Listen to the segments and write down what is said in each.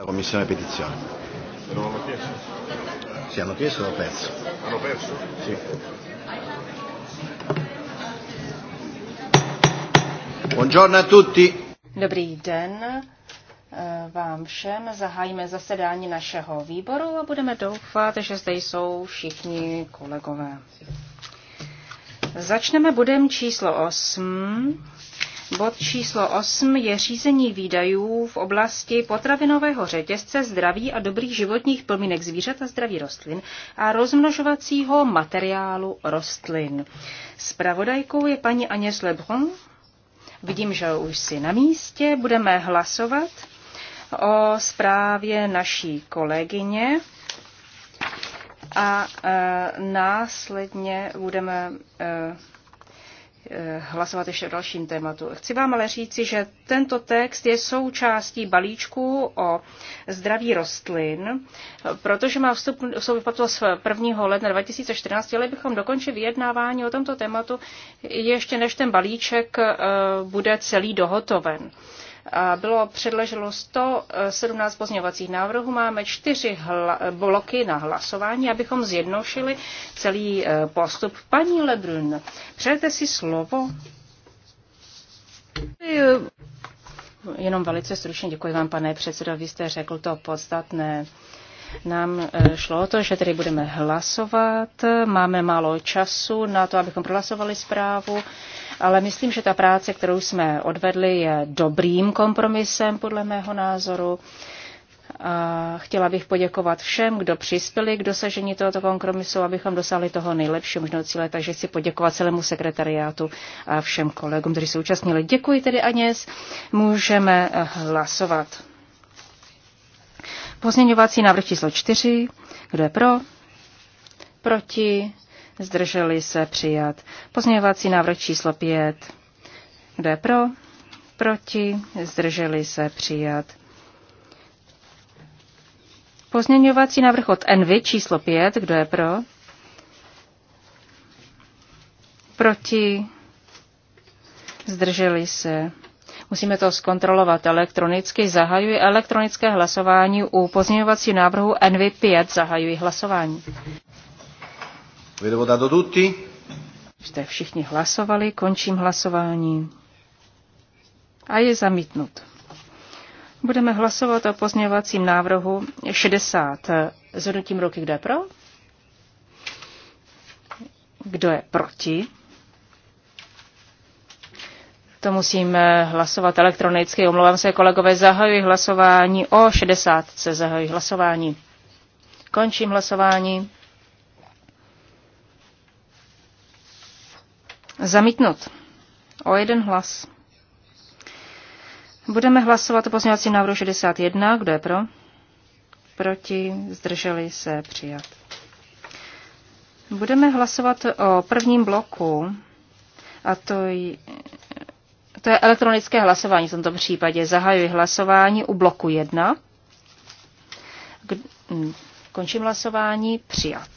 La commissione petizione. Non hanno chiesto? Sì, hanno chiesto e hanno perso. Hanno perso? Sì. Buongiorno a tutti. Dobrý den eh, vám všem. Zahájíme zasedání našeho výboru a budeme doufat, že zde jsou všichni kolegové. Začneme bodem číslo 8 Bod číslo 8 je řízení výdajů v oblasti potravinového řetězce zdraví a dobrých životních podmínek zvířat a zdraví rostlin a rozmnožovacího materiálu rostlin. Spravodajkou je paní Agnès Lebrun. Vidím, že už si na místě. Budeme hlasovat o zprávě naší kolegyně a e, následně budeme e, Eh, hlasovat ještě o dalším tématu. Chci vám ale říci, že tento text je součástí balíčku o zdraví rostlin, protože má vstup platnost 1. ledna 2014, ale bychom dokončili vyjednávání o tomto tématu ještě než ten balíček eh, bude celý dohotoven a bylo předloženo 117 eh, pozměňovacích návrhů. Máme čtyři eh, bloky na hlasování, abychom zjednodušili celý eh, postup. Paní Lebrun, přejete si slovo? Jenom velice stručně děkuji vám, pane předsedo, vy jste řekl to podstatné. Nám šlo o to, že tedy budeme hlasovat, máme málo času na to, abychom prohlasovali zprávu ale myslím, že ta práce, kterou jsme odvedli, je dobrým kompromisem podle mého názoru. A chtěla bych poděkovat všem, kdo přispěli k dosažení tohoto kompromisu, abychom dosáhli toho nejlepšího možného cíle. Takže chci poděkovat celému sekretariátu a všem kolegům, kteří se účastnili. Děkuji tedy, Aněs. Můžeme eh, hlasovat. Pozměňovací návrh číslo 4. Kdo je pro? Proti? zdrželi se přijat. Pozměňovací návrh číslo 5. Kdo je pro? Proti? Zdrželi se přijat. Pozměňovací návrh od Envy číslo 5. Kdo je pro? Proti? Zdrželi se. Musíme to zkontrolovat elektronicky. Zahajuji elektronické hlasování u pozměňovacího návrhu NV5. Zahajuji hlasování. Avete tutti? Jste všichni hlasovali, končím hlasování. A je zamítnut. Budeme hlasovat o pozměňovacím návrhu 60. Zhodnutím ruky, kdo je pro? Kdo je proti? To musíme eh, hlasovat elektronicky. Omlouvám se, kolegové, zahajuji hlasování o 60. Zahajuji hlasování. Končím hlasování. Zamítnut. O jeden hlas. Budeme hlasovat o pozměňovacím návrhu 61. Kdo je pro? Proti? Zdrželi se? Přijat. Budeme hlasovat o prvním bloku, a to je, to je elektronické hlasování v tomto případě. Zahajuji hlasování u bloku 1. Hm, končím hlasování. Přijat.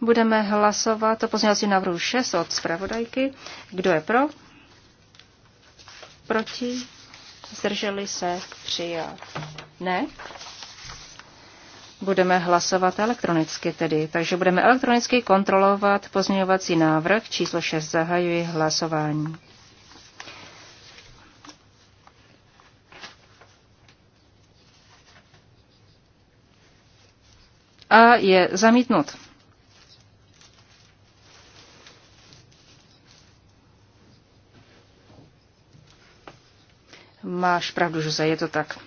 budeme hlasovat o pozměňovacím návrhu 6 od zpravodajky. Kdo je pro? Proti? Zdrželi se? Přijat? Ne? Budeme hlasovat elektronicky tedy, takže budeme elektronicky kontrolovat pozměňovací návrh číslo 6. Zahajuji hlasování. A je zamítnut. Máš pravdu, Jose, je to tak.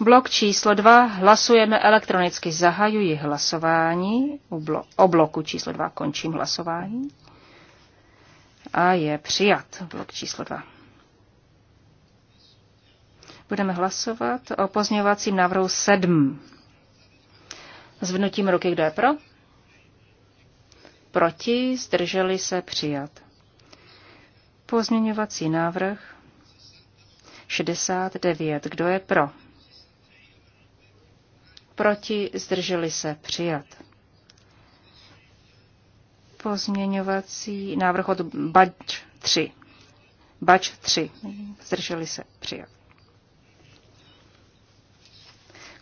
Blok číslo 2 hlasujeme elektronicky. Zahajuji hlasování. U blo- O bloku číslo 2 končím hlasování. A je přijat blok číslo 2. Budeme hlasovat o pozměňovacím návrhu 7. Zvnutím ruky, kdo je pro? Proti, zdrželi se přijat. Pozměňovací návrh 69. Kdo je pro? Proti zdrželi se přijat. Pozměňovací návrh od Bač 3. Bač 3. Zdrželi se přijat.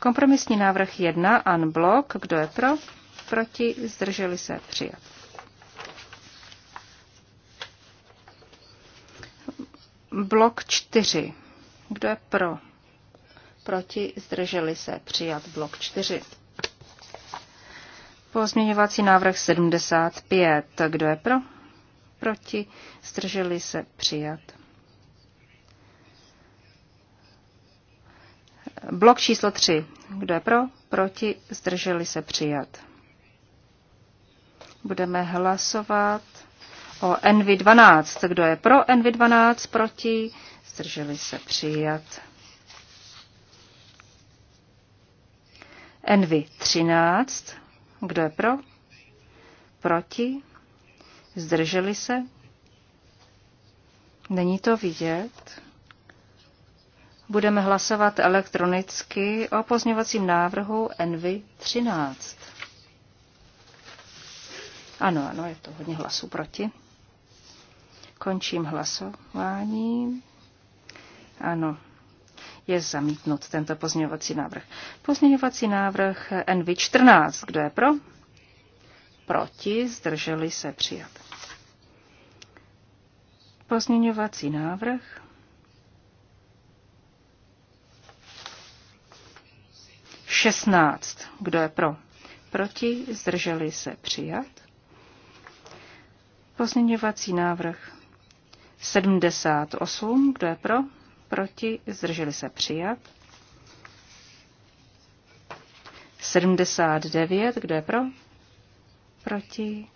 Kompromisní návrh 1, unblock, kdo je pro, proti, zdrželi se, přijat. Blok 4. Kdo je pro? Proti zdrželi se přijat blok 4. Pozměňovací návrh 75. Kdo je pro? Proti zdrželi se přijat. Blok číslo 3. Kdo je pro? Proti zdrželi se přijat. Budeme hlasovat o NV12. Kdo je pro NV12? Proti? Zdrželi se přijat. NV13. Kdo je pro? Proti? Zdrželi se? Není to vidět. Budeme hlasovat elektronicky o pozměňovacím návrhu NV 13. Ano, ano, je to hodně hlasů proti. Končím hlasování. Ano, je zamítnut tento pozměňovací návrh. Pozměňovací návrh NV14. Kdo je pro? Proti, zdrželi se přijat. Pozměňovací návrh 16. Kdo je pro? Proti, zdrželi se přijat. Pozměňovací návrh 78, kdo je pro? Proti, zdrželi se přijat. 79, kdo je pro? Proti,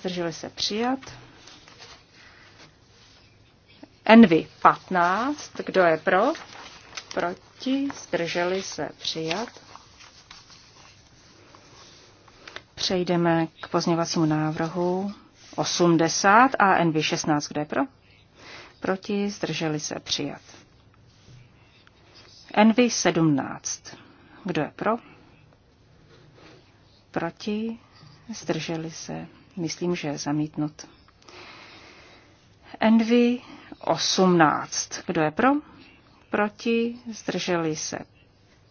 zdrželi se přijat. Envy 15, kdo je pro? Proti, zdrželi se přijat. Přejdeme k pozněvacímu návrhu 80 a NV 16, kdo je pro? Proti, zdrželi se přijat. NV 17, kdo je pro? Proti, zdrželi se, myslím, že je zamítnut. nv 18. Kdo je pro? Proti? Zdrželi se?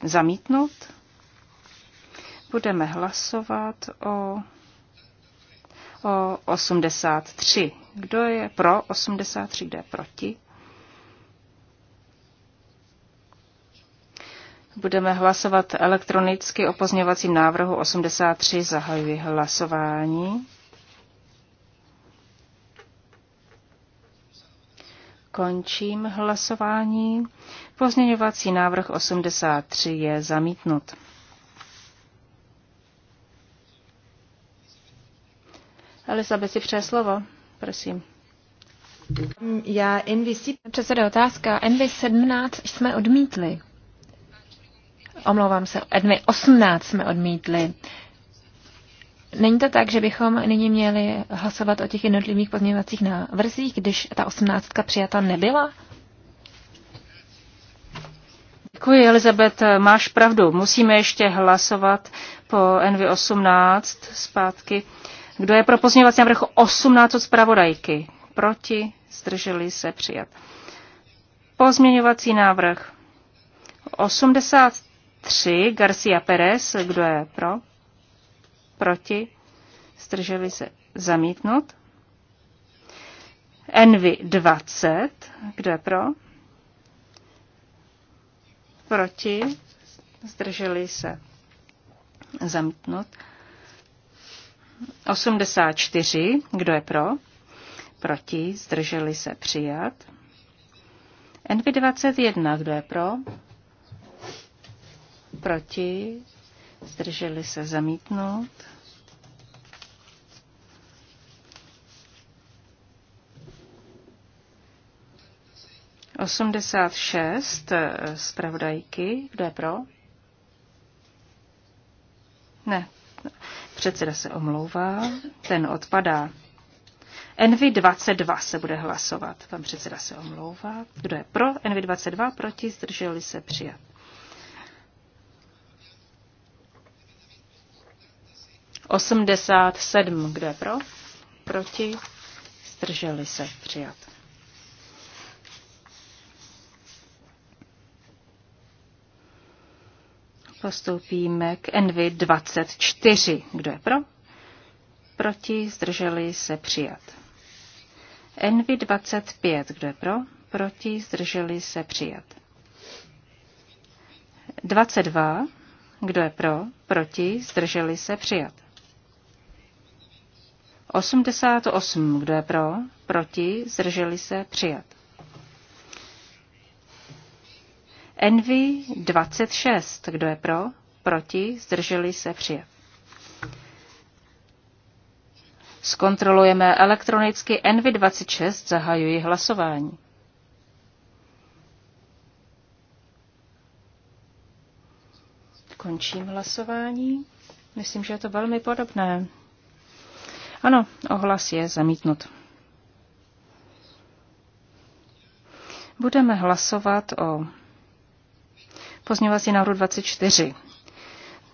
Zamítnout? Budeme hlasovat o o 83. Kdo je pro 83, kdo je proti? Budeme hlasovat elektronicky o pozměňovacím návrhu 83. Zahajuji hlasování. Končím hlasování. Pozměňovací návrh 83 je zamítnut. Elizabeth si přeje slovo. Prosím. Já NVC... Předseda otázka. NV17 jsme odmítli. Omlouvám se, NV18 jsme odmítli. Není to tak, že bychom nyní měli hlasovat o těch jednotlivých pozměňovacích návrzích, když ta osmnáctka přijata nebyla? Děkuji, Elizabeth. Máš pravdu. Musíme ještě hlasovat po NV18 zpátky. Kdo je pro pozměňovací návrh 18 od zpravodajky? Proti? Zdrželi se přijat. Pozměňovací návrh 83 Garcia Perez. Kdo je pro? Proti? Zdrželi se zamítnout. Envy 20. Kdo je pro? Proti? Zdrželi se zamítnout. 84, kdo je pro? Proti, zdrželi se přijat. NV21, kdo je pro? Proti, zdrželi se zamítnout. Osmdesát šest eh, zpravodajky, kdo je pro? Ne, Předseda se omlouvá, ten odpadá. nv 22 se bude hlasovat. Pan předseda se omlouvá. Kdo je pro? nv 22 proti, zdrželi se přijat. Osmdesát sedm, kdo je pro? Proti, zdrželi se přijat. Postoupíme k Envy 24. Kdo je pro? Proti zdrželi se přijat. Envy 25. Kdo je pro? Proti zdrželi se přijat. 22. Kdo je pro? Proti zdrželi se přijat. 88. Kdo je pro? Proti zdrželi se přijat. Envy 26. Kdo je pro? Proti? Zdrželi se přijat. Zkontrolujeme elektronicky Envy 26. Zahajuji hlasování. Končím hlasování. Myslím, že je to velmi podobné. Ano, ohlas je zamítnut. Budeme hlasovat o Pozměňovací návrh 24.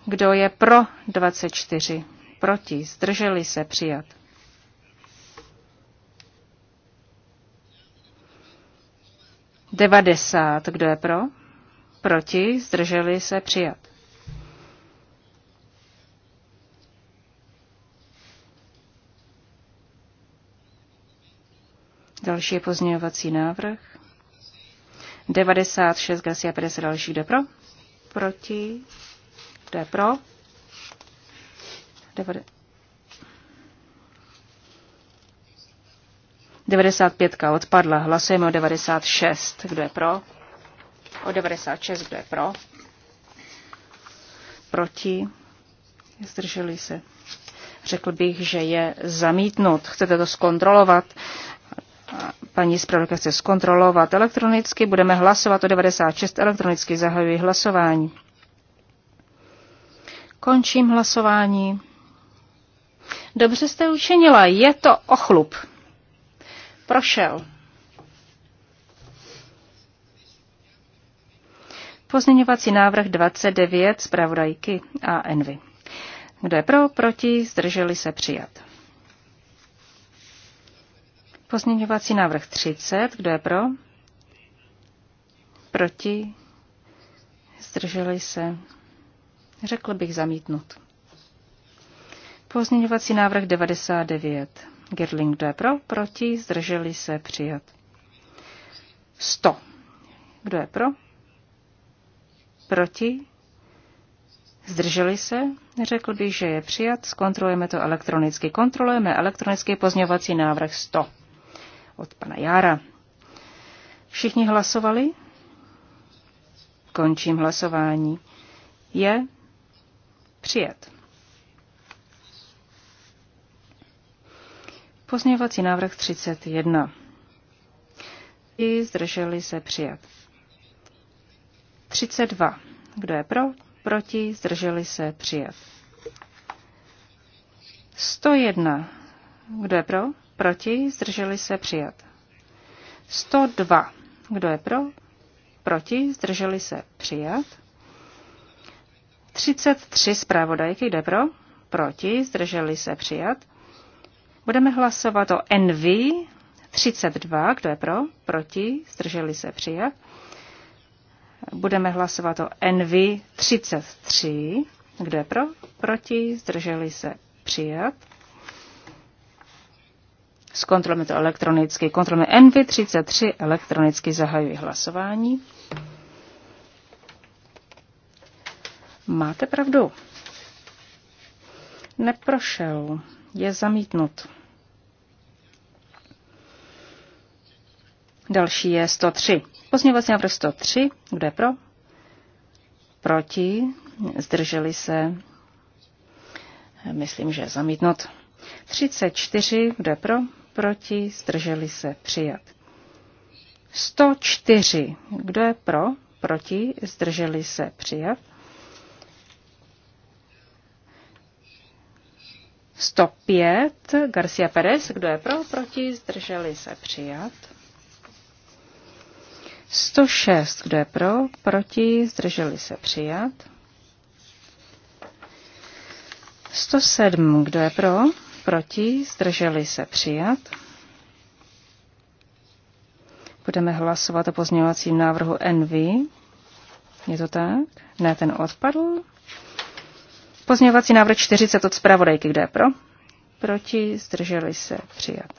Kdo je pro 24? Proti? Zdrželi se přijat? Devadesát. Kdo je pro? Proti? Zdrželi se přijat? Další je pozměňovací návrh. 96 Garcia Perez další, jde pro? Proti. Jde pro? Devade... 95 odpadla. Hlasujeme o 96. Kdo je pro? O 96. Kdo je pro? Proti. Zdrželi se. Řekl bych, že je zamítnut. Chcete to zkontrolovat? Paní zpravodajka chce zkontrolovat elektronicky. Budeme hlasovat o 96 elektronicky. Zahajuji hlasování. Končím hlasování. Dobře jste učinila. Je to ochlup. Prošel. Pozměňovací návrh 29 zpravodajky a Envy. Kdo je pro, proti, zdrželi se přijat. Pozměňovací návrh 30. Kdo je pro? Proti? Zdrželi se? Řekl bych zamítnut. Pozměňovací návrh 99. Gerling, kdo je pro? Proti? Zdrželi se? Přijat. 100. Kdo je pro? Proti? Zdrželi se? Řekl bych, že je přijat. Zkontrolujeme to elektronicky. Kontrolujeme elektronický pozměňovací návrh 100 od pana Jára. Všichni hlasovali? Končím hlasování. Je přijat. Pozměňovací návrh 31. I zdrželi se přijat. 32. Kdo je pro? Proti? Zdrželi se přijat. 101. Kdo je pro? Proti? Zdrželi se přijat. 102. Kdo je pro? Proti? Zdrželi se přijat. 33 zpravodajky. Kdo je pro? Proti? Zdrželi se přijat. Budeme hlasovat o NV 32. Kdo je pro? Proti? Zdrželi se přijat. Budeme hlasovat o NV 33. Kdo je pro? Proti? Zdrželi se přijat. Zkontrolujeme to elektronicky. Kontrolujeme NV33 elektronicky. Zahajuji hlasování. Máte pravdu. Neprošel. Je zamítnut. Další je 103. Pozměňovací návrh 103. Kdo je pro? Proti. Zdrželi se. Myslím, že je zamítnut. 34. Kdo je pro? proti, zdrželi se, přijat. 104. Kdo je pro, proti, zdrželi se, přijat. 105. Garcia Perez, kdo je pro, proti, zdrželi se, přijat. 106, kdo je pro, proti, zdrželi se, přijat. 107, kdo je pro, proti, zdrželi se přijat. Budeme hlasovat o pozměňovacím návrhu NV. Je to tak? Ne, ten odpadl. Pozměňovací návrh 40 od zpravodajky, kde je pro? Proti, zdrželi se přijat.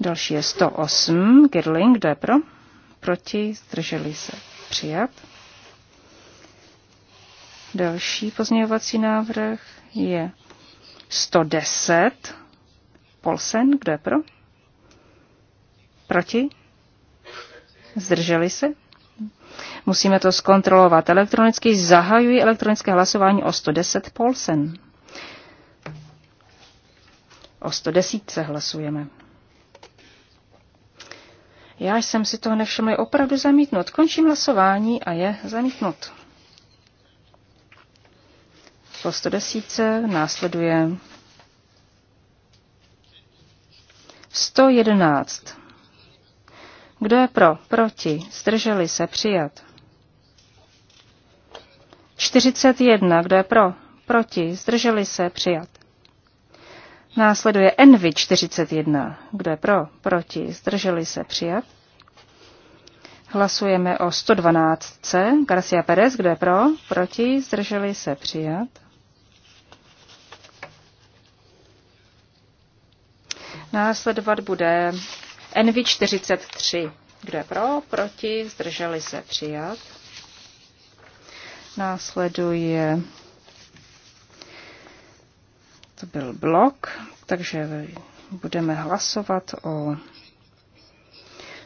Další je 108, Girling, kde je pro? Proti, zdrželi se přijat. Další pozměňovací návrh je 110. Polsen, kdo je pro? Proti? Zdrželi se? Musíme to zkontrolovat. Elektronicky zahajuji elektronické hlasování o 110 Polsen. O 110 se hlasujeme. Já jsem si toho nevšiml, je opravdu zamítnut. Končím hlasování a je zamítnut číslo 110 následuje 111. Kdo je pro, proti, zdrželi se, přijat. 41. Kdo je pro, proti, zdrželi se, přijat. Následuje Envy 41. Kdo je pro, proti, zdrželi se, přijat. Hlasujeme o 112. Garcia Perez, kdo je pro, proti, zdrželi se, přijat. Následovat bude NV 43. Kdo je pro, proti, zdrželi se přijat. Následuje to byl blok, takže budeme hlasovat o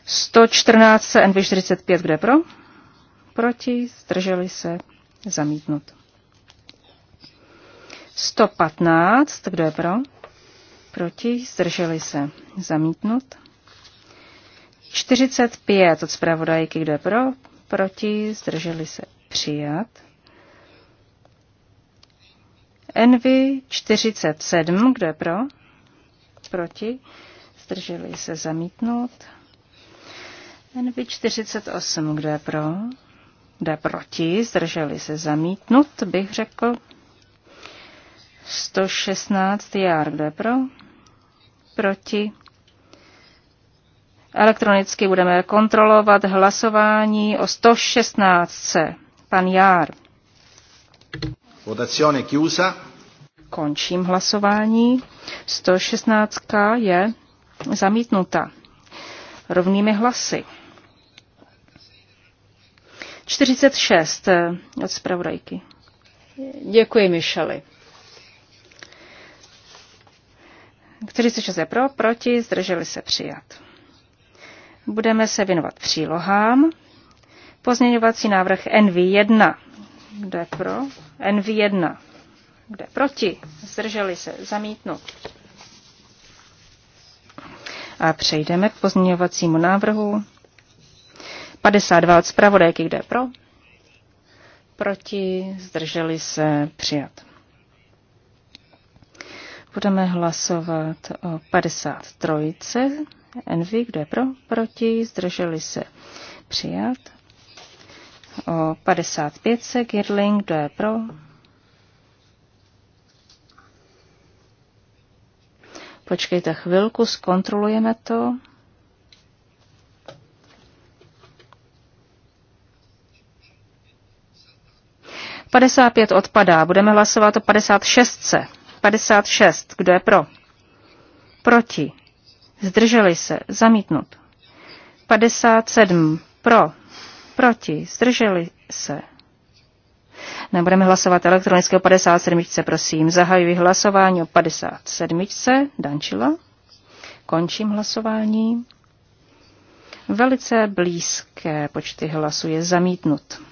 114 NV45, kde pro? Proti, zdrželi se, zamítnut. 115, kdo je pro? Proti? Zdrželi se. Zamítnut. 45 od zpravodajky, kdo je pro? Proti? Zdrželi se. Přijat. Envy 47, kdo je pro? Proti? Zdrželi se. Zamítnout. Envy 48, kdo je pro? Kdo je proti? Zdrželi se. Zamítnut, bych řekl. 116 jár, kdo je pro? proti. Elektronicky budeme kontrolovat hlasování o 116 Pan Jár. Votazione chiusa. Končím hlasování. 116 je zamítnuta rovnými hlasy. 46 eh, od zpravodajky. Děkuji, Michely. 46 je pro, proti, zdrželi se přijat. Budeme se věnovat přílohám. Pozměňovací návrh NV1. Kdo je pro? NV1. Kdo je proti? Zdrželi se. Zamítnut. A přejdeme k pozměňovacímu návrhu. 52 od zpravodajky. Kdo je pro? Proti? Zdrželi se. Přijat. Budeme hlasovat o 53. Envy, kdo je pro, proti, zdrželi se přijat. O 55. Girling, kdo je pro, Počkejte chvilku, zkontrolujeme to. Padesát pět odpadá. Budeme hlasovat o padesát šestce. 56. Kdo je pro? Proti. Zdrželi se. Zamítnut. 57. Pro. Proti. Zdrželi se. Nebudeme hlasovat elektronicky o 57. Prosím, zahajuji hlasování o 57. Dančila. Končím hlasování. Velice blízké počty hlasů je zamítnut.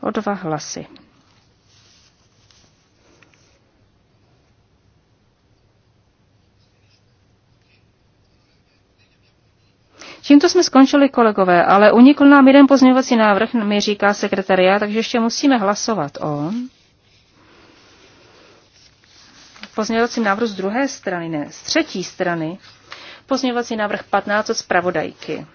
O dva hlasy. Tímto jsme skončili, kolegové, ale unikl nám jeden pozměňovací návrh, mi říká sekretaria, takže ještě musíme hlasovat o pozměňovacím návrhu z druhé strany, ne, z třetí strany, pozměňovací návrh 15 od zpravodajky.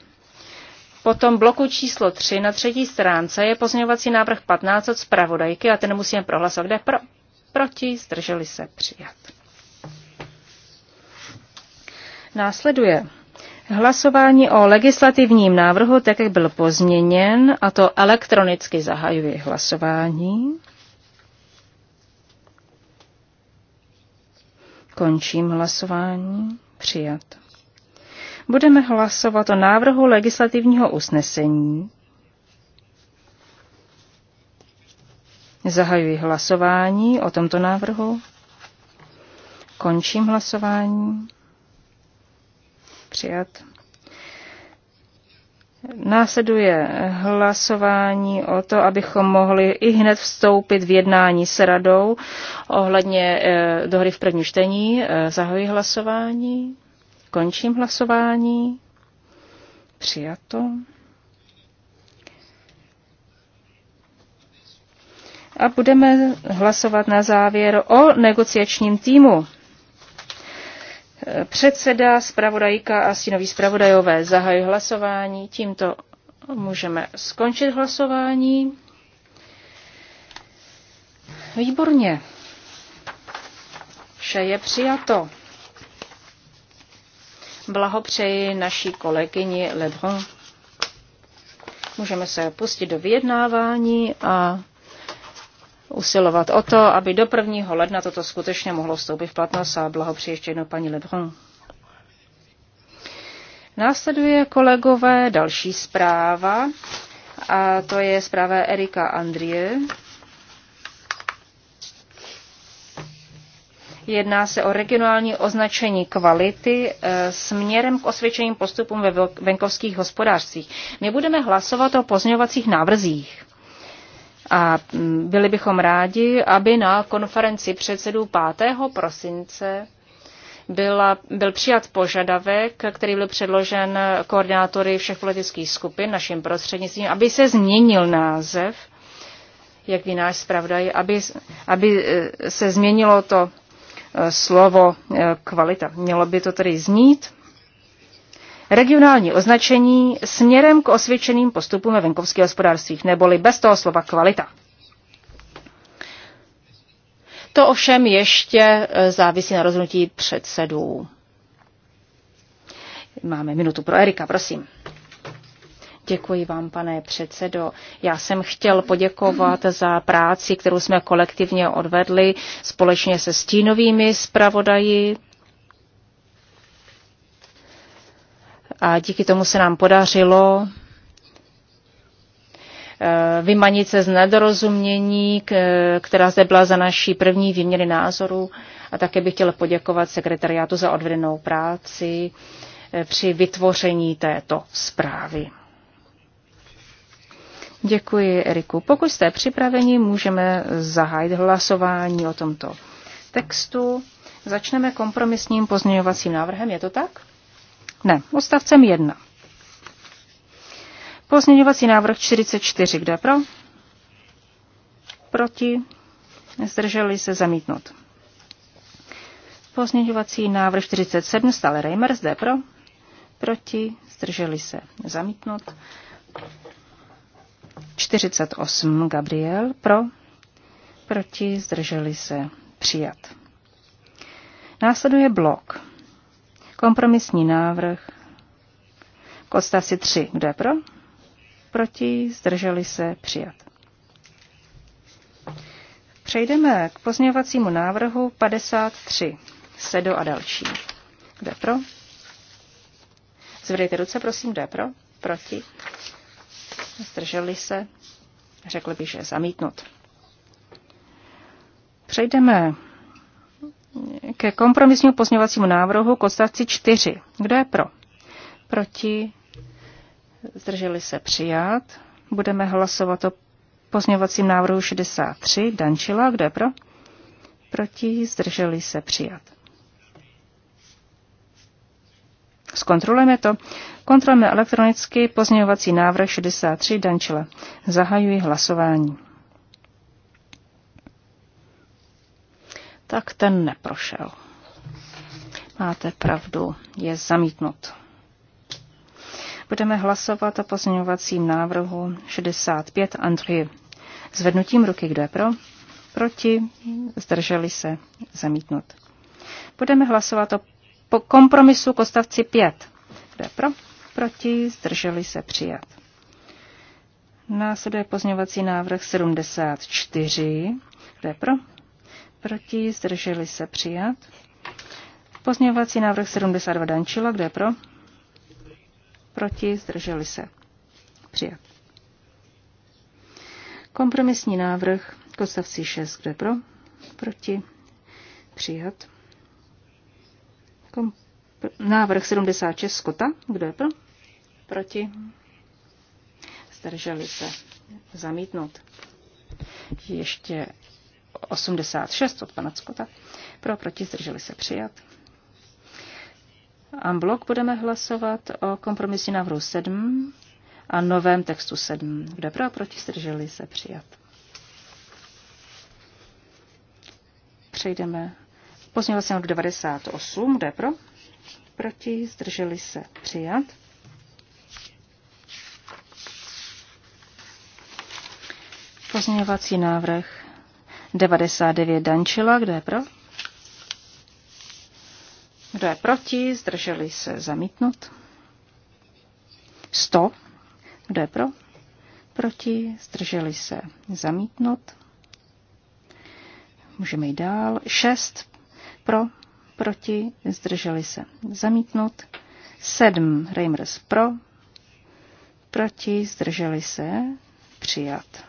Potom bloku číslo 3 na třetí stránce je pozměňovací návrh 15 od zpravodajky a ten musíme prohlasovat. Kde pro? Proti, zdrželi se přijat. Následuje Hlasování o legislativním návrhu, tak jak byl pozměněn, a to elektronicky zahajuje hlasování. Končím hlasování. Přijat. Budeme hlasovat o návrhu legislativního usnesení. Zahajuji hlasování o tomto návrhu. Končím hlasování. Přijat. Následuje hlasování o to, abychom mohli i hned vstoupit v jednání s radou ohledně e, dohody v první čtení. E, eh, zahoji hlasování, končím hlasování, přijato. A budeme hlasovat na závěr o negociačním týmu. Předseda, zpravodajka a stínový zpravodajové zahají hlasování. Tímto můžeme skončit hlasování. Výborně. Vše je přijato. Blahopřeji naší kolegyni Lebron. Můžeme se pustit do vyjednávání a usilovat o to, aby do 1. ledna toto skutečně mohlo vstoupit v platnost a blahopřeji ještě jednou paní Lebrun. Následuje kolegové další zpráva a to je zpráva Erika Andrie. Jedná se o regionální označení kvality eh, směrem k osvědčeným postupům ve venkovských hospodářstvích. My budeme hlasovat o pozměňovacích návrzích. A byli bychom rádi, aby na konferenci předsedů 5. prosince byla, byl přijat požadavek, který byl předložen koordinátory všech politických skupin naším prostřednictvím, aby se změnil název, jak ví náš zpravodaj, aby, aby e, se změnilo to e, slovo e, kvalita. Mělo by to tedy znít regionální označení směrem k osvědčeným postupům ve venkovských hospodářstvích, neboli bez toho slova kvalita. To ovšem ještě eh, závisí na rozhodnutí předsedů. Máme minutu pro Erika, prosím. Děkuji vám, pane předsedo. Já jsem chtěl poděkovat za práci, kterou jsme kolektivně odvedli společně se stínovými zpravodaji a díky tomu se nám podařilo eh, vymanit se z nedorozumění, která zde byla za naší první výměny názoru. A také bych chtěla poděkovat sekretariátu za odvedenou práci eh, při vytvoření této zprávy. Děkuji, Eriku. Pokud jste připraveni, můžeme zahájit hlasování o tomto textu. Začneme kompromisním pozměňovacím návrhem, je to tak? Ne, odstavcem 1. Pozměňovací návrh 44, kde pro? Proti? Zdrželi se zamítnout. Pozměňovací návrh 47, stále Reimers, zde pro? Proti? Zdrželi se zamítnout. 48, Gabriel, pro? Proti? Zdrželi se přijat. Následuje blok Kompromisní návrh k odstavci 3. Kdo je pro? Proti? Zdrželi se? Přijat. Přejdeme k pozměňovacímu návrhu 53. Sedo a další. Kdo je pro? Zvedejte ruce, prosím, kdo je pro? Proti? Zdrželi se? Řekl by že zamítnut. Přejdeme ke kompromisnímu pozměňovacímu návrhu k odstavci 4. Kdo je pro? Proti? Zdrželi se přijat. Budeme hlasovat o pozměňovacím návrhu 63 Dančila. Kdo je pro? Proti? Zdrželi se přijat. Zkontrolujeme to. Kontrolujeme elektronicky pozměňovací návrh 63 Dančila. Zahajuji hlasování. tak ten neprošel. Máte pravdu, je zamítnut. Budeme hlasovat o pozměňovacím návrhu 65 Andrie. Zvednutím ruky, kdo je pro? Proti? Zdrželi se? Zamítnut. Budeme hlasovat o po kompromisu k ostavci 5. Kdo je pro? Proti? Zdrželi se? Přijat. Následuje pozměňovací návrh 74. Kdo je pro? proti, zdrželi se přijat. Pozměňovací návrh 72 Dančila, kde je pro? Proti, zdrželi se přijat. Kompromisní návrh k odstavci 6, kde pro? Proti, přijat. Kom- návrh 76 Skota, kdo je pro? Proti, zdrželi se zamítnout. Ještě 86 od pana Skota. Pro, proti, zdrželi se přijat. A blok budeme hlasovat o kompromisní návrhu 7 a novém textu 7, kde pro, proti, zdrželi se přijat. Přejdeme pozměňovací od 98, kde pro, proti, zdrželi se přijat. Pozměňovací návrh 99 Dančila, kdo je pro? Kdo je proti? Zdrželi se zamítnut. 100. Kdo je pro? Proti? Zdrželi se zamítnut. Můžeme jít dál. 6. Pro? Proti? Zdrželi se zamítnut. 7. Reimers pro? Proti? Zdrželi se přijat.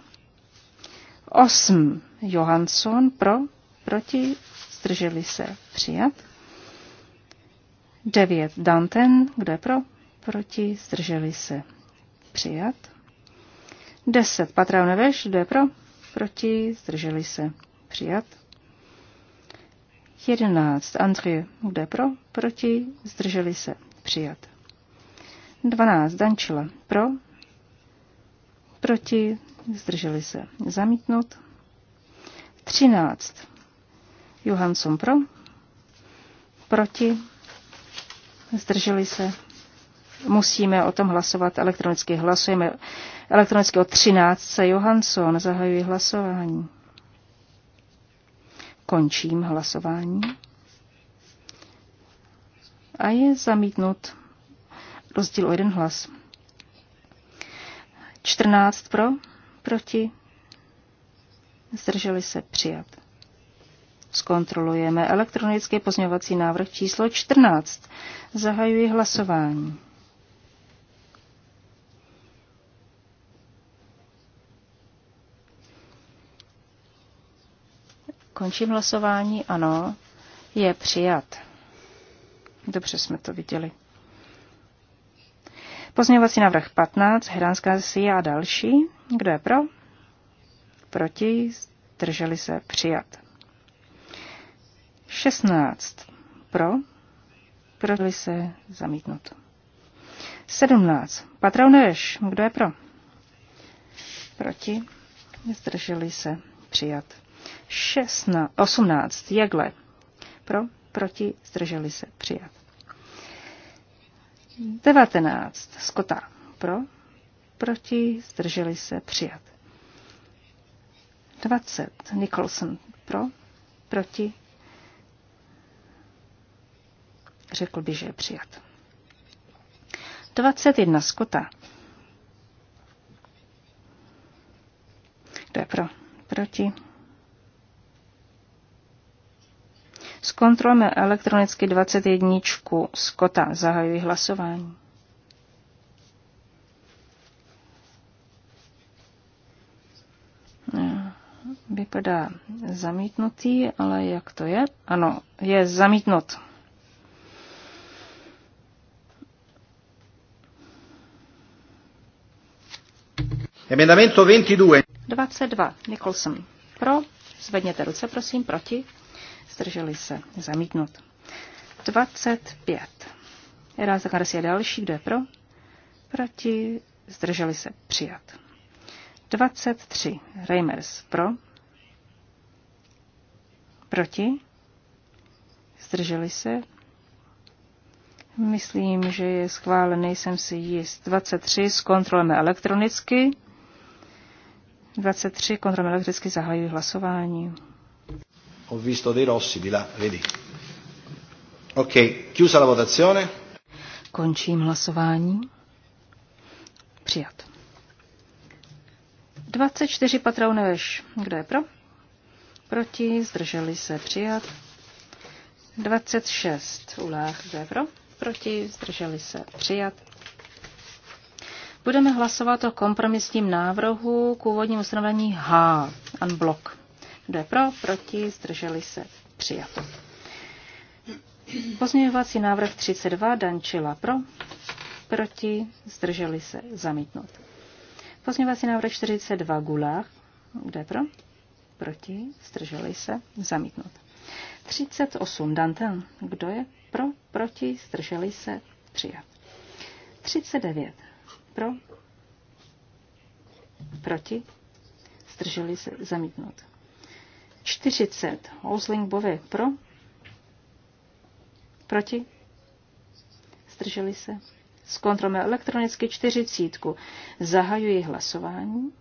8. Johansson pro, proti, zdrželi se přijat. 9 Danten, kdo je pro, proti, zdrželi se přijat. 10 Patrao Neveš, kdo je pro, proti, zdrželi se přijat. 11 Andrie, kdo je pro, proti, zdrželi se přijat. 12 Dančila, pro, proti, zdrželi se zamítnout. 13. Johansson pro. Proti. Zdrželi se. Musíme o tom hlasovat elektronicky. Hlasujeme elektronicky o 13. Johansson. Zahajuji hlasování. Končím hlasování. A je zamítnut rozdíl o jeden hlas. 14 pro, proti zdrželi se přijat. Zkontrolujeme elektronický pozměňovací návrh číslo 14. Zahajuji hlasování. Končím hlasování, ano, je přijat. Dobře jsme to viděli. Pozměňovací návrh 15, Hranská a další. Kdo je pro? proti, zdrželi se přijat. 16 pro, proti se zamítnut. 17. Patroneš, kdo je pro? Proti, zdrželi se přijat. 16, 18. Jegle. Pro, proti, zdrželi se přijat. 19. Skota. Pro, proti, zdrželi se přijat. 20. Nicholson pro, proti. Řekl by, že je přijat. 21. Skota. Kdo je pro? Proti. Zkontrolujeme elektronicky 21. Skota. Zahajuji hlasování. vypadá zamítnutý, ale jak to je? Ano, je zamítnut. Emendamento 22. 22. Nicholson. Pro. Zvedněte ruce, prosím. Proti. Zdrželi se. Zamítnut. 25. Ráza Garcia další. Kdo je pro? Proti. Zdrželi se. Přijat. 23. Reimers. Pro. Proti? Zdrželi se? Myslím, že je schválen, nejsem si jist. 23 zkontrolujeme elektronicky. 23 kontrolujeme elektronicky, zahajuji hlasování. Ho visto dei rossi di là, vedi. Ok, chiusa la votazione. Končím hlasování. Přijat. 24 patrou neveš. Kdo je pro? proti, zdrželi se přijat. 26 Ulách kdo proti, zdrželi se přijat. Budeme hlasovat o kompromisním návrhu k úvodnímu ustanovení H, unblock. Kdo je pro, proti, zdrželi se přijat. Pozměňovací návrh 32 Dančila pro, proti, zdrželi se zamítnout. Pozměňovací návrh 42 Gulách, kde je pro, Proti? Zdrželi se? Zamítnut. 38. Danten. Kdo je pro? Proti? Zdrželi se? Přijat. 39. Pro? Proti? Zdrželi se? Zamítnut. 40. Housling Bovy. Pro? Proti? Zdrželi se? Zkontrolujeme elektronicky čtyřicítku. Zahajuji hlasování.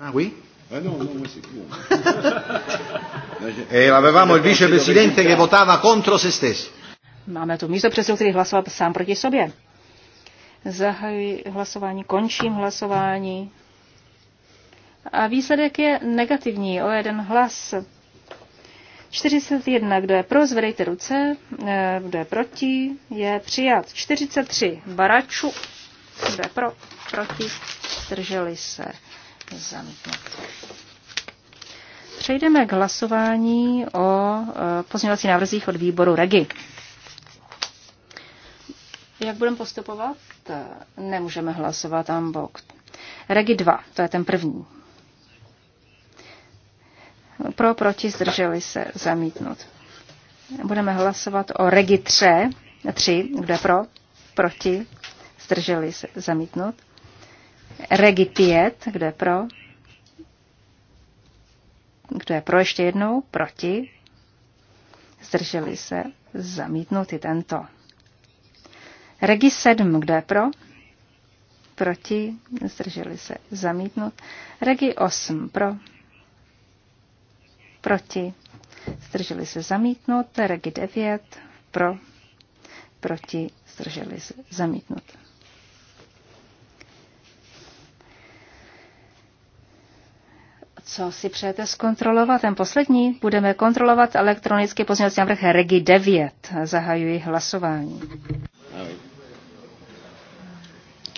Ah oui Ah non, non, no, moi no. c'est pure. e eh, avevamo il vicepresidente che votava contro se stesso. Máme tu místo předsedu, který hlasoval sám proti sobě. Zahajuji hlasování, končím hlasování. A výsledek je negativní o jeden hlas. 41, kdo je pro, zvedejte ruce, eh, kdo je proti, je přijat. 43, baraču, kdo je pro, proti, zdrželi se zamítnout. Přejdeme k hlasování o e, pozměňovacích návrzích od výboru REGI. Jak budeme postupovat? Nemůžeme hlasovat tam Regi 2, to je ten první. Pro, proti, zdrželi se, zamítnout. Budeme hlasovat o Regi 3, 3 kde pro, proti, zdrželi se, zamítnout. Regi 5, kdo je pro? Kdo je pro ještě jednou? Proti? Zdrželi se? Zamítnutý tento. Regi 7, kdo je pro? Proti? Zdrželi se? Zamítnut. Regi 8, pro? Proti? Zdrželi se? Zamítnut. Regi 9, pro? Proti? Zdrželi se? Zamítnut. Co si přejete zkontrolovat? Ten poslední? Budeme kontrolovat elektronicky pozměňovací návrh Regi 9. Zahajuji hlasování.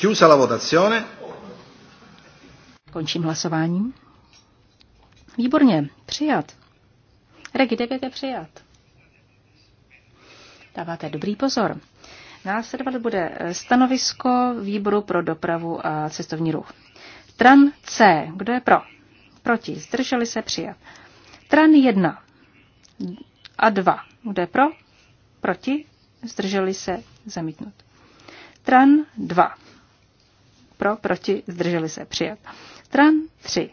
Chiusa la votazione. Končím hlasováním. Výborně, přijat. Regi 9 je přijat. Dáváte dobrý pozor. Následovat bude stanovisko výboru pro dopravu a cestovní ruch. Tran C. Kdo je pro? proti, zdrželi se přijat. Tran 1 a 2, kde pro, proti, zdrželi se zamítnut. Tran 2, pro, proti, zdrželi se přijat. Tran 3,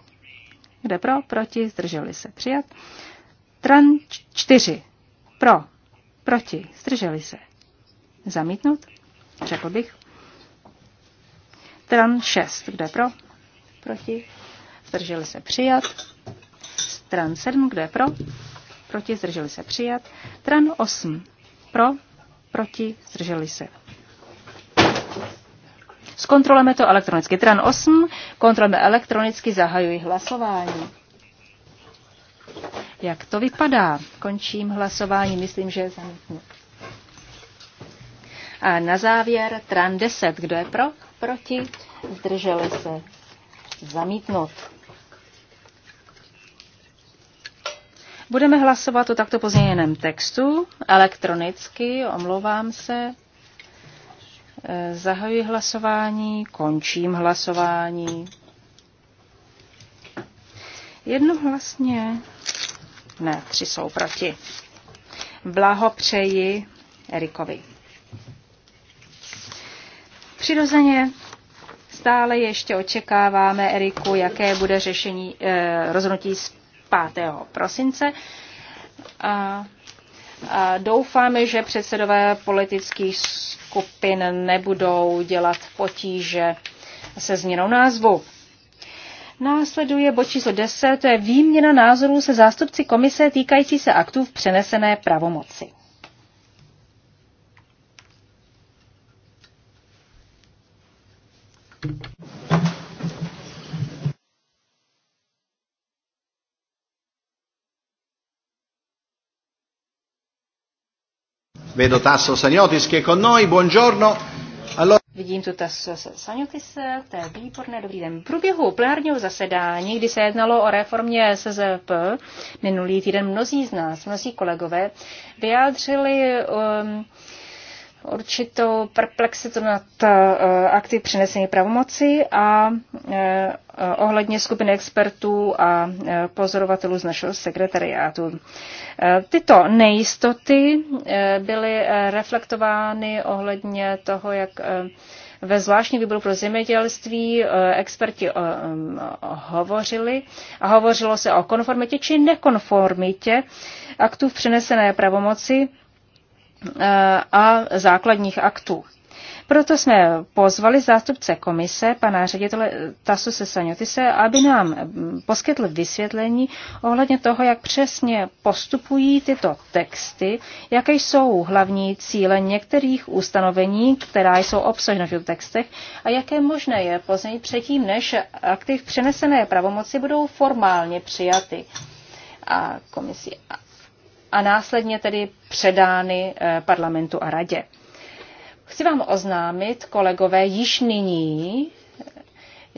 kde pro, proti, zdrželi se přijat. Tran 4, pro, proti, zdrželi se zamítnout, řekl bych. Tran 6, kde pro, proti, zdrželi se přijat. Tran 7, kdo je pro, proti, zdrželi se přijat. Tran 8, pro, proti, zdrželi se. Zkontrolujeme to elektronicky. Tran 8, kontrolujeme elektronicky, zahajuji hlasování. Jak to vypadá? Končím hlasování, myslím, že je zamítnu. A na závěr Tran 10. Kdo je pro? Proti? Zdrželi se. Zamítnut. Budeme hlasovat o takto pozměněném textu elektronicky, omlouvám se. E, zahajuji hlasování, končím hlasování. Jednohlasně, ne, tři jsou proti. Blahopřeji Erikovi. Přirozeně stále ještě očekáváme, Eriku, jaké bude řešení eh, rozhodnutí z 5. prosince. A Doufáme, že předsedové politických skupin nebudou dělat potíže se změnou názvu. Následuje bod číslo 10, to je výměna názorů se zástupci komise týkající se aktů v přenesené pravomoci. Vedo Tasso Saniotis che è con noi. Buongiorno. Allora... Vidím tu Tasso Saniotise, to je výborné, dobrý den. V průběhu plenárního zasedání, kdy se jednalo o reformě SZP, minulý týden mnozí z nás, mnozí kolegové, vyjádřili um, určitou perplexitu nad eh, akty přenesení pravomoci a eh, ohledně skupiny expertů a eh, pozorovatelů z našeho sekretariátu. Tyto nejistoty byly reflektovány ohledně toho, jak ve zvláštní výboru pro zemědělství experti hovořili a hovořilo se o konformitě či nekonformitě aktů v přenesené pravomoci Eh, a základních aktů. Proto jsme pozvali zástupce komise, pana ředitele Tasu Sesanotise, aby nám poskytl vysvětlení ohledně toho, jak přesně postupují tyto texty, jaké jsou hlavní cíle některých ustanovení, která jsou obsažena v textech a jaké možné je později předtím, než aktiv přenesené pravomoci budou formálně přijaty a komisí a následně tedy předány eh, parlamentu a radě. Chci vám oznámit, kolegové, již nyní,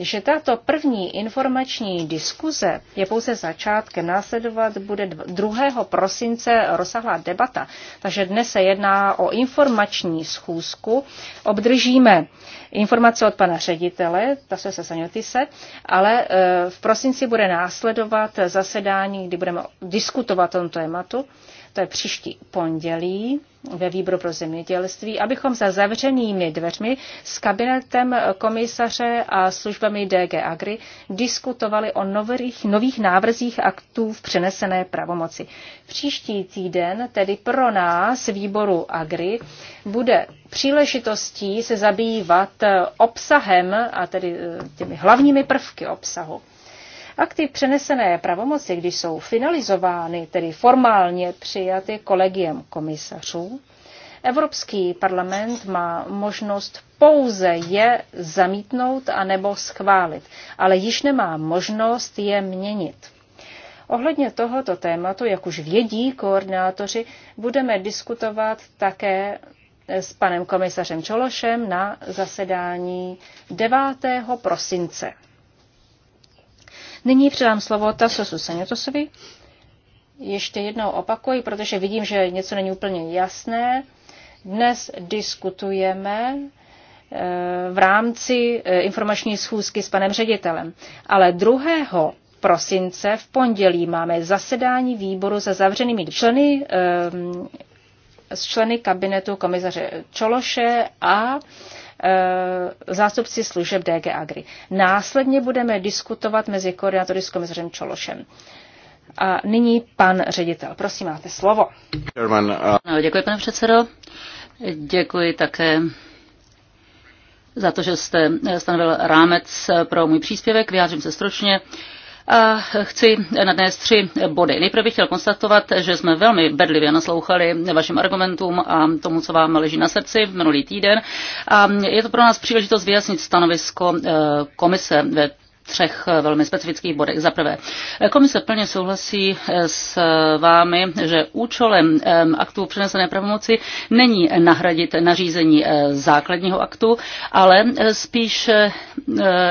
že tato první informační diskuze je pouze začátkem. Následovat bude 2. prosince rozsáhlá debata. Takže dnes se jedná o informační schůzku. Obdržíme informace od pana ředitele, ta se Sanjotise, ale e, v prosinci bude následovat zasedání, kdy budeme diskutovat o tomto tématu to je příští pondělí ve výboru pro zemědělství, abychom za zavřenými dveřmi s kabinetem komisaře a službami DG Agri diskutovali o nových, nových návrzích aktů v přenesené pravomoci. Příští týden tedy pro nás výboru Agri bude příležitostí se zabývat obsahem a tedy e, těmi hlavními prvky obsahu Akty přenesené pravomoci, když jsou finalizovány, tedy formálně přijaty kolegiem komisařů, Evropský parlament má možnost pouze je zamítnout anebo schválit, ale již nemá možnost je měnit. Ohledně tohoto tématu, jak už vědí koordinátoři, budeme diskutovat také s panem komisařem Čološem na zasedání 9. prosince. Nyní předám slovo Tasosu Senetosovi. Ještě jednou opakuji, protože vidím, že něco není úplně jasné. Dnes diskutujeme eh, v rámci eh, informační schůzky s panem ředitelem. Ale 2. prosince v pondělí máme zasedání výboru se zavřenými členy eh, s členy kabinetu komisaře Čološe a Eh, zástupci služeb DG Agri. Následně budeme diskutovat mezi koordinátory s komisařem Čološem. A nyní pan ředitel. Prosím, máte slovo. Eh, no, děkuji, pane předsedo. Děkuji také za to, že jste stanovil rámec pro můj příspěvek. Vyjádřím se stručně. Uh, a chci nadnést tři body. Nejprve bych chtěl konstatovat, že jsme velmi bedlivě naslouchali vašim argumentům a tomu, co vám leží na srdci v minulý týden. A je to pro nás příležitost vyjasnit stanovisko eh, komise ve třech eh, velmi specifických bodech. Za prvé, eh, komise plně souhlasí eh, s vámi, že účelem aktu přenesené pravomoci není nahradit nařízení základního aktu, ale spíše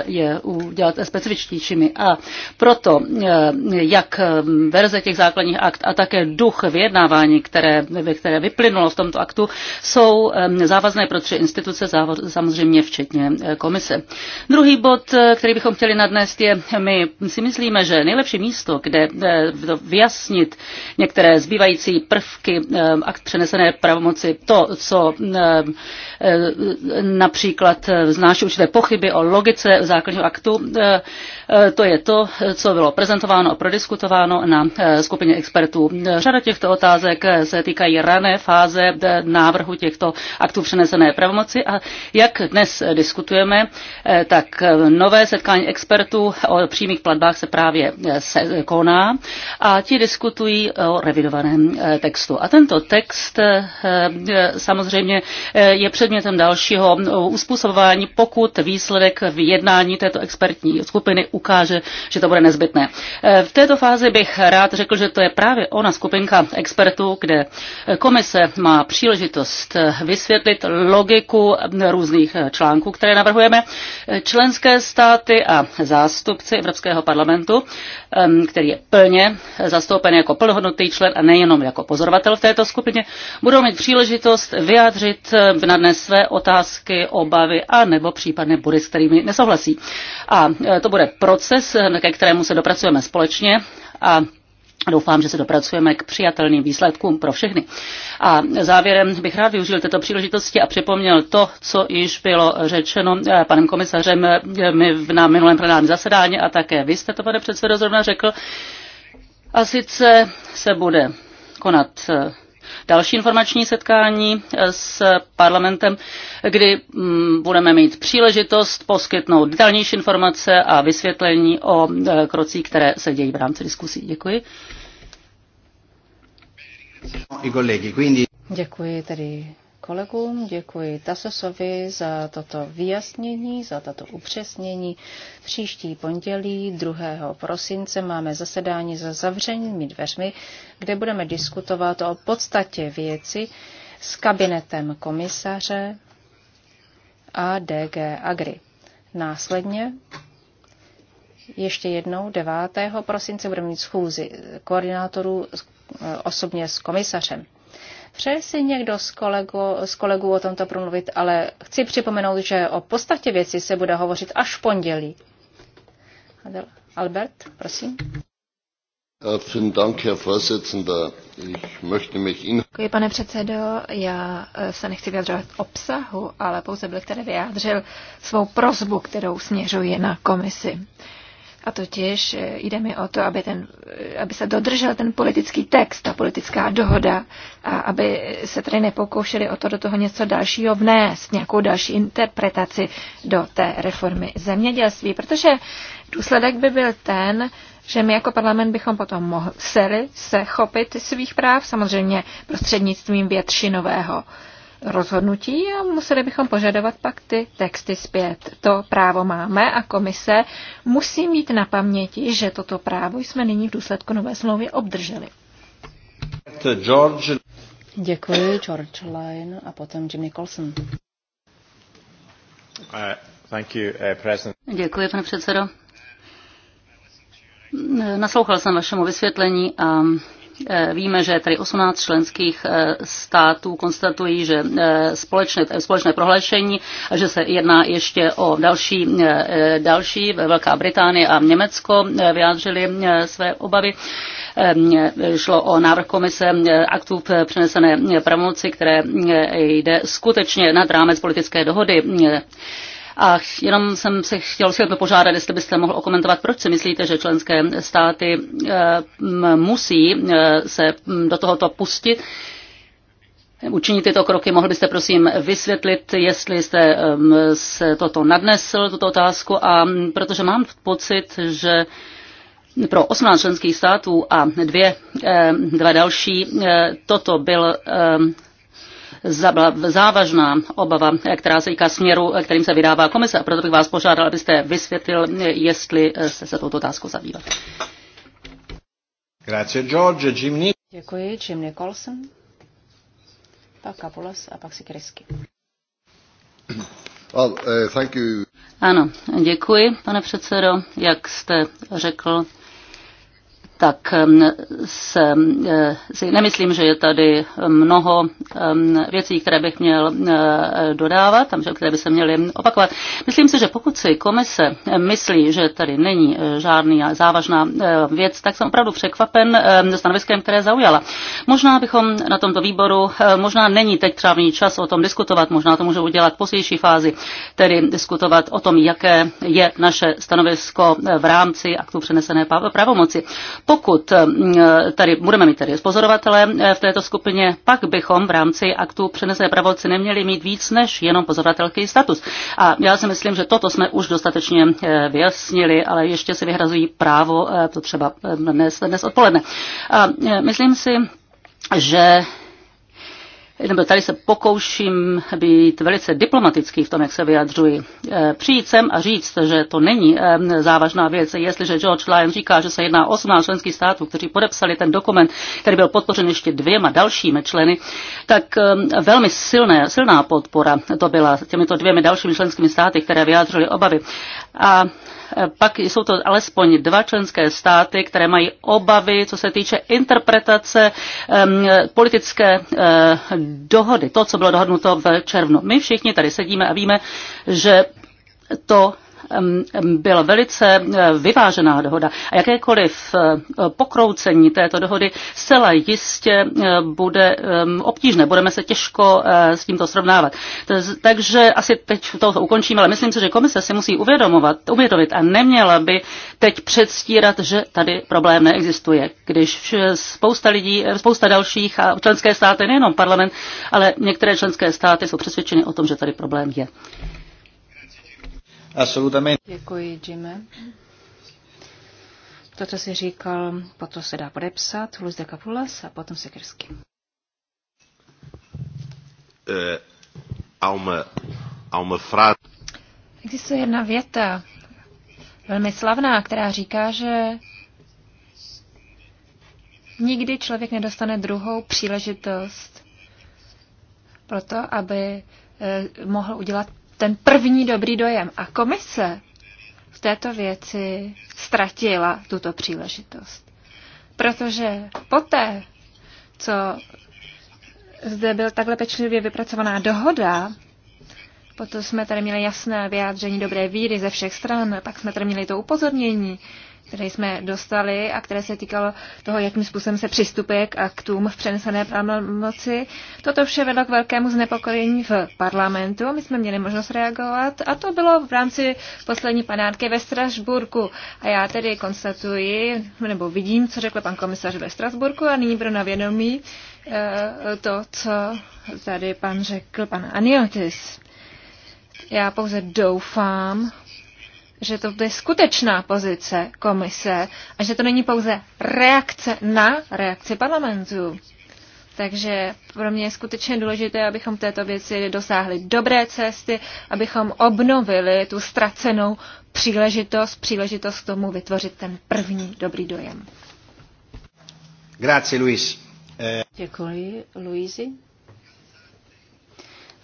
je udělat specifičtějšími. A proto, jak verze těch základních akt a také duch vyjednávání, které, které vyplynulo v tomto aktu, jsou závazné pro tři instituce, samozřejmě včetně komise. Druhý bod, který bychom chtěli na dnes je, my si myslíme, že nejlepší místo, kde eh, vyjasnit některé zbývající prvky eh, akt přenesené pravomoci, to, co eh, například znáší určité pochyby o logice základního aktu, to je to, co bylo prezentováno a prodiskutováno na skupině expertů. Řada těchto otázek se týkají rané fáze návrhu těchto aktů přenesené pravomoci a jak dnes diskutujeme, tak nové setkání expertů expertů o přímých platbách se právě eh, se eh, koná a ti diskutují o revidovaném eh, textu. A tento text samozřejmě je předmětem dalšího uspůsobování, pokud výsledek v jednání této expertní skupiny ukáže, že to bude nezbytné. V této fázi bych rád řekl, že to je právě ona skupinka expertů, kde komise má příležitost vysvětlit logiku různých článků, které navrhujeme. Členské státy a zástupci Evropského parlamentu, který je plně zastoupen jako plnohodnotný člen a nejenom jako pozorovatel v této skupině, budou mít příležitost vyjádřit eh, na dnes své otázky, obavy a nebo případné body, s kterými nesouhlasí. A eh, to bude proces, eh, ke kterému se dopracujeme společně a Doufám, že se dopracujeme k přijatelným výsledkům pro všechny. A závěrem bych rád využil této příležitosti a připomněl to, co již bylo řečeno eh, panem komisařem eh, my na minulém plenárním zasedání a také vy jste to, pane předsedo, zrovna řekl. A sice se bude konat eh, další informační setkání s parlamentem, kdy mm, budeme mít příležitost poskytnout detailnější informace a vysvětlení o krocích, které se dějí v rámci diskusí. Děkuji. Děkuji tedy kolegům, děkuji Tasosovi za toto vyjasnění, za toto upřesnění. Příští pondělí 2. prosince máme zasedání za zavřenými dveřmi, kde budeme diskutovat o podstatě věci s kabinetem komisaře a DG Agri. Následně ještě jednou 9. prosince budeme mít schůzi koordinátorů osobně s komisařem. Přeje si někdo z, kolegu, z kolegů o tomto promluvit, ale chci připomenout, že o podstatě věci se bude hovořit až v pondělí. Albert, prosím. Děkuji, pane předsedo. Já eh, se nechci vyjadřovat obsahu, ale pouze bych tady vyjádřil svou prozbu, kterou směřuji na komisi. A totiž eh, jde mi o to, aby, ten, eh, aby se dodržel ten politický text, ta politická dohoda, a aby se tedy nepokoušeli o to do toho něco dalšího vnést, nějakou další interpretaci do té reformy zemědělství, protože důsledek by byl ten, že my jako parlament bychom potom mohli se chopit svých práv, samozřejmě prostřednictvím většinového uh, rozhodnutí a museli bychom požadovat pak ty texty zpět. To právo máme a komise musí mít na paměti, že toto právo jsme nyní v důsledku nové smlouvy obdrželi. George. Děkuji, George Line a potom Jim Nicholson. Uh, thank you, uh, President. Děkuji, pane předsedo. Naslouchal jsem vašemu vysvětlení a Eh, víme, že tady 18 členských eh, států konstatují, že eh, společné, společné prohlášení, že se jedná ještě o další, další Velká Británie a Německo vyjádřili své obavy. Šlo o návrh komise aktů přenesené pravomoci, které jde skutečně nad rámec politické dohody. A jenom jsem se chtěl si požádat, jestli byste mohl okomentovat, proč si myslíte, že členské státy eh, musí eh, se do tohoto pustit učinit tyto kroky. Mohl byste prosím vysvětlit, jestli jste se toto nadnesl, tuto otázku, a protože mám pocit, že pro 18 členských států a dvě, eh, dva další, toto byl závažná obava, která se týká směru, kterým se vydává komise. A proto bych vás požádal, abyste vysvětlil, jestli jste eh, se touto otázkou zabývat. Grazie, George. Jim Děkuji, Jim Nicholson, pak Kapulas a pak Sikersky. Well, uh, thank you. Ano, děkuji, pane předsedo. Jak jste řekl, tak um, se, um, si nemyslím, že je tady um, mnoho věcí, které bych měl uh, dodávat, které by se měly opakovat. Myslím si, že pokud si komise myslí, že tady není uh, žádný závažná uh, věc, tak jsem opravdu překvapen stanoviskem, které zaujala. Možná bychom na tomto výboru, možná není teď právní čas o tom diskutovat, možná to můžeme udělat v pozdější fázi, tedy diskutovat o tom, jaké je naše stanovisko v rámci aktu přenesené pravomoci. Pokud mm, tady budeme mít tady pozorovatele eh, v této skupině, pak bychom v rámci aktu přenesené pravomoci neměli mít víc než jenom pozorovatelky status. A já si myslím, že toto jsme už dostatečně eh, vyjasnili, ale ještě si vyhrazují právo eh, to třeba dnes, dnes odpoledne. A myslím si, že nebo tady se pokouším být velice diplomatický v tom, jak se vyjadřuji. Eh, přijít sem a říct, že to není eh, závažná věc, jestliže George Lyon říká, že se jedná o 18 členských států, kteří podepsali ten dokument, který byl podpořen ještě dvěma dalšími členy, tak eh, velmi silné, silná podpora to byla těmito dvěmi dalšími členskými státy, které vyjádřily obavy. A e, pak jsou to alespoň dva členské státy, které mají obavy, co se týče interpretace um, politické uh, dohody, to, co bylo dohodnuto v červnu. My všichni tady sedíme a víme, že to Um, um, byla velice eh, vyvážená dohoda a jakékoliv eh, pokroucení této dohody zcela jistě eh, bude um, obtížné. Budeme se těžko s tímto srovnávat. Takže asi teď to ukončím, ale myslím si, že komise si musí uvědomovat, uvědomit a neměla by teď předstírat, že tady problém neexistuje. Když spousta lidí, spousta dalších a členské státy, nejenom parlament, ale některé členské státy jsou přesvědčeny o tom, že tady problém je assolutamente. Děkuji, Jimmy. To, co jsi říkal, potom se dá podepsat, Luz de Capulas a potom se krsky. Eh, Existuje jedna věta, velmi slavná, která říká, že nikdy člověk nedostane druhou příležitost pro to, aby eh, mohl udělat ten první dobrý dojem. A komise v této věci ztratila tuto příležitost. Protože poté, co zde byl takhle pečlivě vypracovaná dohoda, potom jsme tady měli jasné vyjádření dobré víry ze všech stran, pak jsme tady měli to upozornění, které jsme dostali a které se týkalo toho, jakým způsobem se přistupuje k aktům v přenesené pravomoci. Toto vše vedlo k velkému znepokojení v parlamentu. My jsme měli možnost reagovat a to bylo v rámci poslední panátky ve Strasburku. A já tedy konstatuji, nebo vidím, co řekl pan komisař ve Strasburku a nyní pro navědomí eh, to, co tady pan řekl, pan Aniotis. Já pouze doufám, že to je skutečná pozice komise a že to není pouze reakce na reakci parlamentu. Takže pro mě je skutečně důležité, abychom v této věci dosáhli dobré cesty, abychom obnovili tu ztracenou příležitost, příležitost k tomu vytvořit ten první dobrý dojem. Grazie, Luis. Eh, Děkuji, Luisi.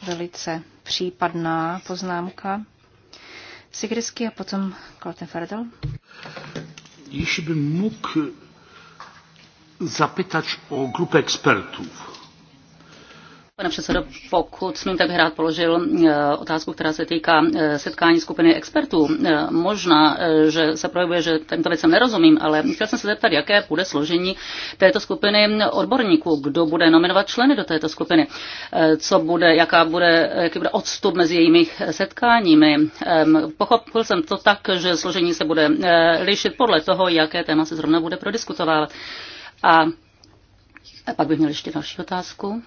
Velice případná poznámka. Sigrisky a potom kolten Ferdel. Jeśli bym mógł zapytać o grupę ekspertów. Pane předsedo, pokud smím, tak rád položil eh, otázku, která se týká eh, setkání skupiny expertů. Eh, možná, že se projevuje, že tento věcem nerozumím, ale chtěl jsem se zeptat, jaké bude složení této skupiny odborníků, kdo bude nominovat členy do této skupiny, co bude, jaká bude, jaký bude odstup mezi jejími setkáními. Ehm, pochopil jsem to tak, že složení se bude lišit podle toho, jaké téma se zrovna bude prodiskutovat. A pak bych měl ještě další otázku.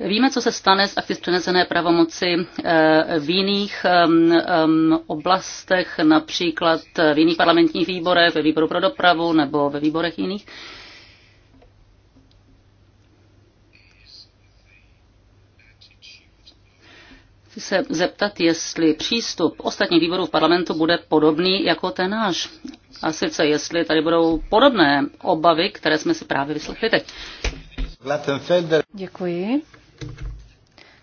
Víme, co se stane s akty přenesené pravomoci eh, v jiných oblastech, například v jiných parlamentních výborech, ve výboru pro dopravu nebo ve výborech jiných. Chci se zeptat, jestli přístup ostatních výborů v parlamentu bude podobný jako ten náš. A sice, jestli tady budou podobné obavy, které jsme si právě vyslechli teď. Děkuji.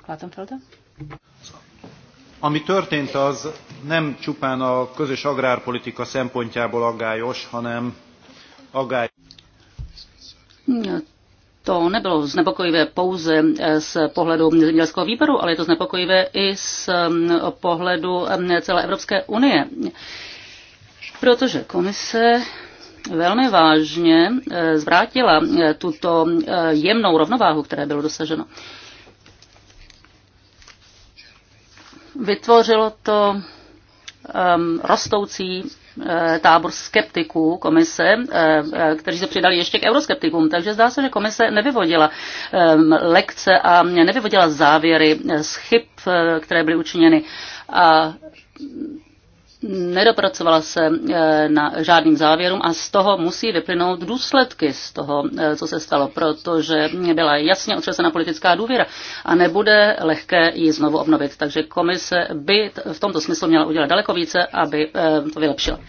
Klátenfelda? Ami történt, az nem csupán a közös agrárpolitika szempontjából aggályos, hanem aggály. To nebylo znepokojivé pouze eh, z pohledu zemědělského výboru, ale je to znepokojivé i z mm, pohledu mm, celé Evropské unie. Protože komise velmi vážně eh, zvrátila eh, tuto jemnou rovnováhu, které bylo dosaženo. Vytvořilo to um, rostoucí eh, tábor skeptiků komise, eh, eh, kteří se přidali ještě k euroskeptikům. Takže zdá se, že komise nevyvodila ehm, lekce a nevyvodila závěry z chyb, které byly učiněny. A nedopracovala se eh, na žádným závěrům a z toho musí vyplynout důsledky z toho, eh, co se stalo, protože byla jasně otřesena politická důvěra a nebude lehké ji znovu obnovit. Takže komise by v tomto smyslu měla udělat daleko více, aby eh, to vylepšila.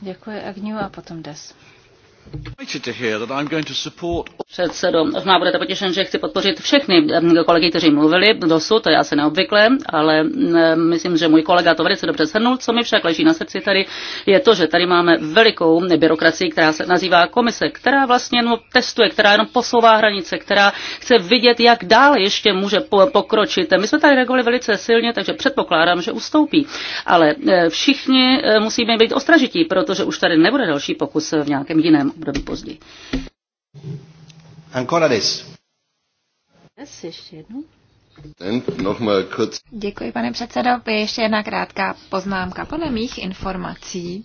Děkuji Agniu a potom Des. Předsedo, možná budete potěšen, že chci podpořit všechny kolegy, kteří mluvili dosud, to je asi neobvyklé, ale myslím, že můj kolega to velice dobře shrnul. Co mi však leží na srdci tady, je to, že tady máme velikou byrokracii, která se nazývá komise, která vlastně jenom testuje, která jenom posouvá hranice, která chce vidět, jak dále ještě může pokročit. My jsme tady reagovali velice silně, takže předpokládám, že ustoupí. Ale eh, všichni eh, musíme být ostražití, protože už tady nebude další pokus v nějakém jiném období později. Ancora Dnes ještě jednou. Děkuji, pane předsedo. Ještě jedna krátká poznámka. Podle mých informací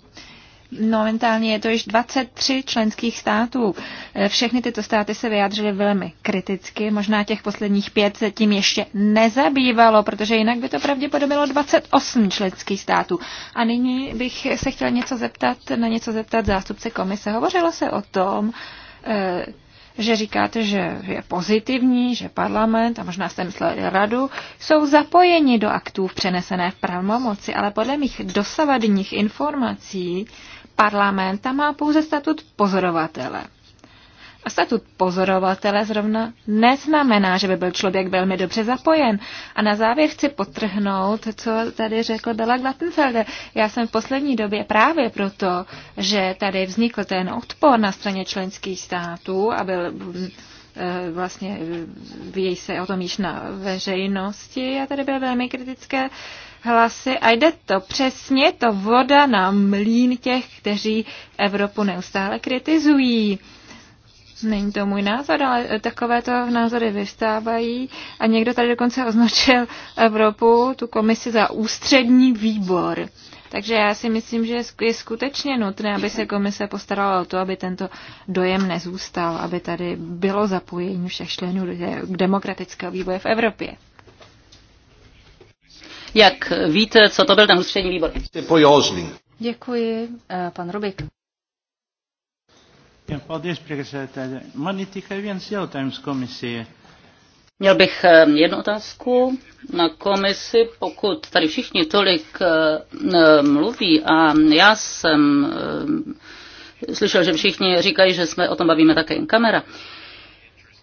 Momentálně no, je to již 23 členských států. E, všechny tyto státy se vyjádřily velmi kriticky. Možná těch posledních pět se tím ještě nezabývalo, protože jinak by to pravděpodobně bylo 28 členských států. A nyní bych se chtěla něco zeptat, na něco zeptat zástupce komise. Hovořilo se o tom, e, že říkáte, že je pozitivní, že parlament, a možná jste mysleli radu, jsou zapojeni do aktů v přenesené v pravomoci, ale podle mých dosavadních informací parlamenta má pouze statut pozorovatele. A statut pozorovatele zrovna neznamená, že by byl člověk velmi dobře zapojen. A na závěr chci potrhnout, co tady řekl Bela Glattenfelder. Já jsem v poslední době právě proto, že tady vznikl ten odpor na straně členských států a byl vlastně vějí se o tom již na veřejnosti a tady byly velmi kritické hlasy a jde to přesně, to voda na mlín těch, kteří Evropu neustále kritizují. Není to můj názor, ale takovéto názory vystávají. A někdo tady dokonce označil Evropu, tu komisi, za ústřední výbor. Takže já si myslím, že je skutečně nutné, aby se komise postarala o to, aby tento dojem nezůstal, aby tady bylo zapojení všech členů demokratického vývoje v Evropě. Jak víte, co to byl ten ústřední výbor? Děkuji, eh, pan Rubik. Měl bych eh, jednu otázku na komisi, pokud tady všichni tolik eh, mluví a já jsem slyšel, že všichni říkají, že jsme o tom bavíme také jen kamera,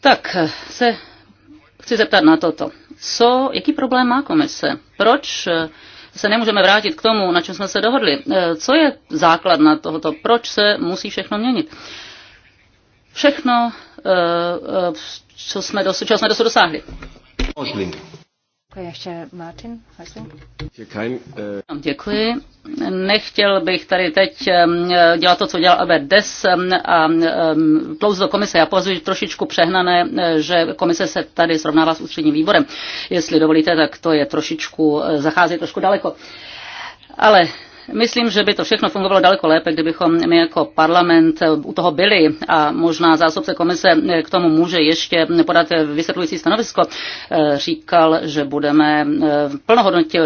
tak se chci zeptat na toto co, jaký problém má komise? Proč eh, se nemůžeme vrátit k tomu, na čem jsme se dohodli? Eh, co je základ na tohoto? Proč se musí všechno měnit? Všechno, eh, co jsme dosud dosáhli. Možný ještě Martin. Děkuji. Nechtěl bych tady teď dělat to, co dělal Albert Des a plouz do komise. Já považuji trošičku přehnané, že komise se tady srovnává s ústředním výborem. Jestli dovolíte, tak to je trošičku, eh, zachází trošku daleko. Ale Myslím, že by to všechno fungovalo daleko lépe, kdybychom my jako parlament eh, u toho byli a možná zásobce komise k tomu může ještě podat vysvětlující stanovisko. Eh, Říkal, že budeme eh, plnohodnotně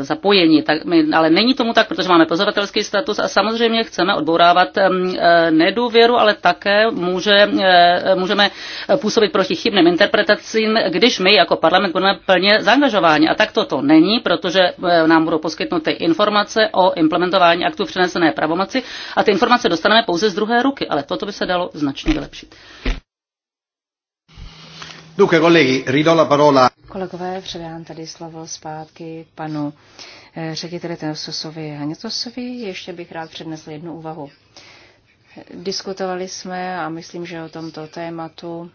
zapojeni, tak my, ale není tomu tak, protože máme pozorovatelský status a samozřejmě chceme odbourávat nedůvěru, ale také může, můžeme působit proti chybným interpretacím, když my jako parlament budeme plně zaangažováni. A tak toto není, protože nám budou poskytnuty informace o implementování aktů přenesené pravomoci a ty informace dostaneme pouze z druhé ruky, ale toto by se dalo značně vylepšit. Dunque, kolegy. ridò la parola. Kolegové, předám tady slovo zpátky panu eh, řediteli Tenososovi Hanětosovi. Ještě bych rád přednesl jednu úvahu. Diskutovali jsme a myslím, že o tomto tématu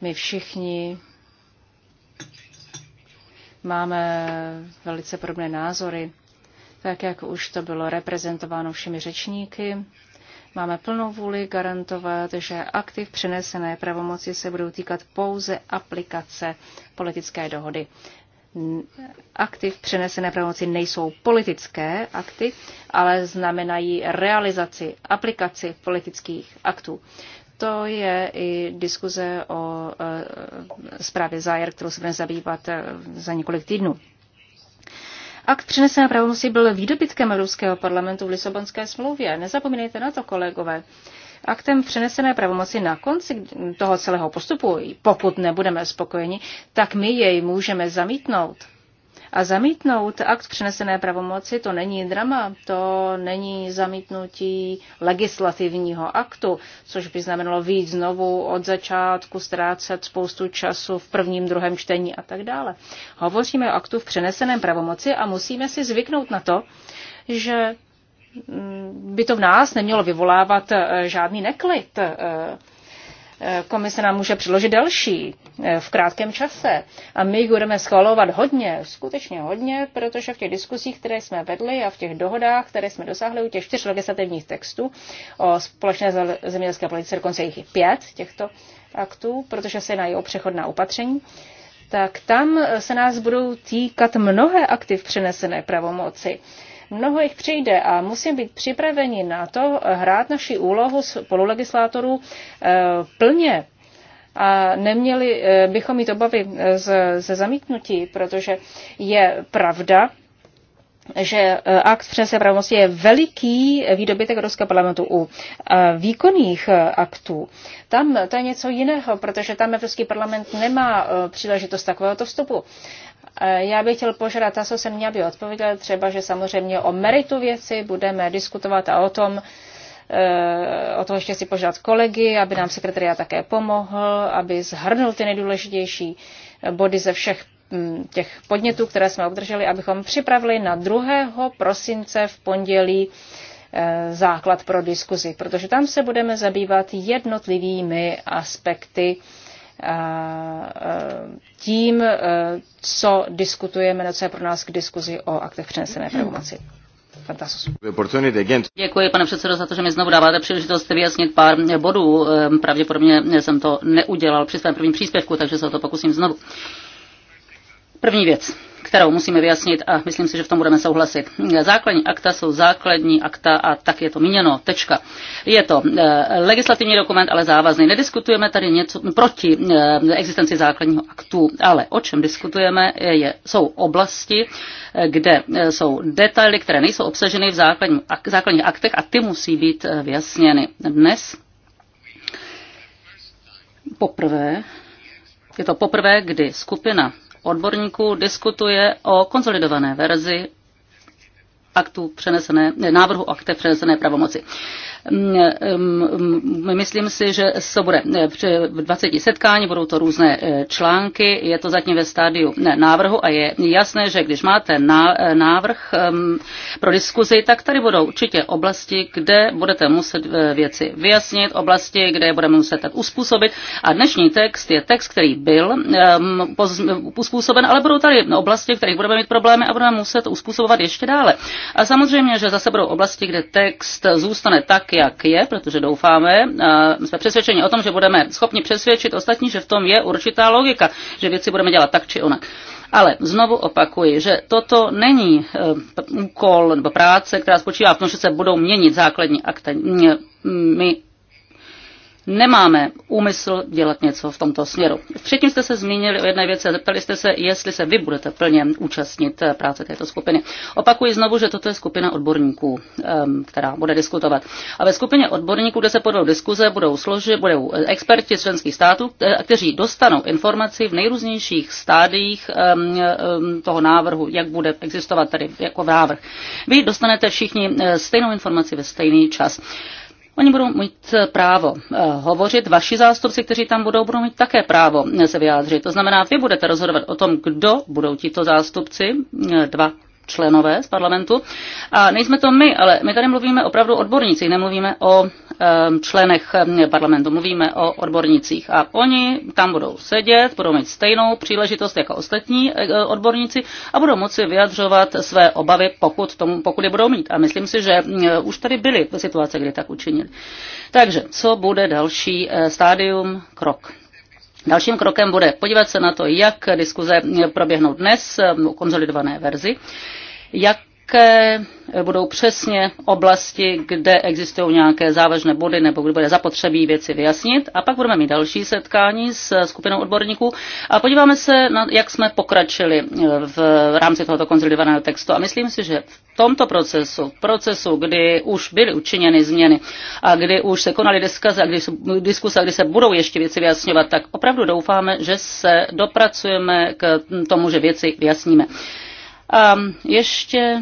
my všichni máme velice podobné názory tak jak už to bylo reprezentováno všemi řečníky. Máme plnou vůli garantovat, že aktiv přenesené pravomoci se budou týkat pouze aplikace politické dohody. Aktiv přenesené pravomoci nejsou politické akty, ale znamenají realizaci, aplikaci politických aktů. To je i diskuze o e, zprávě Zajer, kterou se budeme zabývat e, za několik týdnů. Akt přinesené pravomoci byl výdobitkem Evropského parlamentu v Lisabonské smlouvě. Nezapomínejte na to, kolegové. Aktem přenesené pravomoci na konci toho celého postupu, pokud nebudeme spokojeni, tak my jej můžeme zamítnout. A zamítnout akt přenesené pravomoci, to není drama, to není zamítnutí legislativního aktu, což by znamenalo víc znovu od začátku, ztrácet spoustu času v prvním, druhém čtení a tak dále. Hovoříme o aktu v přeneseném pravomoci a musíme si zvyknout na to, že mm, by to v nás nemělo vyvolávat eh, žádný neklid eh, komise nám může přiložit další eh, v krátkém čase. A my jich budeme schvalovat hodně, skutečně hodně, protože v těch diskusích, které jsme vedli a v těch dohodách, které jsme dosáhli u těch čtyř legislativních textů o společné zemědělské politice, dokonce jich i pět těchto aktů, protože se jedná o přechodná opatření, tak tam se nás budou týkat mnohé aktiv přenesené pravomoci. Mnoho jich přijde a musím být připraveni na to hrát naši úlohu spolulegislátorů eh, plně a neměli eh, bychom mít obavy eh, ze zamítnutí, protože je pravda, že akt přenese pravomocí je veliký výdobytek Ruského parlamentu u výkonných aktů. Tam to je něco jiného, protože tam Evropský parlament nemá příležitost takovéhoto vstupu. Eh, já bych chtěl požádat Asosem, aby odpověděl třeba, že samozřejmě o meritu věci budeme diskutovat a o tom, eh, o toho, ještě si požádat kolegy, aby nám sekretariat také pomohl, aby zhrnul ty nejdůležitější body ze všech hm, těch podnětů, které jsme obdrželi, abychom připravili na 2. prosince v pondělí eh, základ pro diskuzi, protože tam se budeme zabývat jednotlivými aspekty tím, co diskutujeme, no co je pro nás k diskuzi o aktech přenesené pravomoci. Děkuji, pane předsedo, za to, že mi znovu dáváte příležitost vyjasnit pár bodů. Pravděpodobně jsem to neudělal při svém prvním příspěvku, takže se o to pokusím znovu. První věc kterou musíme vyjasnit a myslím si, že v tom budeme souhlasit. Základní akta jsou základní akta a tak je to míněno. Tečka. Je to eh, legislativní dokument, ale závazný. Nediskutujeme tady něco proti eh, existenci základního aktu, ale o čem diskutujeme eh, je, jsou oblasti, kde jsou detaily, které nejsou obsaženy v základním, základních aktech a ty musí být vyjasněny. Dnes poprvé, je to poprvé, kdy skupina odborníků diskutuje o konsolidované verzi aktu přenesené, návrhu akte přenesené pravomoci. Mm, mm, mm, myslím si, že se bude eh, v 20 setkání, budou to různé eh, články, je to zatím ve stádiu návrhu a je jasné, že když máte eh, návrh ehm, pro diskuzi, tak tady budou určitě oblasti, kde budete muset věci vyjasnit, oblasti, kde je budeme muset tak uspůsobit. A dnešní text je text, který byl ehm, uspůsoben, ale budou tady oblasti, v kterých budeme mít problémy a budeme muset uspůsobovat ještě dále. A samozřejmě, že zase budou oblasti, kde text zůstane tak, jak je, protože doufáme, jsme přesvědčeni o tom, že budeme schopni přesvědčit ostatní, že v tom je určitá logika, že věci budeme dělat tak či onak. Ale znovu opakuji, že toto není eh, úkol nebo práce, která spočívá v tom, že se budou měnit základní akta. My nemáme úmysl dělat něco v tomto směru. Předtím jste se zmínili o jedné věci a zeptali jste se, jestli se vy budete plně účastnit eh, práce této skupiny. Opakuji znovu, že toto je skupina odborníků, ehm, která bude diskutovat. A ve skupině odborníků, kde se podou diskuze, budou, složi, budou eh, experti z členských států, eh, kteří dostanou informaci v nejrůznějších stádiích ehm, ehm, toho návrhu, jak bude existovat tady jako návrh. Vy dostanete všichni stejnou informaci ve stejný čas. Oni budou mít eh, právo eh, hovořit, vaši zástupci, kteří tam budou, budou mít také právo eh, se vyjádřit. To znamená, vy budete rozhodovat o tom, kdo budou tito zástupci, dva členové z parlamentu. A nejsme to my, ale my tady mluvíme opravdu o odbornicích, nemluvíme o členech parlamentu, mluvíme o odbornicích. A oni tam budou sedět, budou mít stejnou příležitost jako ostatní e, e, odborníci a budou moci vyjadřovat své obavy, pokud, tomu, pokud je budou mít. A myslím si, že už tady byly situace, kdy tak učinili. Takže co bude další e, stádium krok? Dalším krokem bude podívat se na to, jak diskuze proběhnou dnes o konzolidované verzi, jak jaké budou přesně oblasti, kde existují nějaké závažné body nebo kde bude zapotřebí věci vyjasnit. A pak budeme mít další setkání s skupinou odborníků a podíváme se, na, jak jsme pokračili eh, v rámci tohoto konzolidovaného textu. A myslím si, že v tomto procesu, procesu, kdy už byly učiněny změny a kdy už se konaly diskuse a kdy, diskuse, kdy se budou ještě věci vyjasňovat, tak opravdu doufáme, že se dopracujeme k tomu, že věci vyjasníme. A ehm, ještě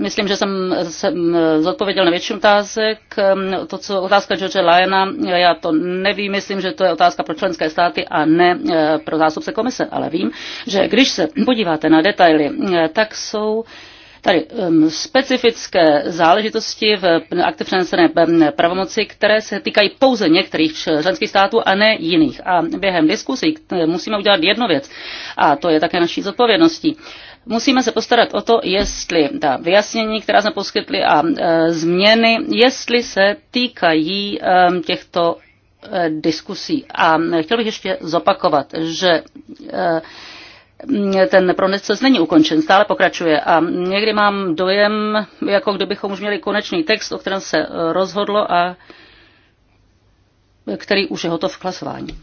Myslím, že jsem, jsem zodpověděl na většinu otázek. Ehm, to, co otázka George Lyona, já to nevím, myslím, že to je otázka pro členské státy a ne eh, pro zástupce komise, ale vím, že když se podíváte na detaily, eh, tak jsou tady um, specifické záležitosti v akte přenesené um, pravomoci, které se týkají pouze některých členských států a ne jiných. A během diskusí musíme udělat jednu věc, a to je také naší zodpovědností. Musíme se postarat o to, jestli ta vyjasnění, která jsme poskytli, a e, změny, jestli se týkají e, těchto e, diskusí. A e, chtěl bych ještě zopakovat, že e, Mm, ten proces není ukončen, stále pokračuje a někdy mám dojem, jako kdybychom už měli konečný text, o kterém se eh, rozhodlo a který už je hotov k hlasování.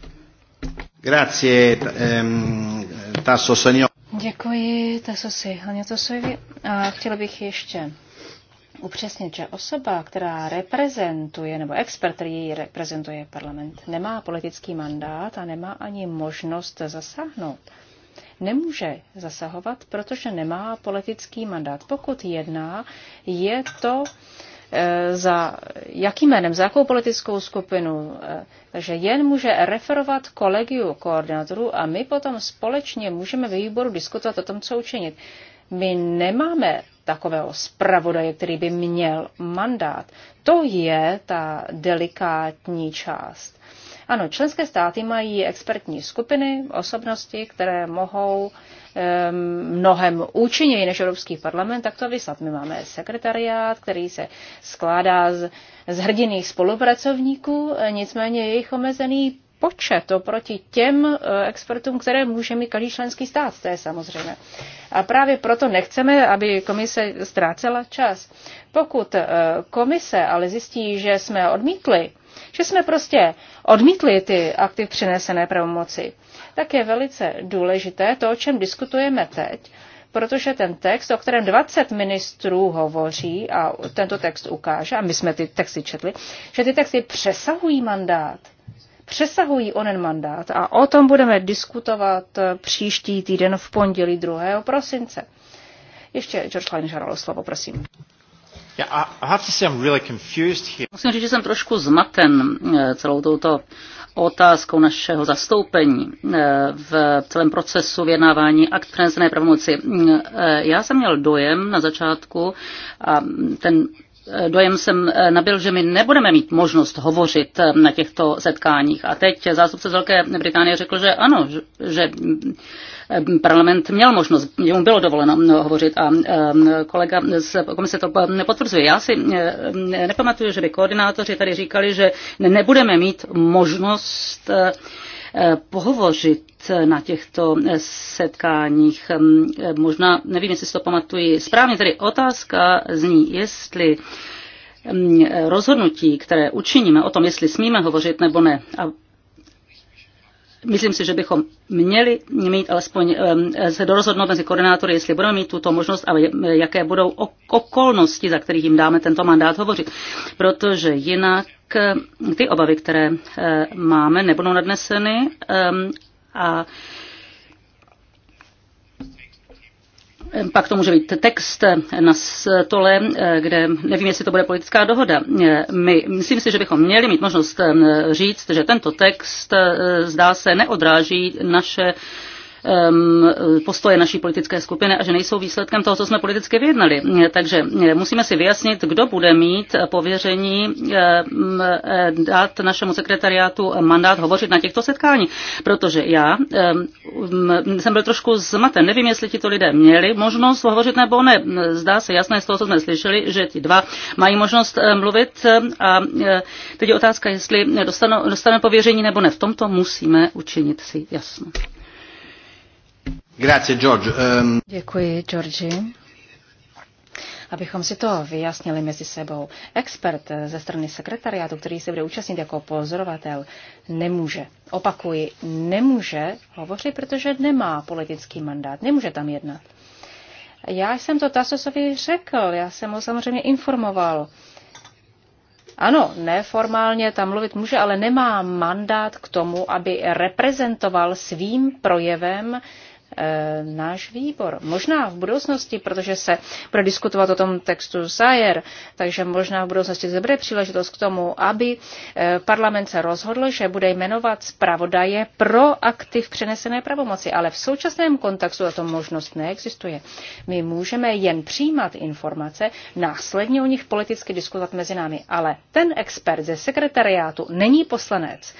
Grazie, ehm, Tasso si Děkuji Tasosi Hanětosovi. A chtěl bych ještě upřesnit, že osoba, která reprezentuje, nebo expert, který ji reprezentuje parlament, nemá politický mandát a nemá ani možnost zasáhnout nemůže zasahovat, protože nemá politický mandát. Pokud jedná, je to eh, za jakým jménem, za jakou politickou skupinu. Eh, takže jen může referovat kolegiu koordinátorů a my potom společně můžeme ve výboru diskutovat o tom, co učinit. My nemáme takového zpravodaje, který by měl mandát. To je ta delikátní část. Ano, členské státy mají expertní skupiny, osobnosti, které mohou mnohem účinněji než Evropský parlament, tak to vyslat. My máme sekretariát, který se skládá z, z hrdiných spolupracovníků, nicméně jejich omezený počet oproti těm eh, expertům, které může mít každý členský stát, to je samozřejmě. A právě proto nechceme, aby komise ztrácela čas. Pokud eh, komise ale zjistí, že jsme odmítli že jsme prostě odmítli ty akty přinesené pravomoci, tak je velice důležité to, o čem diskutujeme teď, protože ten text, o kterém 20 ministrů hovoří a tento text ukáže, a my jsme ty texty četli, že ty texty přesahují mandát. Přesahují onen mandát a o tom budeme diskutovat eh, příští týden v pondělí 2. prosince. Ještě George Klein žádalo slovo, prosím. Musím říct, že jsem trošku zmaten eh, celou touto otázkou našeho zastoupení eh, v celém procesu vyjednávání akt přenesené pravomoci. Mm, eh, já jsem měl dojem na začátku a ten dojem jsem eh, nabil, že my nebudeme mít možnost hovořit eh, na těchto setkáních. A teď zástupce Velké Británie řekl, že ano, že eh, parlament měl možnost, mu bylo dovoleno hovořit a kolega z komise to nepotvrzuje. Já si nepamatuju, že by koordinátoři tady říkali, že nebudeme mít možnost Eh, pohovořit na těchto setkáních. Eh, možná, nevím, jestli si to pamatuji správně, tedy otázka zní, jestli rozhodnutí, které učiníme o tom, jestli smíme hovořit nebo ne, a Myslím si, že bychom měli mít alespoň se dorozhodnout mezi koordinátory, jestli budeme mít tuto možnost a jaké budou okolnosti, za kterých jim dáme tento mandát hovořit. Protože jinak ty obavy, které máme, nebudou nadneseny a Pak to může být text na stole, kde nevím, jestli to bude politická dohoda. My, myslím si, že bychom měli mít možnost eh, říct, že tento text eh, zdá se neodráží naše postoje naší politické skupiny a že nejsou výsledkem toho, co jsme politicky vyjednali. Takže eh, musíme si vyjasnit, kdo bude mít pověření eh, eh, dát našemu sekretariátu mandát hovořit na těchto setkání. Protože já jsem byl trošku zmaten. Nevím, jestli ti to lidé měli možnost hovořit nebo ne. Zdá se jasné z toho, co jsme slyšeli, že ti dva mají možnost mluvit a teď je otázka, jestli dostaneme pověření nebo ne. V tomto musíme učinit si jasno. Ehm, Děkuji, Georgi. Abychom si to vyjasnili mezi sebou, expert ze strany sekretariátu, který se bude účastnit jako pozorovatel, nemůže, opakuji, nemůže hovořit, protože nemá politický mandát, nemůže tam jednat. Já jsem to Tasosovi řekl, já jsem ho samozřejmě informoval. Ano, neformálně tam mluvit může, ale nemá mandát k tomu, aby reprezentoval svým projevem uh, E, náš výbor. Možná v budoucnosti, protože se bude diskutovat o tom textu Zajer, takže možná v budoucnosti zde bude příležitost k tomu, aby e, parlament se rozhodl, že bude jmenovat zpravodaje pro aktiv přenesené pravomoci, ale v současném kontextu tato možnost neexistuje. My můžeme jen přijímat informace, následně o nich politicky diskutovat mezi námi, ale ten expert ze sekretariátu není poslanec,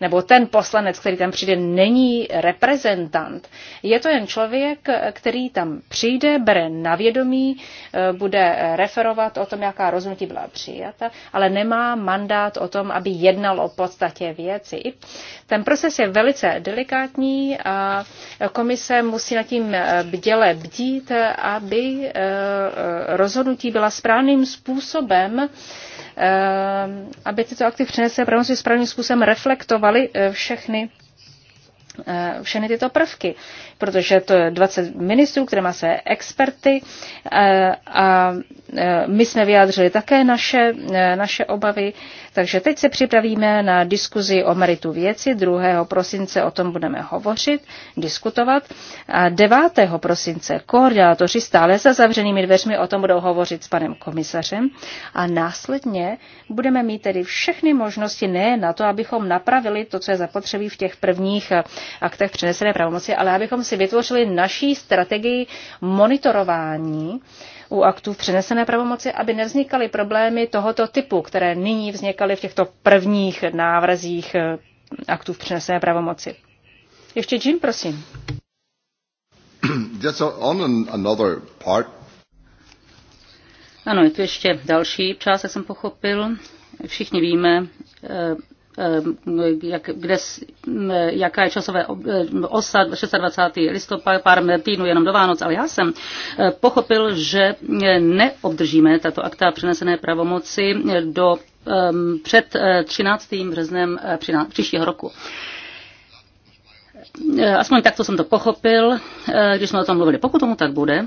nebo ten poslanec, který tam přijde, není reprezentant. Je to jen člověk, který tam přijde, bere na vědomí, eh, bude referovat o tom, jaká rozhodnutí byla přijata, ale nemá mandát o tom, aby jednal o podstatě věci. Ten proces je velice delikátní a komise musí nad tím eh, bděle bdít, aby eh, rozhodnutí byla správným způsobem Ehm, aby tyto akty přenesené pravomoci správným způsobem reflektovaly eh, všechny eh, všechny tyto prvky, protože to je 20 ministrů, které má své experty eh, a Eh, my jsme vyjádřili také naše, eh, naše obavy, takže teď se připravíme na diskuzi o meritu věci. 2. prosince o tom budeme hovořit, diskutovat. A 9. prosince koordinátoři stále za zavřenými dveřmi o tom budou hovořit s panem komisařem a následně budeme mít tedy všechny možnosti ne na to, abychom napravili to, co je zapotřebí v těch prvních eh, aktech přenesené pravomoci, ale abychom si vytvořili naší strategii monitorování, u aktů v přenesené pravomoci, aby nevznikaly problémy tohoto typu, které nyní vznikaly v těchto prvních návrzích eh, aktů v přenesené pravomoci. Ještě Jim, prosím. Ano, je tu ještě další část, jak jsem pochopil. Všichni víme, eh, Eh, jak, kde, eh, jaká je časové eh, osa 26. listopad, pár týdnů jenom do Vánoc, ale já jsem pochopil, že neobdržíme tato akta přenesené pravomoci do před 13. březnem příštího roku. Aspoň takto jsem to pochopil, když jsme o tom mluvili. Pokud tomu tak bude,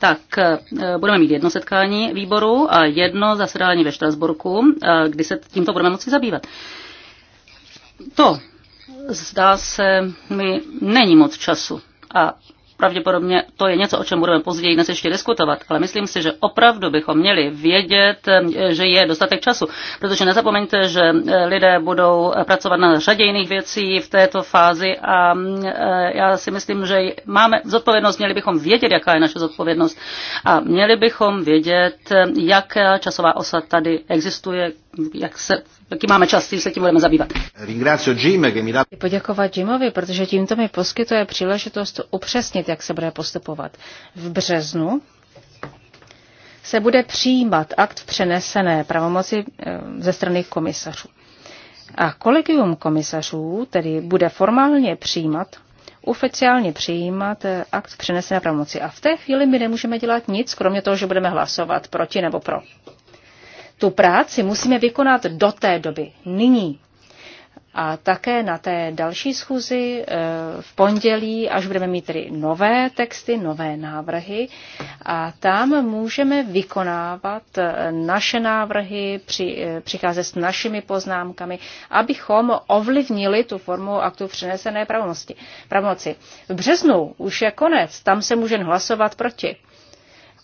tak eh, budeme mít jedno setkání výboru a jedno zasedání ve Štrasburku, eh, kdy se tímto budeme moci zabývat. To, zdá se mi, není moc času. A Pravděpodobně to je něco, o čem budeme později dnes ještě diskutovat, ale myslím si, že opravdu bychom měli vědět, eh, že je dostatek času, protože nezapomeňte, že eh, lidé budou eh, pracovat na řadě jiných věcí v této fázi a já si myslím, že máme zodpovědnost, měli bychom vědět, jaká je naše zodpovědnost a měli bychom vědět, jaká časová osa tady existuje, jak se, jaký máme čas, tím se tím budeme zabývat. Poděkovat Jimovi, protože tímto mi poskytuje příležitost upřesnit, jak se bude postupovat. V březnu se bude přijímat akt v přenesené pravomoci eh, ze strany komisařů. A kolegium komisařů tedy bude formálně přijímat, oficiálně přijímat eh, akt přenesené pravomoci. A v té chvíli my nemůžeme dělat nic, kromě toho, že budeme hlasovat proti nebo pro tu práci musíme vykonat do té doby, nyní. A také na té další schůzi eh, v pondělí, až budeme mít tedy nové texty, nové návrhy, a tam můžeme vykonávat eh, naše návrhy, při, eh, přicházet s našimi poznámkami, abychom ovlivnili tu formu aktu přenesené pravomoci. pravomoci. V březnu už je konec, tam se můžeme hlasovat proti.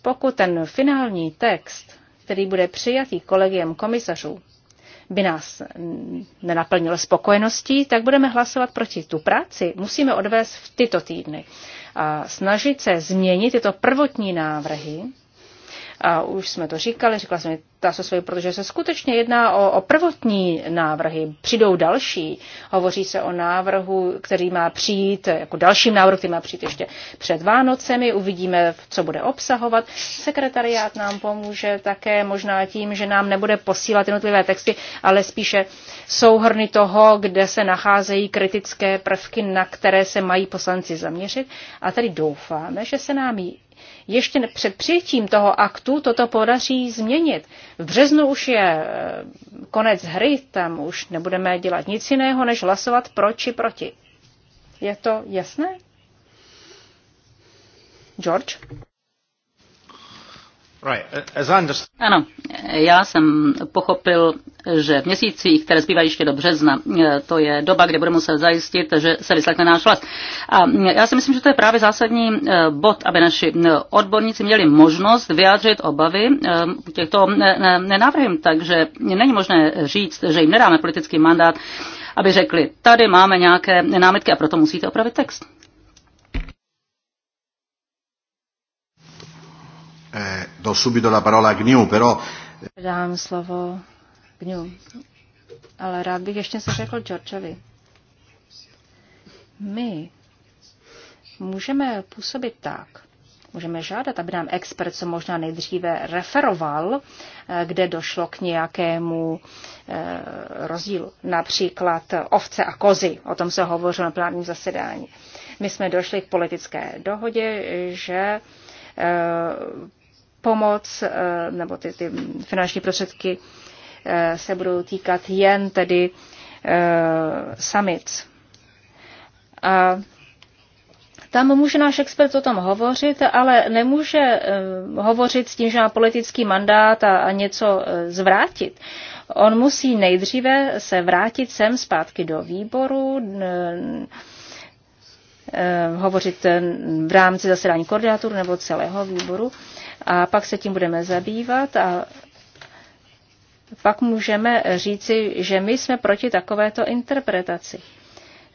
Pokud ten finální text který bude přijatý kolegiem komisařů, by nás nenaplnil spokojeností, tak budeme hlasovat proti. Tu práci musíme odvést v tyto týdny a snažit se změnit tyto prvotní návrhy, a už jsme to říkali, říkala jsem ta se svojí, protože se skutečně jedná o, o prvotní návrhy, přijdou další. Hovoří se o návrhu, který má přijít, jako dalším návrhu, který má přijít ještě před Vánocemi, uvidíme, co bude obsahovat. Sekretariát nám pomůže také možná tím, že nám nebude posílat jednotlivé texty, ale spíše souhrny toho, kde se nacházejí kritické prvky, na které se mají poslanci zaměřit. A tady doufáme, že se nám ještě před přijetím toho aktu toto podaří změnit. V březnu už je eh, konec hry, tam už nebudeme dělat nic jiného, než hlasovat pro či proti. Je to jasné? George? Ano, já jsem pochopil, že v měsících, které zbývají ještě do března, to je doba, kdy budeme muset zajistit, že se vyslechne náš hlas. A já si myslím, že to je právě zásadní eh, bod, aby naši eh, odborníci měli možnost vyjádřit obavy eh, těchto návrhů. Takže není možné říct, že jim nedáme politický mandát, aby řekli, tady máme nějaké námitky a proto musíte opravit text. Eh, do subito la parola a Gniu, però... Eh, Dám slovo Gniu. Ale rád bych ještě se řekl Georgeovi. My můžeme působit tak, můžeme žádat, aby nám expert co možná nejdříve referoval, eh, kde došlo k nějakému eh, rozdílu. Například ovce a kozy, o tom se hovořilo na plánním zasedání. My jsme došli k politické dohodě, že pomoc eh, nebo ty, ty finanční prostředky eh, se budou týkat jen tedy eh, samic. A tam může náš expert o tom hovořit, ale nemůže hovořit s tím, že má politický mandát a, něco zvrátit. On musí nejdříve se vrátit sem zpátky do výboru, hovořit v rámci zasedání koordinátoru nebo celého výboru a pak se tím budeme zabývat a pak můžeme říci, že my jsme proti takovéto interpretaci.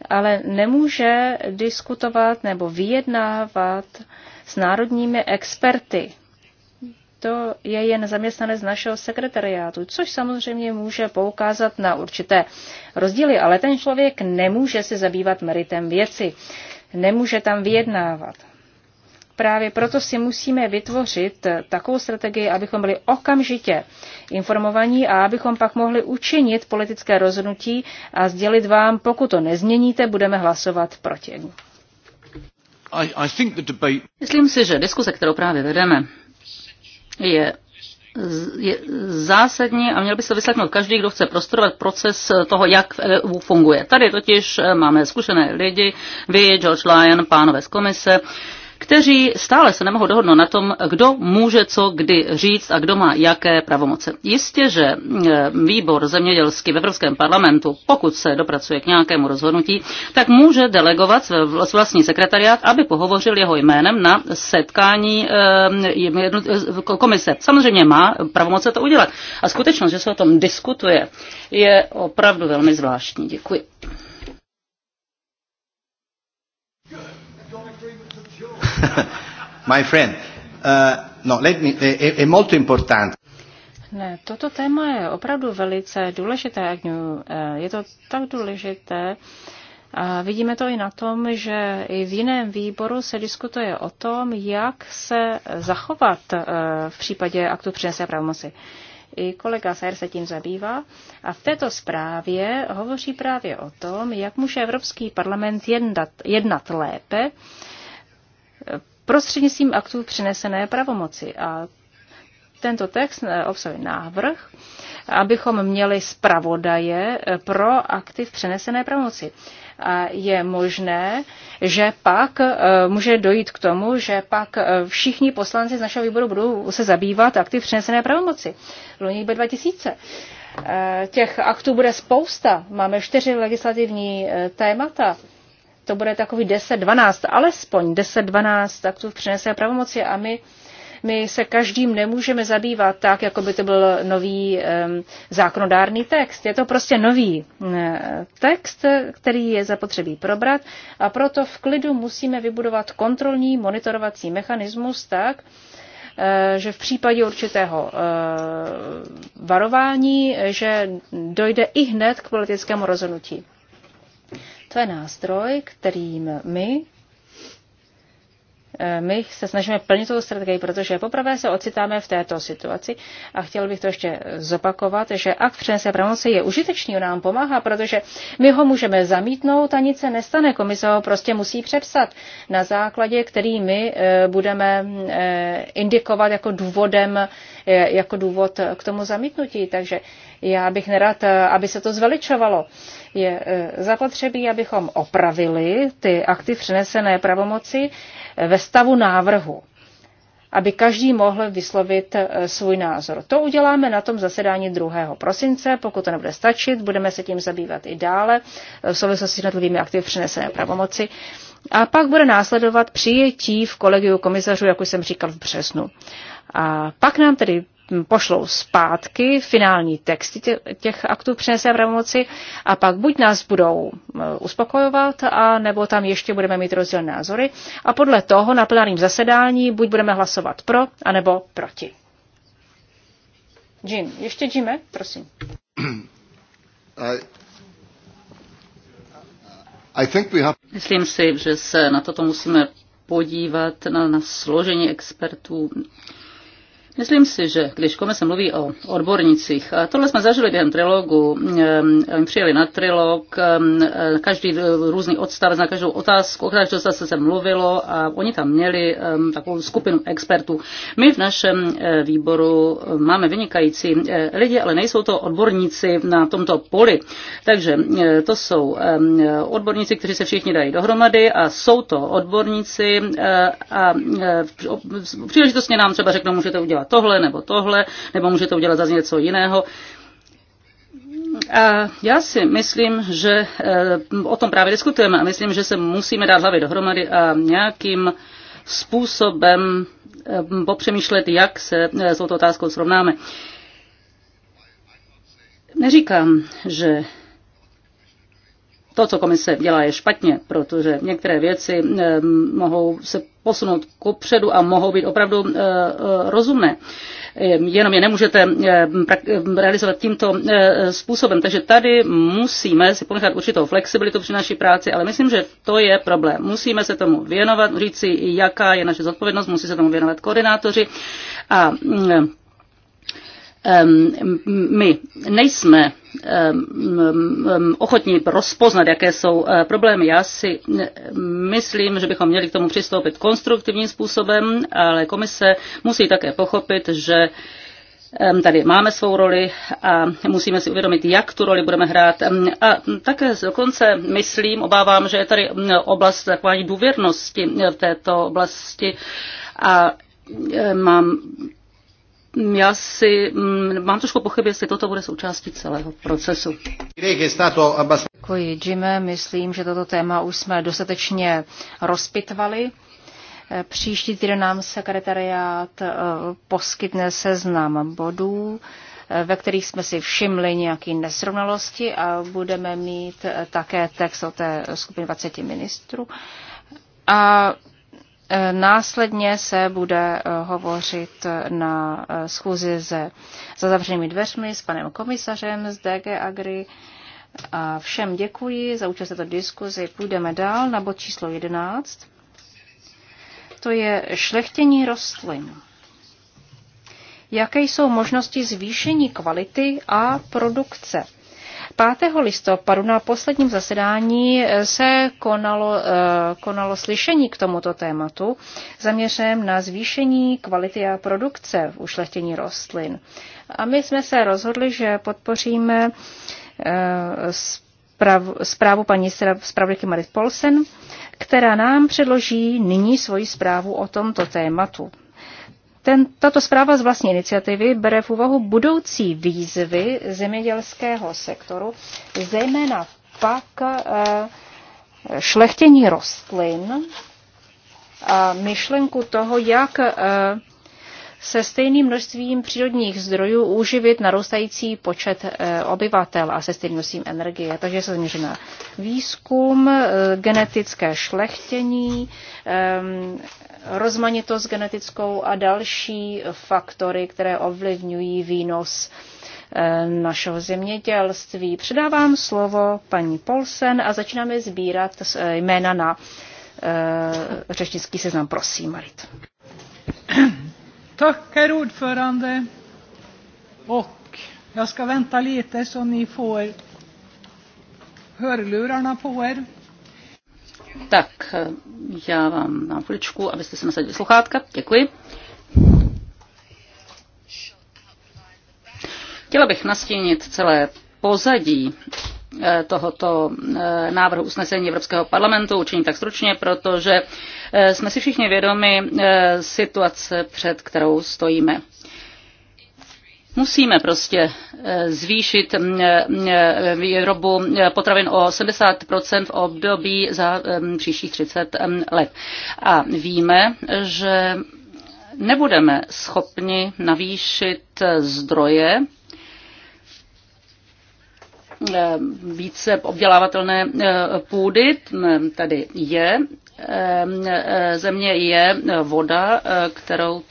Ale nemůže diskutovat nebo vyjednávat s národními experty. To je jen zaměstnanec našeho sekretariátu, což samozřejmě může poukázat na určité rozdíly, ale ten člověk nemůže se zabývat meritem věci, nemůže tam vyjednávat. Právě proto si musíme vytvořit takovou strategii, abychom byli okamžitě informovaní a abychom pak mohli učinit politické rozhodnutí a sdělit vám, pokud to nezměníte, budeme hlasovat proti. Myslím si, že diskuse, kterou právě vedeme, je je zásadní a měl by se vyslechnout každý, kdo chce prostorovat proces toho, jak v EU funguje. Tady totiž máme zkušené lidi, vy, George Lyon, pánové z komise, kteří stále se nemohou dohodnout na tom, kdo může co kdy říct a kdo má jaké pravomoce. Jistě, že mm, výbor zemědělský v Evropském parlamentu, pokud se dopracuje k nějakému rozhodnutí, tak může delegovat vlastní sekretariát, aby pohovořil jeho jménem na setkání eh, eh, komise. Samozřejmě má pravomoce to udělat. A skutečnost, že se o tom diskutuje, je opravdu velmi zvláštní. Děkuji. My friend, uh, no, let me, je, je molto importante. Ne, toto téma je opravdu velice důležité, eh, Je to tak důležité, a vidíme to i na tom, že i v jiném výboru se diskutuje o tom, jak se zachovat eh, v případě aktu přenesené pravomoci. I kolega Sajer se tím zabývá a v této zprávě hovoří právě o tom, jak může Evropský parlament jednat, jednat lépe prostřednictvím aktů přinesené pravomoci. A tento text eh, obsahuje návrh, abychom měli zpravodaje eh, pro akty v přenesené pravomoci. A je možné, že pak eh, může dojít k tomu, že pak všichni poslanci z našeho výboru budou se zabývat akty v přenesené pravomoci. Loni 2000. Těch aktů bude spousta. Máme čtyři legislativní témata to bude takový 10-12, alespoň 10-12 aktů v přenesené pravomoci a my my se každým nemůžeme zabývat tak, jako by to byl nový um, zákonodárný text. Je to prostě nový eh, text, který je zapotřebí probrat a proto v klidu musíme vybudovat kontrolní monitorovací mechanismus tak, eh, že v případě určitého eh, varování, že dojde i hned k politickému rozhodnutí. To je nástroj, kterým my eh, my se snažíme plnit tu strategii, protože poprvé se ocitáme v této situaci a chtěl bych to ještě zopakovat, že akt přenesené pravomoci je užitečný, nám pomáhá, protože my ho můžeme zamítnout a nic se nestane. Komise ho prostě musí přepsat na základě, který my eh, budeme eh, indikovat jako důvodem, jako důvod k tomu zamítnutí. Takže já bych nerad, eh, aby se to zveličovalo. Je eh, zapotřebí, abychom opravili ty akty přenesené pravomoci eh, ve stavu návrhu aby každý mohl vyslovit svůj názor. To uděláme na tom zasedání 2. prosince. Pokud to nebude stačit, budeme se tím zabývat i dále v souvislosti s jednotlivými akty přenesené pravomoci. A pak bude následovat přijetí v kolegiu komisařů, jak už jsem říkal v březnu. A pak nám tedy pošlou zpátky finální texty těch aktů přenesené pravomoci a pak buď nás budou uspokojovat, a nebo tam ještě budeme mít rozdílné názory a podle toho na plenárním zasedání buď budeme hlasovat pro, anebo proti. Jim, ještě Jime, prosím. Myslím si, že se na toto musíme podívat na, na složení expertů Myslím si, že když komise mluví o odbornicích, tohle jsme zažili během trilogu, přijeli na trilog, eh, každý různý odstavec na každou otázku, o každou zase se mluvilo a oni tam měli takovou skupinu expertů. My v našem eh, výboru eh, máme vynikající lidi, ale nejsou to odborníci na tomto poli. Takže to jsou odborníci, kteří se všichni dají dohromady a jsou to odborníci a příležitostně nám třeba řeknou, můžete udělat udělat tohle nebo tohle, nebo můžete udělat zase něco jiného. A já si myslím, že eh, o tom právě diskutujeme a myslím, že se musíme dát hlavy dohromady a nějakým způsobem eh, popřemýšlet, jak se eh, s touto otázkou srovnáme. Neříkám, že to, co komise dělá, je špatně, protože některé věci eh, mohou se posunout kupředu a mohou být opravdu eh, eh, rozumné. Ehm, jenom je nemůžete ehm, ehm, realizovat tímto způsobem. Takže tady musíme si ponechat určitou flexibilitu při naší práci, ale myslím, že to je problém. Musíme se tomu věnovat, říct si, jaká je naše zodpovědnost, musí se tomu věnovat koordinátoři a Ehm, my nejsme ehm, ochotní rozpoznat, jaké jsou eh, problémy. Já si myslím, že bychom měli k tomu přistoupit konstruktivním způsobem, ale komise musí také pochopit, že ehm, tady máme svou roli a musíme si uvědomit, jak tu roli budeme hrát. A také dokonce myslím, obávám, že je tady oblast takování důvěrnosti v této oblasti a mám já si mm, mám trošku pochyby, jestli toto bude součástí celého procesu. Děkuji, Jim. Myslím, že toto téma už jsme dostatečně rozpitvali. Příští týden nám sekretariát eh, poskytne seznam bodů, eh, ve kterých jsme si všimli nějaké nesrovnalosti a budeme mít eh, také text o té skupině 20 ministrů. A Eh, následně se bude eh, hovořit na eh, schůzi ze, za zavřenými dveřmi s panem komisařem z DG Agri. A všem děkuji za účast této diskuzi. Půjdeme dál na bod číslo 11. To je šlechtění rostlin. Jaké jsou možnosti zvýšení kvality a produkce? 5. listopadu na posledním zasedání eh, se konalo, eh, konalo slyšení k tomuto tématu zaměřem na zvýšení kvality a produkce v ušlechtění rostlin. A my jsme se rozhodli, že podpoříme eh, zprávu paní zpravodajky Marit Polsen, která nám předloží nyní svoji zprávu o tomto tématu. Ten, tato zpráva z vlastní iniciativy bere v úvahu budoucí výzvy zemědělského sektoru, zejména pak eh, šlechtění rostlin a myšlenku toho, jak eh, se stejným množstvím přírodních zdrojů uživit narůstající počet eh, obyvatel a se stejným množstvím energie. Takže se zaměří na výzkum, genetické šlechtění, ehm, rozmanitost genetickou a další faktory, které ovlivňují výnos eh, našeho zemědělství. Předávám slovo paní Polsen a začínáme sbírat eh, jména na eh, řečnický seznam. Prosím, Marit. Tak, herr ordförande. Och jag ska vänta lite så ni får hörlurarna på er. Tak, já vám dám chviličku, abyste se nasadili sluchátka. Děkuji. Chtěla bych nastínit celé pozadí eh, tohoto eh, návrhu usnesení Evropského parlamentu. Učiním tak stručně, protože eh, jsme si všichni vědomi situace, před kterou stojíme. Musíme prostě eh, zvýšit mm, eh, mm, eh, výrobu potravin o 70% v období za mm, příštích 30 let. A víme, že nebudeme schopni navýšit zdroje více obdělávatelné půdy. Tady je země je voda, kterou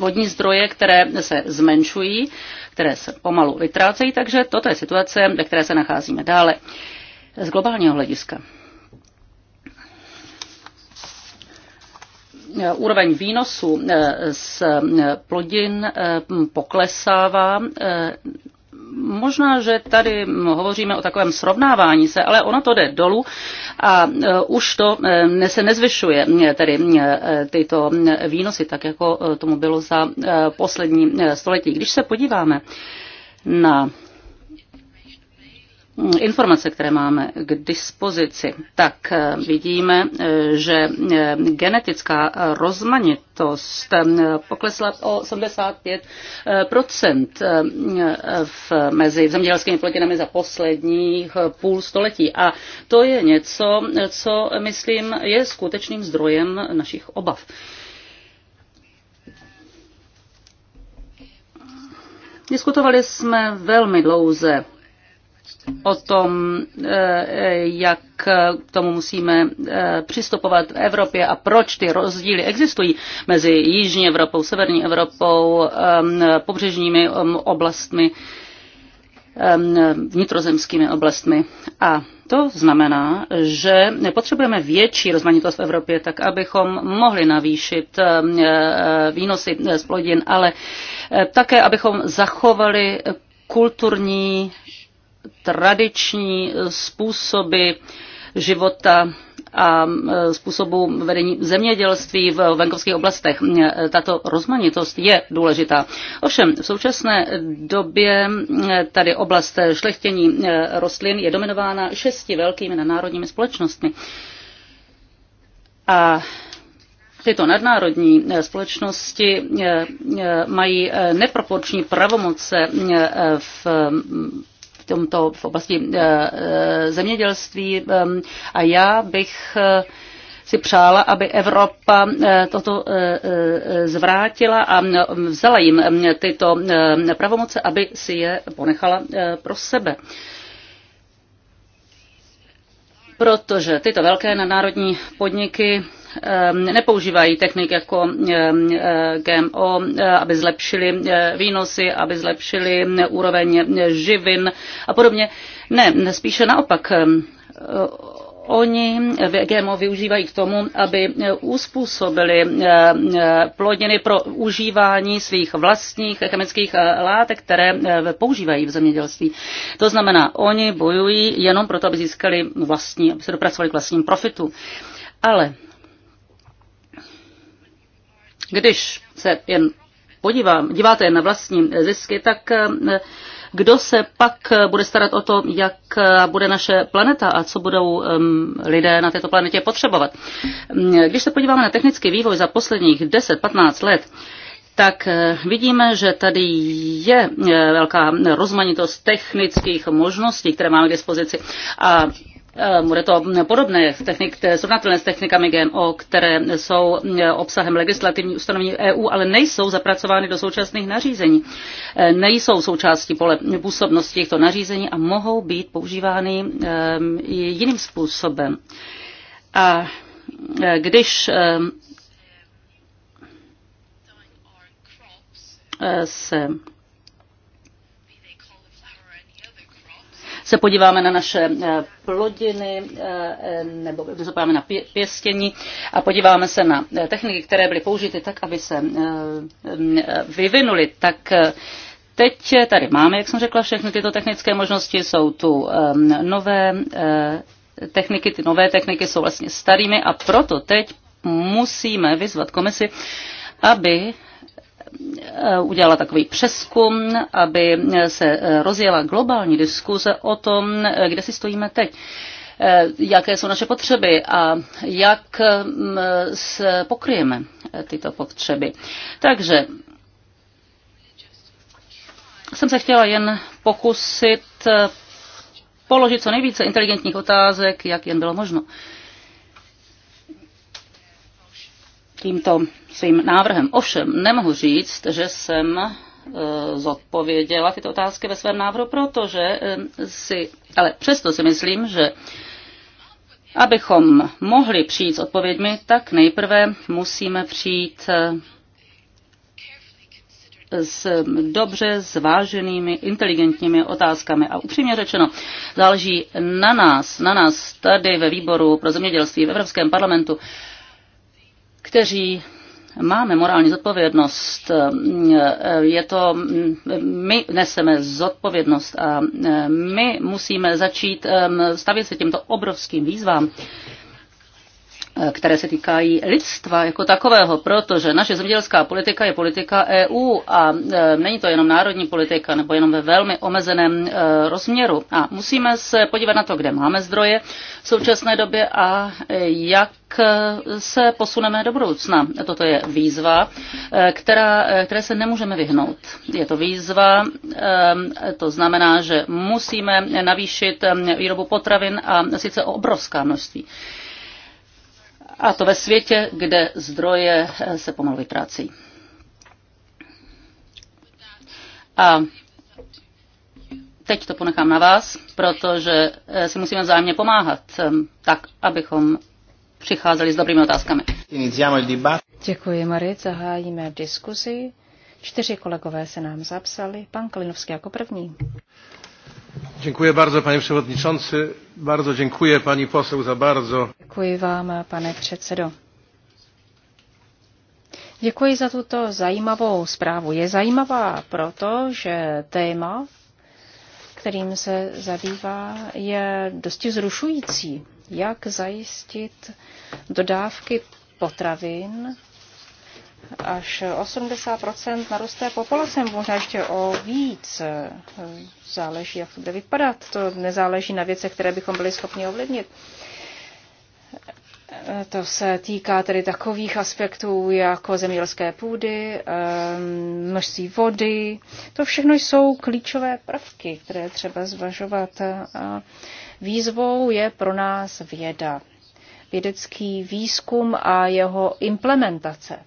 vodní zdroje, které se zmenšují, které se pomalu vytrácejí, takže toto je situace, ve které se nacházíme dále. Z globálního hlediska. úroveň výnosu eh, z eh, plodin eh, poklesává možná, že tady hovoříme o takovém srovnávání se, ale ono to jde dolů a e, už to e, se nezvyšuje, e, tedy tyto výnosy, tak jako tomu bylo za poslední století. Když se podíváme na informace, které máme k dispozici, tak eh, vidíme, eh, že eh, genetická rozmanitost poklesla o 75 v, mezi zemědělskými plodinami za posledních půl století. A to je něco, co myslím je skutečným zdrojem našich obav. Diskutovali jsme velmi dlouze o tom, eh, eh, jak k tomu musíme eh, přistupovat v Evropě a proč ty rozdíly existují mezi Jižní Evropou, Severní Evropou, ehm, pobřežními ehm, oblastmi, ehm, vnitrozemskými oblastmi. A to znamená, že nepotřebujeme větší rozmanitost v Evropě, tak abychom mohli navýšit výnosy z plodin, ale také abychom zachovali kulturní tradiční způsoby života a e, způsobu vedení zemědělství v venkovských oblastech. Tato rozmanitost je důležitá. Ovšem, v současné době e, tady oblast šlechtění e, rostlin je dominována šesti velkými nadnárodními společnostmi. A Tyto nadnárodní společnosti mají neproporční pravomoce v tomto v oblasti eh, eh, zemědělství ehm, a já bych eh, si přála, aby Evropa toto zvrátila a vzala jim tyto pravomoce, aby si je ponechala pro sebe protože tyto velké nadnárodní podniky Ehm, nepoužívají technik jako ehm, eh, GMO, eh, aby zlepšili eh, výnosy, aby zlepšili mm, úroveň živin a podobně. Ne, spíše naopak. Ehm, oni GMO využívají k tomu, aby uspůsobili plodiny pro užívání svých vlastních chemických látek, které používají v zemědělství. To znamená, oni bojují jenom proto, aby získali vlastní, aby se dopracovali k vlastním profitu. Ale když se jen podívám, díváte jen na vlastní zisky, tak eh, kdo se pak eh, bude starat o to, jak eh, bude naše planeta a co budou ehm, lidé na této planetě potřebovat. Mm, když se podíváme na technický vývoj za posledních 10-15 let, tak vidíme, že tady je velká rozmanitost technických možností, které máme k dispozici. A Eh, bude to podobné technik, srovnatelné s technikami GMO, které jsou eh, obsahem legislativní ustanovení EU, ale nejsou zapracovány do současných nařízení. Eh, nejsou součástí pole působnosti těchto nařízení a mohou být používány jiným způsobem. A když se se podíváme na naše eh, plodiny eh, eh, nebo se podíváme na pěstění a podíváme se na techniky, které byly použity tak, aby se mm, vyvinuly, tak Teď tady máme, jak jsem řekla, všechny tyto technické možnosti, jsou tu nové techniky, ty nové techniky jsou vlastně starými a proto teď musíme vyzvat komisi, aby Eh, udělala takový přeskum, aby se eh, rozjela globální diskuze o tom, eh, kde si stojíme teď jaké jsou naše potřeby a jak mm, se pokryjeme tyto potřeby. Takže jsem se chtěla jen pokusit položit co nejvíce inteligentních otázek, jak jen bylo možno. Uh, tímto svým návrhem. Ovšem, nemohu říct, že jsem e, zodpověděla tyto otázky ve svém návrhu, protože e, si, ale přesto si myslím, že abychom mohli přijít s odpověďmi, tak nejprve musíme přijít e, s dobře zváženými, inteligentními otázkami. A upřímně řečeno, záleží na nás, na nás tady ve výboru pro zemědělství v Evropském parlamentu, kteří máme morální zodpovědnost. Eh, je to, mm, my neseme zodpovědnost a eh, my musíme začít ehm, stavět se těmto obrovským výzvám které se týkají lidstva jako takového, protože naše zemědělská politika je politika EU a e, není to jenom národní politika nebo jenom ve velmi omezeném e, rozměru. A musíme se podívat na to, kde máme zdroje v současné době a e, jak se posuneme do budoucna. Toto je výzva, která, které se nemůžeme vyhnout. Je to výzva, to znamená, že musíme navýšit výrobu potravin a sice obrovská množství. A to ve světě, kde zdroje eh, se pomalu vytrácí. A teď to ponechám na vás, protože eh, si musíme vzájemně pomáhat, eh, tak abychom přicházeli s dobrými otázkami. Děkuji, Marit. Zahájíme diskuzi. Čtyři kolegové se nám zapsali. Pan Kalinovský jako první. Děkuji pane předsedající. Bardzo děkuji, paní posel, za bardzo. Děkuji vám, pane předsedo. Děkuji za tuto zajímavou zprávu. Je zajímavá proto, že téma, kterým se zabývá, je dosti zrušující. Jak zajistit dodávky potravin až 80 narosté populace, možná ještě o víc. Eh, záleží, jak to bude vypadat. To nezáleží na věcech, které bychom byli schopni ovlivnit. Eh, to se týká tedy takových aspektů jako zemědělské půdy, eh, množství vody. To všechno jsou klíčové prvky, které třeba zvažovat. A výzvou je pro nás věda, vědecký výzkum a jeho implementace.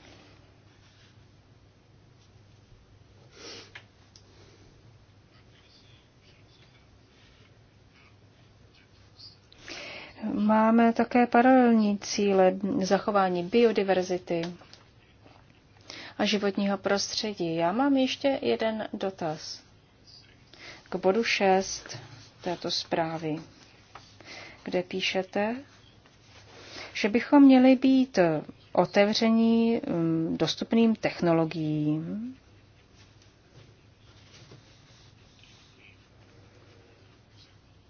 Máme také paralelní cíle zachování biodiverzity a životního prostředí. Já mám ještě jeden dotaz k bodu 6 této zprávy, kde píšete, že bychom měli být otevření mm, dostupným technologiím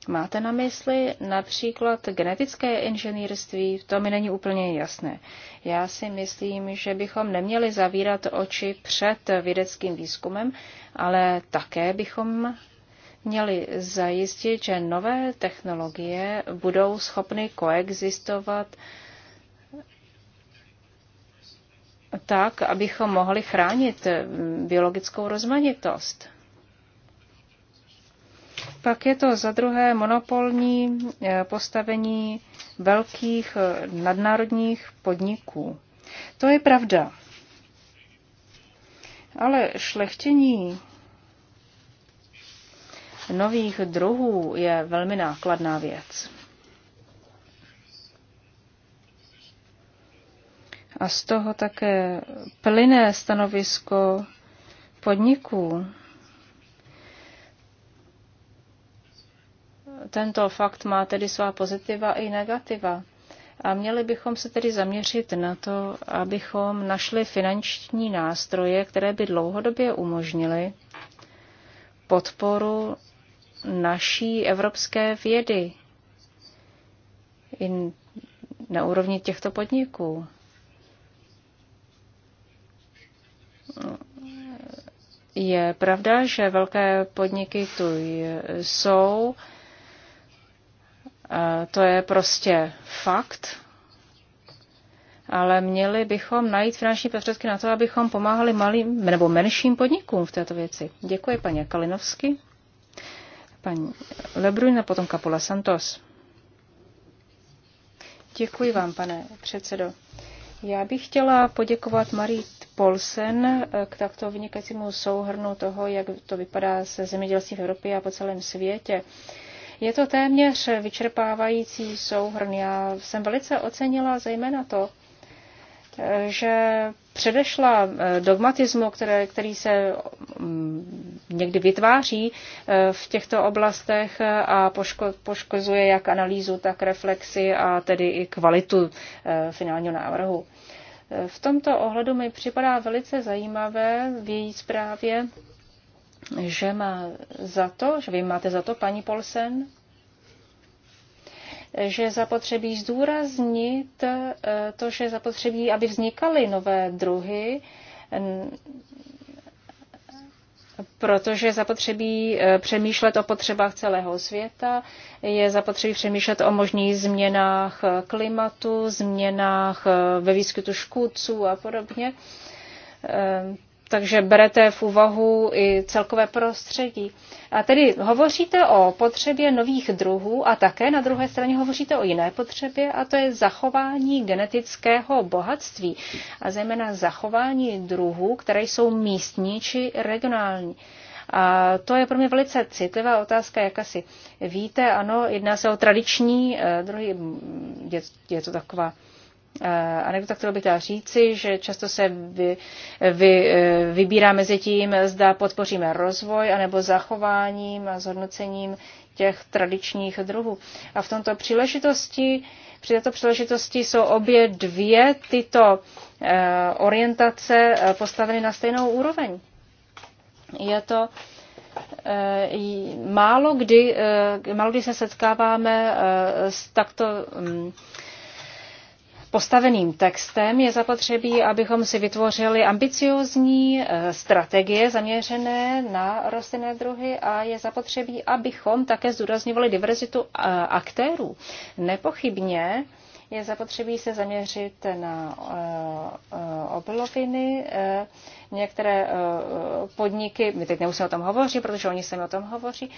Máte na mysli například genetické inženýrství? To mi není úplně jasné. Já si myslím, že bychom neměli zavírat oči před vědeckým výzkumem, ale také bychom měli zajistit, že nové technologie budou schopny koexistovat tak, abychom mohli chránit biologickou rozmanitost. Pak je to za druhé monopolní eh, postavení velkých eh, nadnárodních podniků. To je pravda. Ale šlechtění nových druhů je velmi nákladná věc. A z toho také plyné stanovisko podniků. tento fakt má tedy svá pozitiva i negativa. A měli bychom se tedy zaměřit na to, abychom našli finanční nástroje, které by dlouhodobě umožnily podporu naší evropské vědy i na úrovni těchto podniků. Je pravda, že velké podniky tu jsou, Eh, to je prostě fakt. Ale měli bychom najít finanční prostředky na to, abychom pomáhali malým nebo menším podnikům v této věci. Děkuji paní Kalinovsky, paní Lebrun a potom Kapula Santos. Děkuji vám, pane předsedo. Já bych chtěla poděkovat Marie Polsen eh, k takto vynikajícímu souhrnu toho, jak to vypadá se zemědělství v Evropě a po celém světě. Je to téměř vyčerpávající souhrn. Já jsem velice ocenila zejména to, že předešla eh, dogmatismu, které, který se mm, někdy vytváří eh, v těchto oblastech a poško, poškozuje jak analýzu, tak reflexi a tedy i kvalitu eh, finálního návrhu. V tomto ohledu mi připadá velice zajímavé v její zprávě že má za to, že vy máte za to, paní Polsen, že zapotřebí zdůraznit eh, to, že zapotřebí, aby vznikaly nové druhy, protože zapotřebí eh, přemýšlet o potřebách celého světa, je zapotřebí přemýšlet o možných změnách eh, klimatu, změnách ve výskytu škůdců a podobně takže berete v úvahu i celkové prostředí. A tedy hovoříte o potřebě nových druhů a také na druhé straně hovoříte o jiné potřebě a to je zachování genetického bohatství a zejména zachování druhů, které jsou místní či regionální. A to je pro mě velice citlivá otázka, jak asi víte. Ano, jedná se o tradiční eh, druhy, mm, je, je to taková anekdota, kterou bych chtěla říci, že často se vy, vy, e, vybírá mezi tím, zda podpoříme rozvoj anebo zachováním a zhodnocením těch tradičních druhů. A v tomto příležitosti, při této příležitosti jsou obě dvě tyto e, orientace e, postaveny na stejnou úroveň. Je to málo kdy, málo kdy se setkáváme s takto mm, postaveným textem je zapotřebí, abychom si vytvořili ambiciozní eh, strategie zaměřené na rostlinné druhy a je zapotřebí, abychom také zdůrazňovali diverzitu eh, aktérů. Nepochybně je zapotřebí se zaměřit na eh, obiloviny. Některé podniky, my teď nemusíme o tom hovořit, protože oni sami o tom hovoří,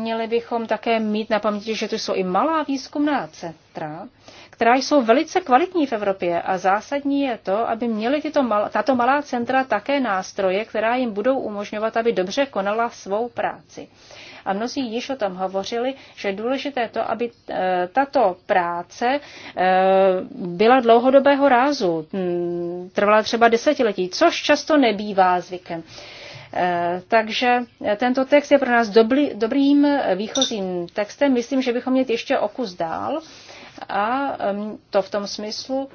měli bychom také mít na paměti, že to jsou i malá výzkumná centra, která jsou velice kvalitní v Evropě a zásadní je to, aby měly tyto mal, tato malá centra také nástroje, která jim budou umožňovat, aby dobře konala svou práci. A mnozí již o tom hovořili, že je důležité to, aby eh, tato práce eh, byla dlouhodobého rázu, hm, trvala třeba desetiletí, což často nebývá zvykem. Eh, takže tento text je pro nás dobrý, dobrým eh, výchozím textem. Myslím, že bychom měli ještě o kus dál a to v tom smyslu,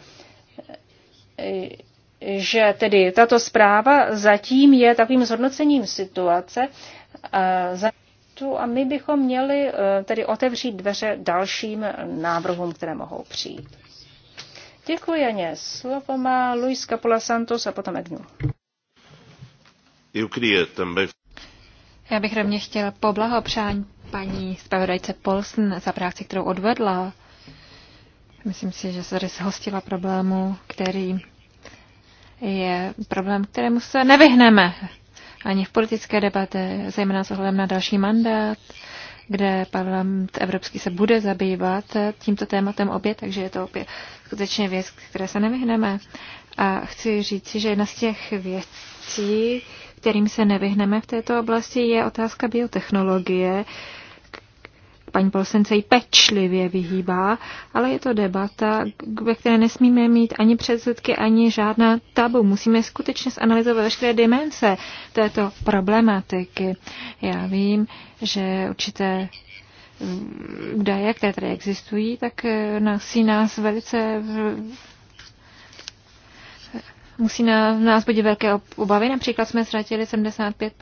eh, že tedy tato zpráva zatím je takovým zhodnocením situace a my bychom měli tedy otevřít dveře dalším návrhům, které mohou přijít. Děkuji, Janě. Slovo má Luis Capula Santos a potom Agnu. Já bych rovně chtěl poblahopřání paní zpravodajce Polsen za práci, kterou odvedla. Myslím si, že se tady zhostila problému, který je problém, kterému se nevyhneme ani v politické debatě, zejména s ohledem na další mandát, kde parlament evropský se bude zabývat tímto tématem obě, takže je to opět skutečně věc, které se nevyhneme. A chci říct, že jedna z těch věcí, kterým se nevyhneme v této oblasti, je otázka biotechnologie. Paní Polsen se jí pečlivě vyhýbá, ale je to debata, ve které nesmíme mít ani předsudky, ani žádná tabu. Musíme skutečně zanalizovat veškeré dimenze této problematiky. Já vím, že určité údaje, které tady existují, tak eh, nosí nás velice musí na nás být velké obavy. Například jsme ztratili 75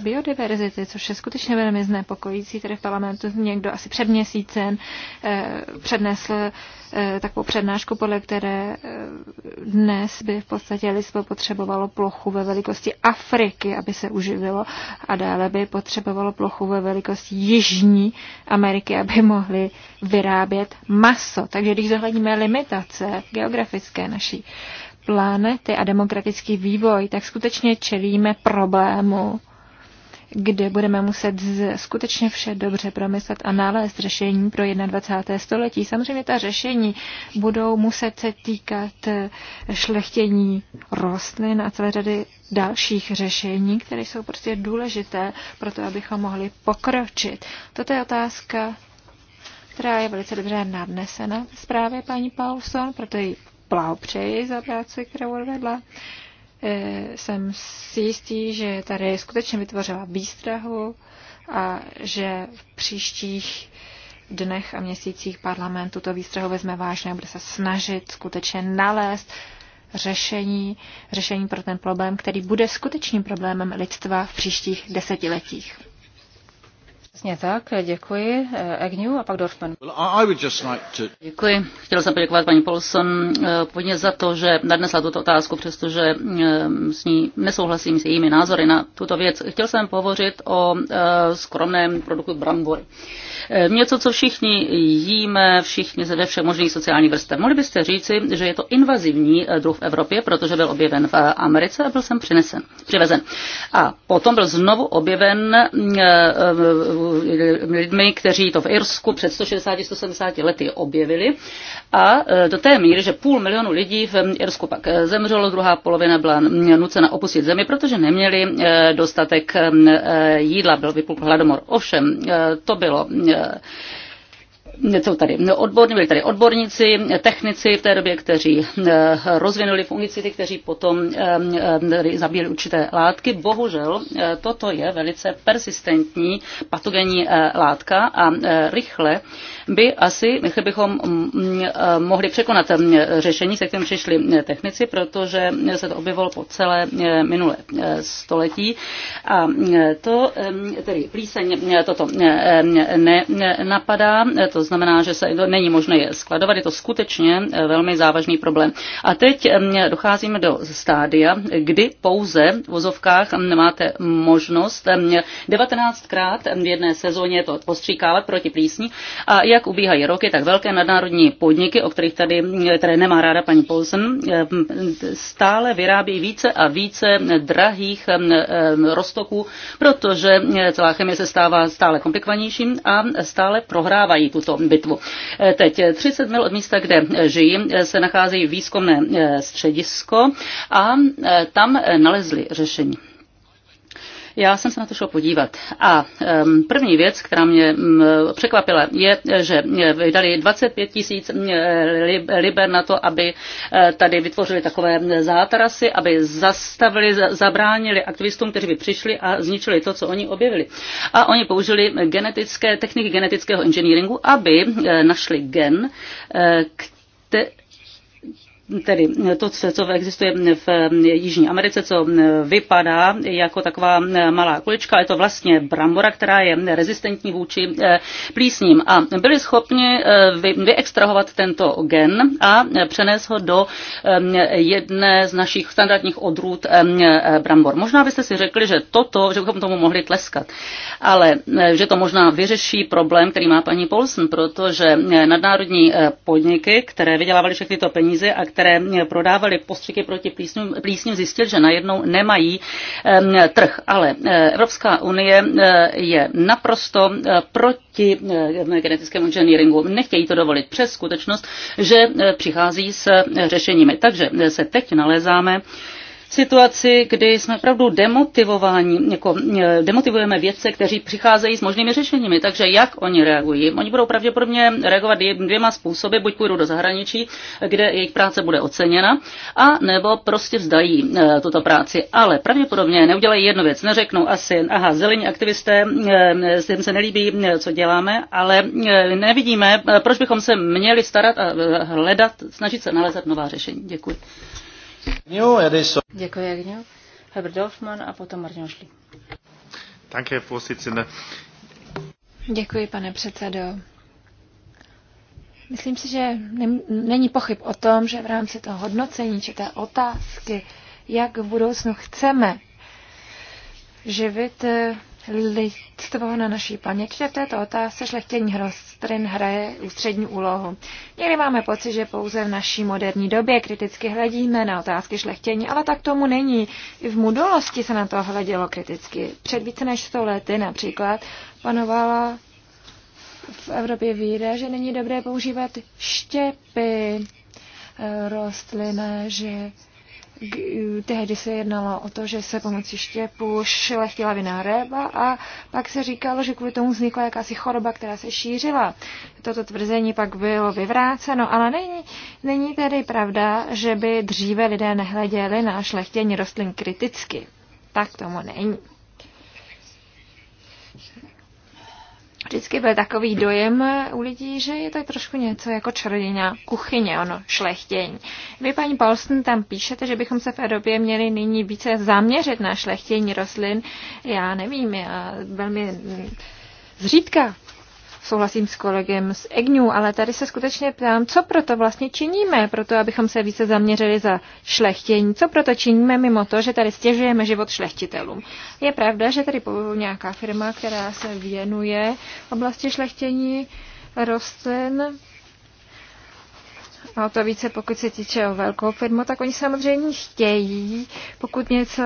biodiverzity, což je skutečně velmi znepokojící. Tady v parlamentu někdo asi před měsícem eh, přednesl eh, takovou přednášku, podle které eh, dnes by v podstatě lidstvo potřebovalo plochu ve velikosti Afriky, aby se uživilo a dále by potřebovalo plochu ve velikosti Jižní Ameriky, aby mohli vyrábět maso. Takže když zohledníme limitace geografické naší planety a demokratický vývoj, tak skutečně čelíme problému, kde budeme muset skutečně vše dobře promyslet a nalézt řešení pro 21. století. Samozřejmě ta řešení budou muset se týkat eh, šlechtění rostlin a celé řady dalších řešení, které jsou prostě důležité pro to, abychom mohli pokročit. Toto je otázka která je velice dobře nadnesena zprávě paní Paulson, proto ji blahopřeji za práci, kterou odvedla. E, jsem si jistý, že tady skutečně vytvořila výstrahu a že v příštích dnech a měsících parlament tuto výstrahu vezme vážně a bude se snažit skutečně nalézt řešení, řešení pro ten problém, který bude skutečným problémem lidstva v příštích desetiletích. Přesně tak, děkuji. Eh, Agnew a pak Dorfman. Děkuji. Chtěl jsem poděkovat paní Polson eh, původně za to, že nadnesla tuto otázku, přestože eh, s ní nesouhlasím s jejími názory na tuto věc. Chtěl jsem pohovořit o skromném produktu brambory. Něco, co všichni jíme, všichni ze všech možných sociálních vrstev. Mohli byste říci, že je to invazivní druh v Evropě, protože byl objeven v Americe a byl sem přinesen, přivezen. A potom byl znovu objeven lidmi, kteří to v Irsku před 160-170 lety objevili. A e, do té míry, že půl milionu lidí v Irsku pak e, zemřelo, druhá polovina byla nucena opustit zemi, protože neměli e, dostatek jídla, byl vypukl hladomor. Ovšem, to bylo jsou tady odborní, byli tady odborníci, technici v té době, kteří eh, rozvinuli fungicity, kteří potom tady eh, eh, zabíjeli určité látky. Bohužel toto je velice persistentní patogenní látka a rychle by asi, rychle bychom mm, mm, mohli překonat řešení, se kterým přišli technici, protože se to objevilo po celé minulé století. A to, tedy plíseň, toto nenapadá, to znamená, že se to není možné je skladovat, je to skutečně eh, velmi závažný problém. A teď eh, docházíme do stádia, kdy pouze v vozovkách hm, máte možnost 19krát hm, hm, v jedné sezóně to postříkávat proti plísni a jak ubíhají roky, tak velké nadnárodní podniky, o kterých tady, které nemá ráda paní Polsen, eh, stále vyrábí více a více drahých roztoků, protože celá chemie se stává stále komplikovanějším a stále prohrávají tu tuto bitvu. Eh, teď 30 eh, mil od místa, kde eh, žijí, se nachází výzkumné středisko a tam nalezli řešení. Já jsem se na to šel podívat. A první věc, která mě překvapila, je, že vydali 25 tisíc liber na to, aby eh, tady vytvořili takové zátarasy, aby zastavili, zabránili aktivistům, kteří by přišli a zničili to, co oni objevili. A oni použili genetické, techniky genetického inženýringu, aby eh, našli gen, eh, který tedy to, co existuje v Jižní Americe, co vypadá jako taková malá kulička, je to vlastně brambora, která je rezistentní vůči eh, plísním. A byli schopni eh, vyextrahovat tento gen a přenést ho do eh, jedné z našich standardních odrůd brambor. Možná byste si řekli, že toto, že bychom tomu mohli tleskat, ale že to možná vyřeší problém, který má paní Polsen, protože nadnárodní podniky, které vydělávaly všechny tyto peníze a které které prodávaly postřiky proti plísním, plísním zjistil, že najednou nemají trh. Ale eh, Evropská unie eh, je naprosto eh, proti genetickému inženýringu. Nechtějí to dovolit přes skutečnost, že přichází s řešeními. Takže se teď nalezáme situaci, kdy jsme opravdu demotivováni, jako e, demotivujeme vědce, kteří přicházejí s možnými řešeními. Takže jak oni reagují? Oni budou pravděpodobně reagovat dvěma způsoby, buď půjdou do zahraničí, kde jejich práce bude oceněna, a nebo prostě vzdají e, tuto práci. Ale pravděpodobně neudělají jednu věc, neřeknou asi, aha, zelení aktivisté, s e, tím se nelíbí, co děláme, ale nevidíme, proč bychom se měli starat a hledat, snažit se nalézat nová řešení. Děkuji. Děkuji, Agňo. Herbert Dolfman a potom Martin Ošlí. Danke, Děkuji, pane předsedo. Myslím si, že není pochyb o tom, že v rámci toho hodnocení či té otázky, jak v budoucnu chceme živit lidstvo na naší planetě v této otázce šlechtění hrostrin hraje ústřední úlohu. Někdy máme pocit, že pouze v naší moderní době kriticky hledíme na otázky šlechtění, ale tak tomu není. I v mudolosti se na to hledělo kriticky. Před více než 100 lety například panovala v Evropě víra, že není dobré používat štěpy eh, rostlina, že tehdy se jednalo o to, že se pomocí štěpu šlechtila viná réba a pak se říkalo, že kvůli tomu vznikla jakási choroba, která se šířila. Toto tvrzení pak bylo vyvráceno, ale není, není tedy pravda, že by dříve lidé nehleděli na šlechtění rostlin kriticky. Tak tomu není. vždycky byl takový dojem u lidí, že je to trošku něco jako čarodějná kuchyně, ono šlechtění. Vy, paní Paulson, tam píšete, že bychom se v Evropě měli nyní více zaměřit na šlechtění rostlin. Já nevím, já velmi zřídka souhlasím s kolegem z EGNU, ale tady se skutečně ptám, co proto vlastně činíme, proto abychom se více zaměřili za šlechtění, co proto činíme mimo to, že tady stěžujeme život šlechtitelům. Je pravda, že tady nějaká firma, která se věnuje oblasti šlechtění rostlin, o to více, pokud se týče o velkou firmu, tak oni samozřejmě chtějí, pokud něco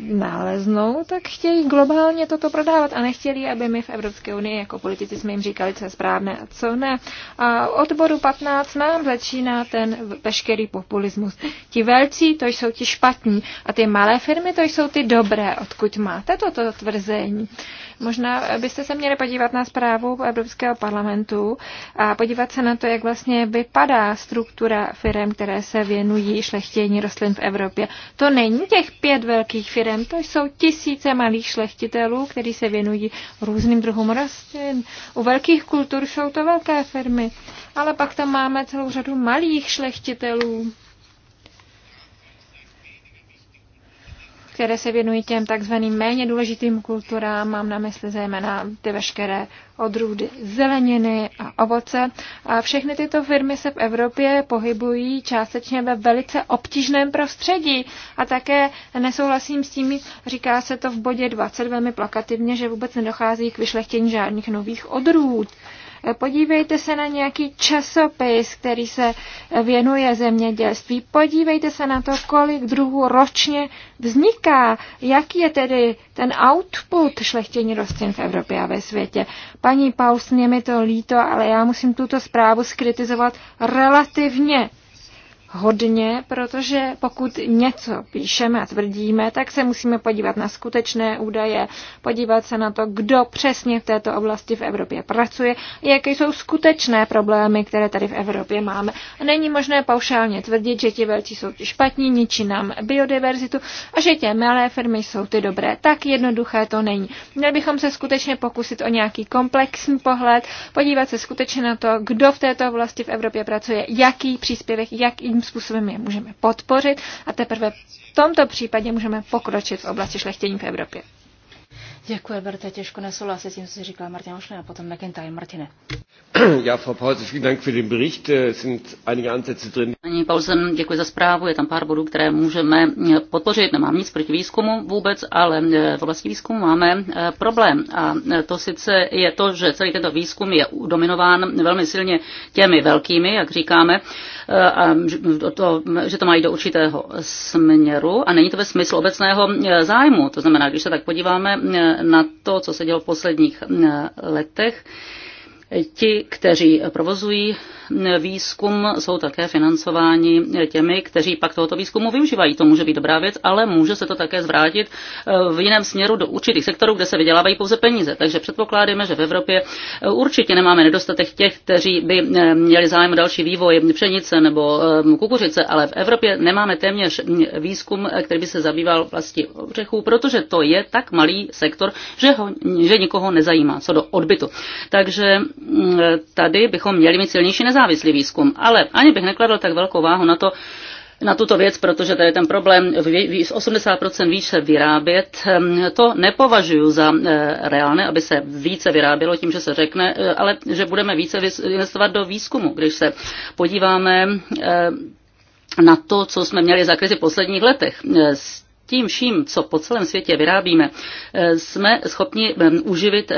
náleznou, tak chtějí globálně toto prodávat a nechtěli, aby my v Evropské unii jako politici jsme jim říkali, co je správné a co ne. A od bodu 15 nám začíná ten veškerý populismus. Ti velcí, to jsou ti špatní a ty malé firmy, to jsou ty dobré, odkud máte toto tvrzení. Možná byste se měli podívat na zprávu Evropského parlamentu a podívat se na to, jak vlastně by vypadá struktura firm, které se věnují šlechtění rostlin v Evropě. To není těch pět velkých firm, to jsou tisíce malých šlechtitelů, kteří se věnují různým druhům rostlin. U velkých kultur jsou to velké firmy, ale pak tam máme celou řadu malých šlechtitelů které se věnují těm takzvaným méně důležitým kulturám, mám na mysli zejména ty veškeré odrůdy zeleniny a ovoce. A všechny tyto firmy se v Evropě pohybují částečně ve velice obtížném prostředí. A také nesouhlasím s tím, říká se to v bodě 20 velmi plakativně, že vůbec nedochází k vyšlechtění žádných nových odrůd. Podívejte se na nějaký časopis, který se věnuje zemědělství. Podívejte se na to, kolik druhů ročně vzniká. Jaký je tedy ten output šlechtění rostlin v Evropě a ve světě? Paní Paus, mě mi to líto, ale já musím tuto zprávu skritizovat relativně hodně, protože pokud něco píšeme a tvrdíme, tak se musíme podívat na skutečné údaje, podívat se na to, kdo přesně v této oblasti v Evropě pracuje, jaké jsou skutečné problémy, které tady v Evropě máme. Není možné paušálně tvrdit, že ti velcí jsou ti špatní, ničí nám biodiverzitu a že tě malé firmy jsou ty dobré. Tak jednoduché to není. Měli bychom se skutečně pokusit o nějaký komplexní pohled, podívat se skutečně na to, kdo v této oblasti v Evropě pracuje, jaký příspěvek, jaký jakým způsobem je můžeme podpořit a teprve v tomto případě můžeme pokročit v oblasti šlechtění v Evropě. Děkuji, Berte, těžko nesouhlasit s tím, co jsi říkala Martina Ošle a potom McIntyre. Martine. Já, Frau Paulsen, vielen Dank für den Bericht. Äh, sind einige Ansätze drin. Pani Paulsen, děkuji za zprávu. Je tam pár bodů, které můžeme eh, podpořit. Nemám nic proti výzkumu vůbec, ale eh, v oblasti výzkumu máme eh, problém. A to sice je to, že celý tento výzkum je dominován velmi silně těmi velkými, jak říkáme, a to, že to mají do určitého směru a není to ve smyslu obecného zájmu. To znamená, když se tak podíváme na to, co se dělo v posledních eh, letech. Ti, kteří provozují výzkum, jsou také financováni těmi, kteří pak tohoto výzkumu využívají. To může být dobrá věc, ale může se to také zvrátit eh, v jiném směru do určitých sektorů, kde se vydělávají pouze peníze. Takže předpokládáme, že v Evropě eh, určitě nemáme nedostatek těch, kteří by eh, měli zájem o další vývoj pšenice nebo kukuřice, ale v Evropě nemáme téměř hm, výzkum, který by se zabýval vlastně ořechů, protože to je tak malý sektor, že, ho, že nikoho nezajímá co do odbytu. Takže tady bychom měli mít silnější nezávislý výzkum. Ale ani bych nekladl tak velkou váhu na to, na tuto věc, protože tady je ten problém z 80% více vyrábět. Ehm, to nepovažuji za eh, reálné, aby se více vyrábělo tím, že se řekne, eh, ale že budeme více investovat do výzkumu. Když se podíváme eh, na to, co jsme měli za krizi v posledních letech. S tím vším, co po celém světě vyrábíme, eh, jsme schopni uživit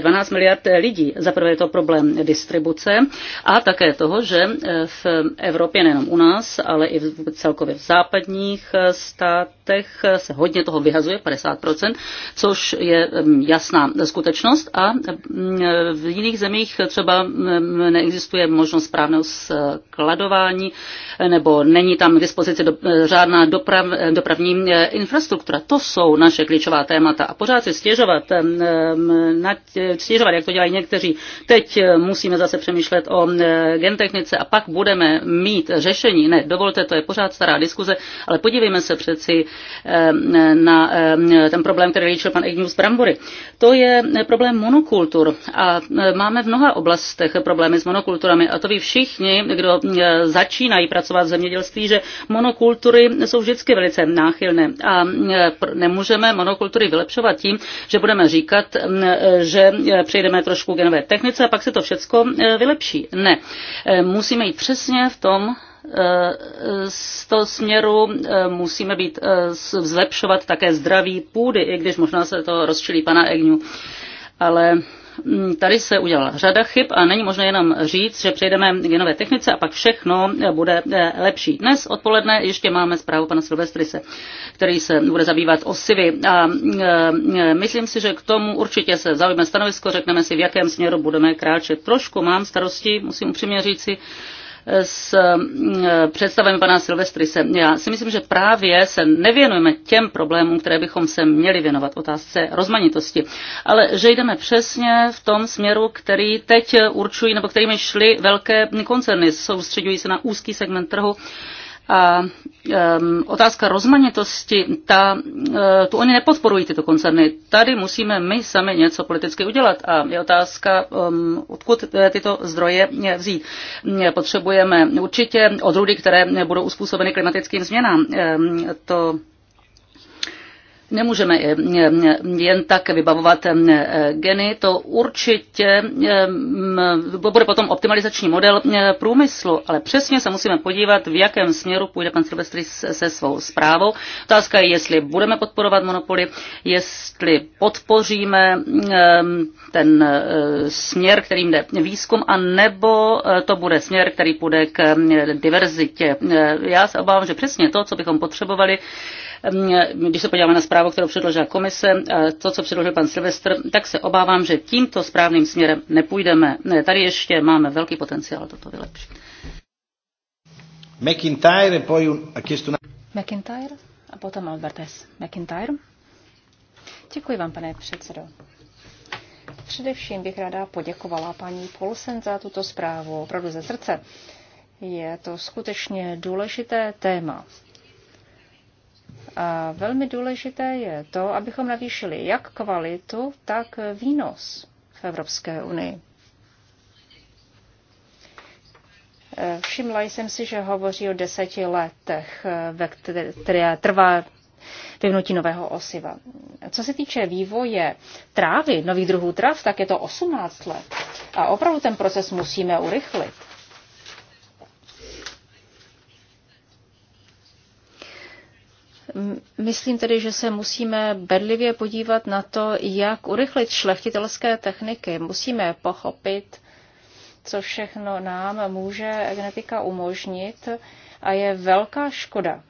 12 miliard eh, lidí. Za prvé je to problém distribuce a také toho, že eh, v Evropě, nejenom u nás, ale i celkově v západních státech se hodně toho vyhazuje, 50%, což je jasná skutečnost a v jiných zemích třeba neexistuje možnost správného skladování nebo není tam k dispozici do, řádná doprav, dopravní infrastruktura, to jsou naše klíčová témata. A pořád si stěžovat, stěžovat, jak to dělají někteří, teď eh, musíme zase přemýšlet o eh, gentechnice a pak budeme mít řešení. Ne, dovolte, to je pořád stará diskuze, ale podívejme se přeci na ten problém, který líčil pan Ignus Brambory. To je eh, problém monokultur a máme v mnoha oblastech problémy s monokulturami a to ví všichni, kdo začínají pracovat v zemědělství, že monokultury jsou vždycky velice náchylné a nemůžeme monokultury vylepšovat tím, že budeme říkat, že přejdeme trošku genové technice a pak se to všechno e, vylepší. Ne. E, musíme jít přesně v tom z e, toho směru musíme být zlepšovat také zdraví půdy, i když možná se to rozčilí pana Egnu. Ale Mm, tady se udělala řada chyb a není možné jenom říct, že přejdeme k nové technice a pak všechno bude eh, lepší. Dnes odpoledne ještě máme zprávu pana Silvestrise, který se bude zabývat osivy a mm, eh, myslím si, že k tomu určitě se zaujme stanovisko, řekneme si, v jakém směru budeme kráčet. Trošku mám starosti, musím upřímně říci, s mm, představem pana Silvestrise. Já si myslím, že právě se nevěnujeme těm problémům, které bychom se měli věnovat otázce rozmanitosti, ale že jdeme přesně v tom směru, který teď určují nebo kterými šly velké koncerny. Soustředují se na úzký segment trhu a um, otázka rozmanitosti, ta, uh, tu oni nepodporují tyto koncerny. Tady musíme my sami něco politicky udělat a je otázka, um, odkud e, tyto zdroje vzít. E, potřebujeme určitě odrůdy, které budou uspůsobeny klimatickým změnám. Um, to Nemůžeme jen tak vybavovat e, geny, to určitě bude potom optimalizační model průmyslu, ale přesně se musíme podívat, v jakém směru půjde pan Silvestri se svou zprávou. Otázka je, jestli budeme podporovat monopoly, jestli podpoříme ten e, směr, kterým jde výzkum, a nebo e, to bude směr, který půjde k diverzitě. Já se obávám, že přesně to, co bychom potřebovali, Ehm, když se podíváme na zprávu, kterou předložila komise, eh, to, co předložil pan Silvestr, tak se obávám, že tímto správným směrem nepůjdeme. Ne, tady ještě máme velký potenciál toto vylepšit. McIntyre, poi un... chiesto una... McIntyre a potom Albertes. McIntyre. Děkuji vám, pane předsedo. Především bych ráda poděkovala paní Polsen za tuto zprávu opravdu ze srdce. Je to skutečně důležité téma. A velmi důležité je to, abychom navýšili jak kvalitu, tak výnos v Evropské unii. E, všimla jsem si, že hovoří o deseti letech, e, ve které trvá vyvnutí nového osiva. Co se týče vývoje trávy, nových druhů trav, tak je to 18 let. A opravdu ten proces musíme urychlit. Myslím tedy, že se musíme bedlivě podívat na to, jak urychlit šlechtitelské techniky. Musíme pochopit, co všechno nám může genetika umožnit a je velká škoda,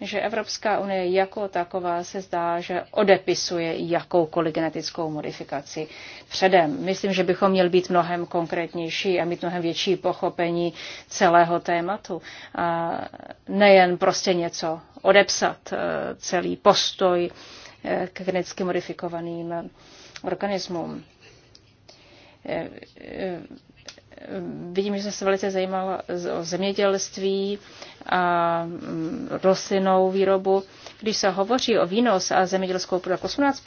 že Evropská unie jako taková se zdá, že odepisuje jakoukoliv genetickou modifikaci předem. Myslím, že bychom měli být mnohem konkrétnější a mít mnohem větší pochopení celého tématu. A nejen prostě něco odepsat, e, celý postoj e, k geneticky modifikovaným organismům e, Vidím, že jsem se velice zajímal o zemědělství a mm, rostlinnou výrobu. Když se hovoří o výnos a zemědělskou produkci 18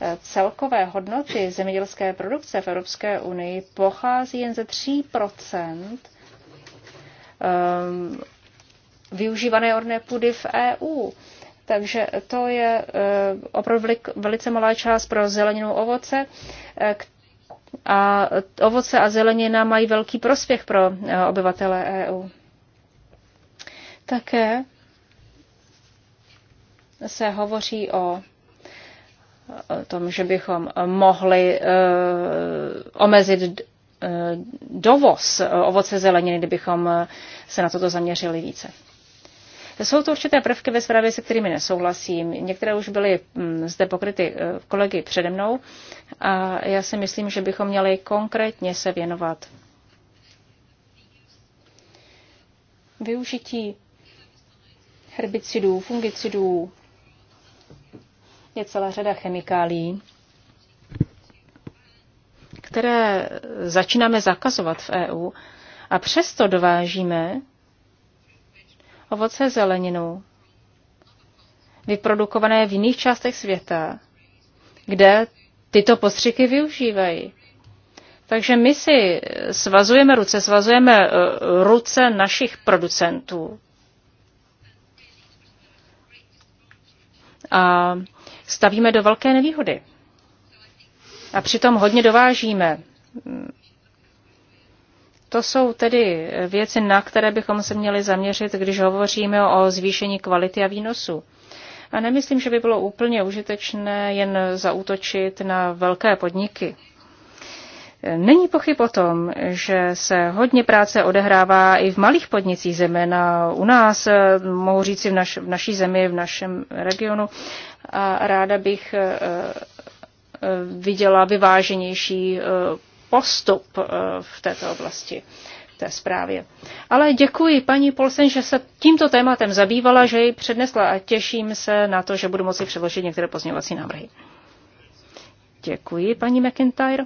eh, celkové hodnoty zemědělské produkce v Evropské unii pochází jen ze 3 eh, využívané orné půdy v EU. Takže to je eh, opravdu velice malá část pro zeleninu ovoce, a ovoce a zelenina mají velký prospěch pro eh, obyvatele EU. Také se hovoří o tom, že bychom mohli eh, omezit eh, dovoz ovoce zeleniny, kdybychom se na toto zaměřili více. Jsou to určité prvky ve zprávě, se kterými nesouhlasím. Některé už byly mm, zde pokryty eh, kolegy přede mnou a já si myslím, že bychom měli konkrétně se věnovat využití herbicidů, fungicidů, je celá řada chemikálií, které začínáme zakazovat v EU a přesto dovážíme ovoce zeleninu vyprodukované v jiných částech světa, kde tyto postřiky využívají. Takže my si svazujeme ruce, svazujeme eh, ruce našich producentů. A stavíme do velké nevýhody. A přitom hodně dovážíme to jsou tedy věci, na které bychom se měli zaměřit, když hovoříme o zvýšení kvality a výnosu. A nemyslím, že by bylo úplně užitečné jen zaútočit na velké podniky. Není pochyb o tom, že se hodně práce odehrává i v malých podnicích, zejména u nás, mohu říci v, naš, v naší zemi, v našem regionu. A ráda bych eh, eh, viděla vyváženější eh, postup eh, v této oblasti té zprávě. Ale děkuji paní Polsen, že se tímto tématem zabývala, že ji přednesla a těším se na to, že budu moci předložit některé pozměňovací návrhy. Děkuji, paní McIntyre.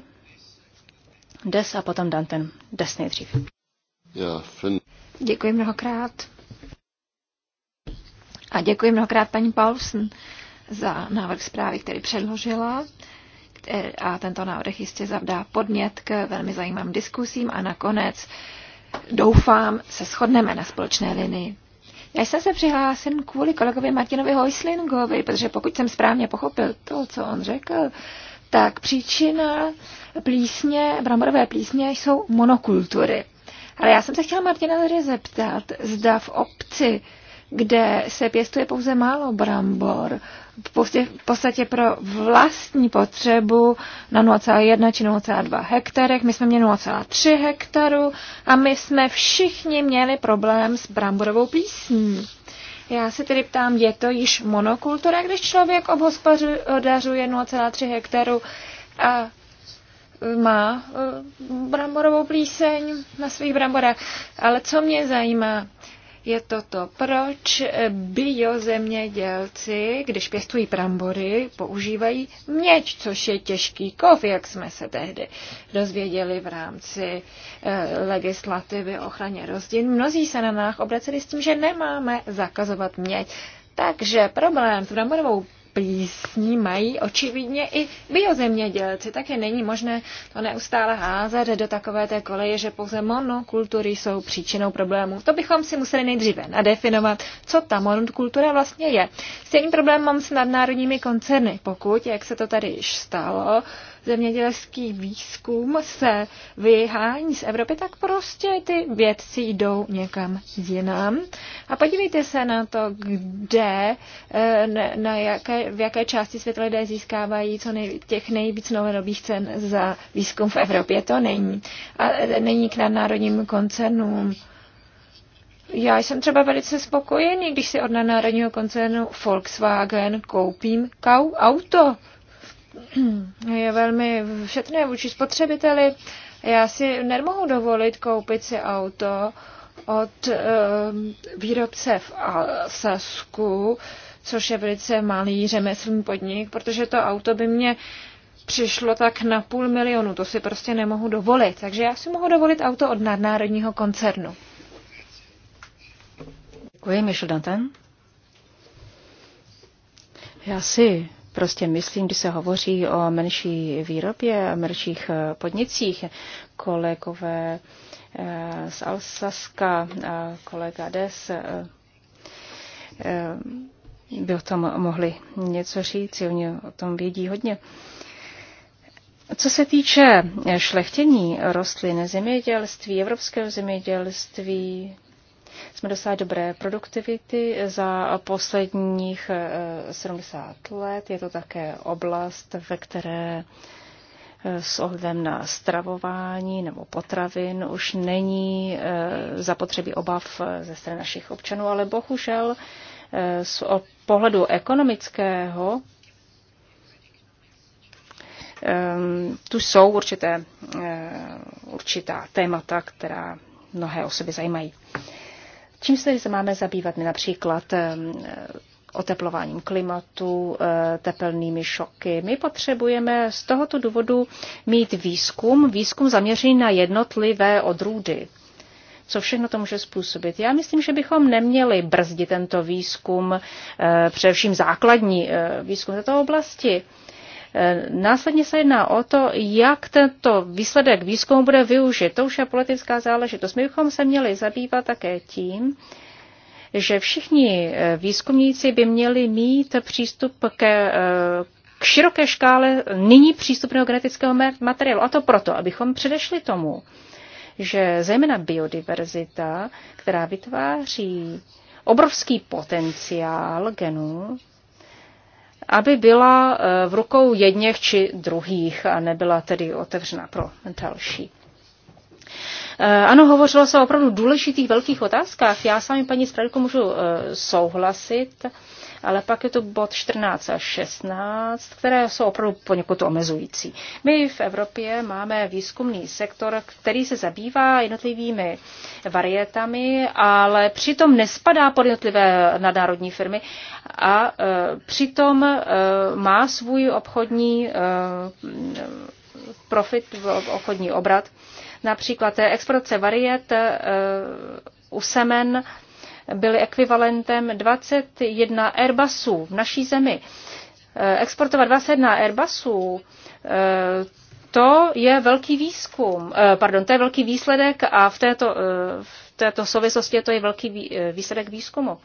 Des a potom Danten. Des nejdřív. Děkuji mnohokrát. A děkuji mnohokrát paní Paulsen za návrh zprávy, který předložila. Eh, a tento návrh jistě zavdá podnět k velmi zajímavým diskusím a nakonec doufám, se shodneme na společné linii. Já jsem se přihlásil kvůli kolegovi Martinovi Hojslingovi, protože pokud jsem správně pochopil to, co on řekl, tak příčina plísně, bramborové plísně jsou monokultury. Ale já jsem se chtěla Martina tady zeptat, zda v obci kde se pěstuje pouze málo brambor, v podstatě pro vlastní potřebu na 0,1 či 0,2 hektarech. My jsme měli 0,3 hektaru a my jsme všichni měli problém s bramborovou písní. Já se tedy ptám, je to již monokultura, když člověk obhospodařuje 0,3 hektaru a má eh, bramborovou plíseň na svých bramborách. Ale co mě zajímá, je toto. Proč biozemědělci, když pěstují prambory, používají měč, což je těžký kov, jak jsme se tehdy dozvěděli v rámci eh, legislativy o ochraně rozdin. Mnozí se na nás obraceli s tím, že nemáme zakazovat měč. Takže problém s bramborovou plísní mají očividně i biozemědělci. Také není možné to neustále házet do takové té koleje, že pouze monokultury jsou příčinou problémů. To bychom si museli nejdříve nadefinovat, co ta monokultura vlastně je. Stejný problém mám s nadnárodními koncerny. Pokud, jak se to tady již stalo, zemědělský výzkum se vyhání z Evropy, tak prostě ty vědci jdou někam jinam. A podívejte se na to, kde, eh, na jaké, v jaké části světa lidé získávají co nej, těch nejvíc novinových cen za výzkum v Evropě. To není. A není k nadnárodním koncernům. Já jsem třeba velice spokojený, když si od národního koncernu Volkswagen koupím auto je velmi šetrné vůči spotřebiteli. Já si nemohu dovolit koupit si auto od ehm, výrobce v Alsasku, což je velice malý řemeslný podnik, protože to auto by mě přišlo tak na půl milionu. To si prostě nemohu dovolit. Takže já si mohu dovolit auto od nadnárodního koncernu. Děkuji, Michel Danten. Já si prostě myslím, když se hovoří o menší výrobě, a menších eh, podnicích, kolegové eh, z Alsaska, eh, kolega Des, by o tom mohli něco říct, oni o tom vědí hodně. Co se týče šlechtění rostlin, zemědělství, evropského zemědělství, jsme dosáhli dobré produktivity za posledních 70 eh, let. Je to také oblast, ve které eh, s ohledem na stravování nebo potravin už není eh, zapotřebí obav ze strany našich občanů, ale bohužel z pohledu ekonomického tu jsou určité, určitá témata, která mnohé osoby zajímají. Čím se máme zabývat? My například eh, oteplováním klimatu, eh, tepelnými šoky. My potřebujeme z tohoto důvodu mít výzkum, výzkum zaměřený na jednotlivé odrůdy. Co všechno to může způsobit? Já myslím, že bychom neměli brzdit tento výzkum, eh, především základní výzkum této oblasti Eh, následně se jedná o to, jak tento výsledek výzkumu bude využit. To už je politická záležitost. My bychom se měli zabývat také tím, že všichni eh, výzkumníci by měli mít přístup ke, eh, k široké škále nyní přístupného genetického materiálu. A to proto, abychom předešli tomu, že zejména biodiverzita, která vytváří obrovský potenciál genů, aby byla eh, v rukou jedněch či druhých a nebyla tedy otevřena pro další. Eh, ano, hovořilo se o opravdu důležitých velkých otázkách. Já sami paní Stradiku můžu eh, souhlasit ale pak je tu bod 14 a 16, které jsou opravdu poněkud omezující. My v Evropě máme výzkumný sektor, který se zabývá jednotlivými varietami, ale přitom nespadá pod jednotlivé nadnárodní firmy a e, přitom e, má svůj obchodní e, profit, obchodní obrat. Například e, exportace variet e, u semen byly ekvivalentem 21 Airbusů v naší zemi. Eh, exportovat 21 Airbusů, eh, to je velký výzkum, eh, pardon, to je velký výsledek a v této, v této souvislosti je to je velký výsledek výzkumu.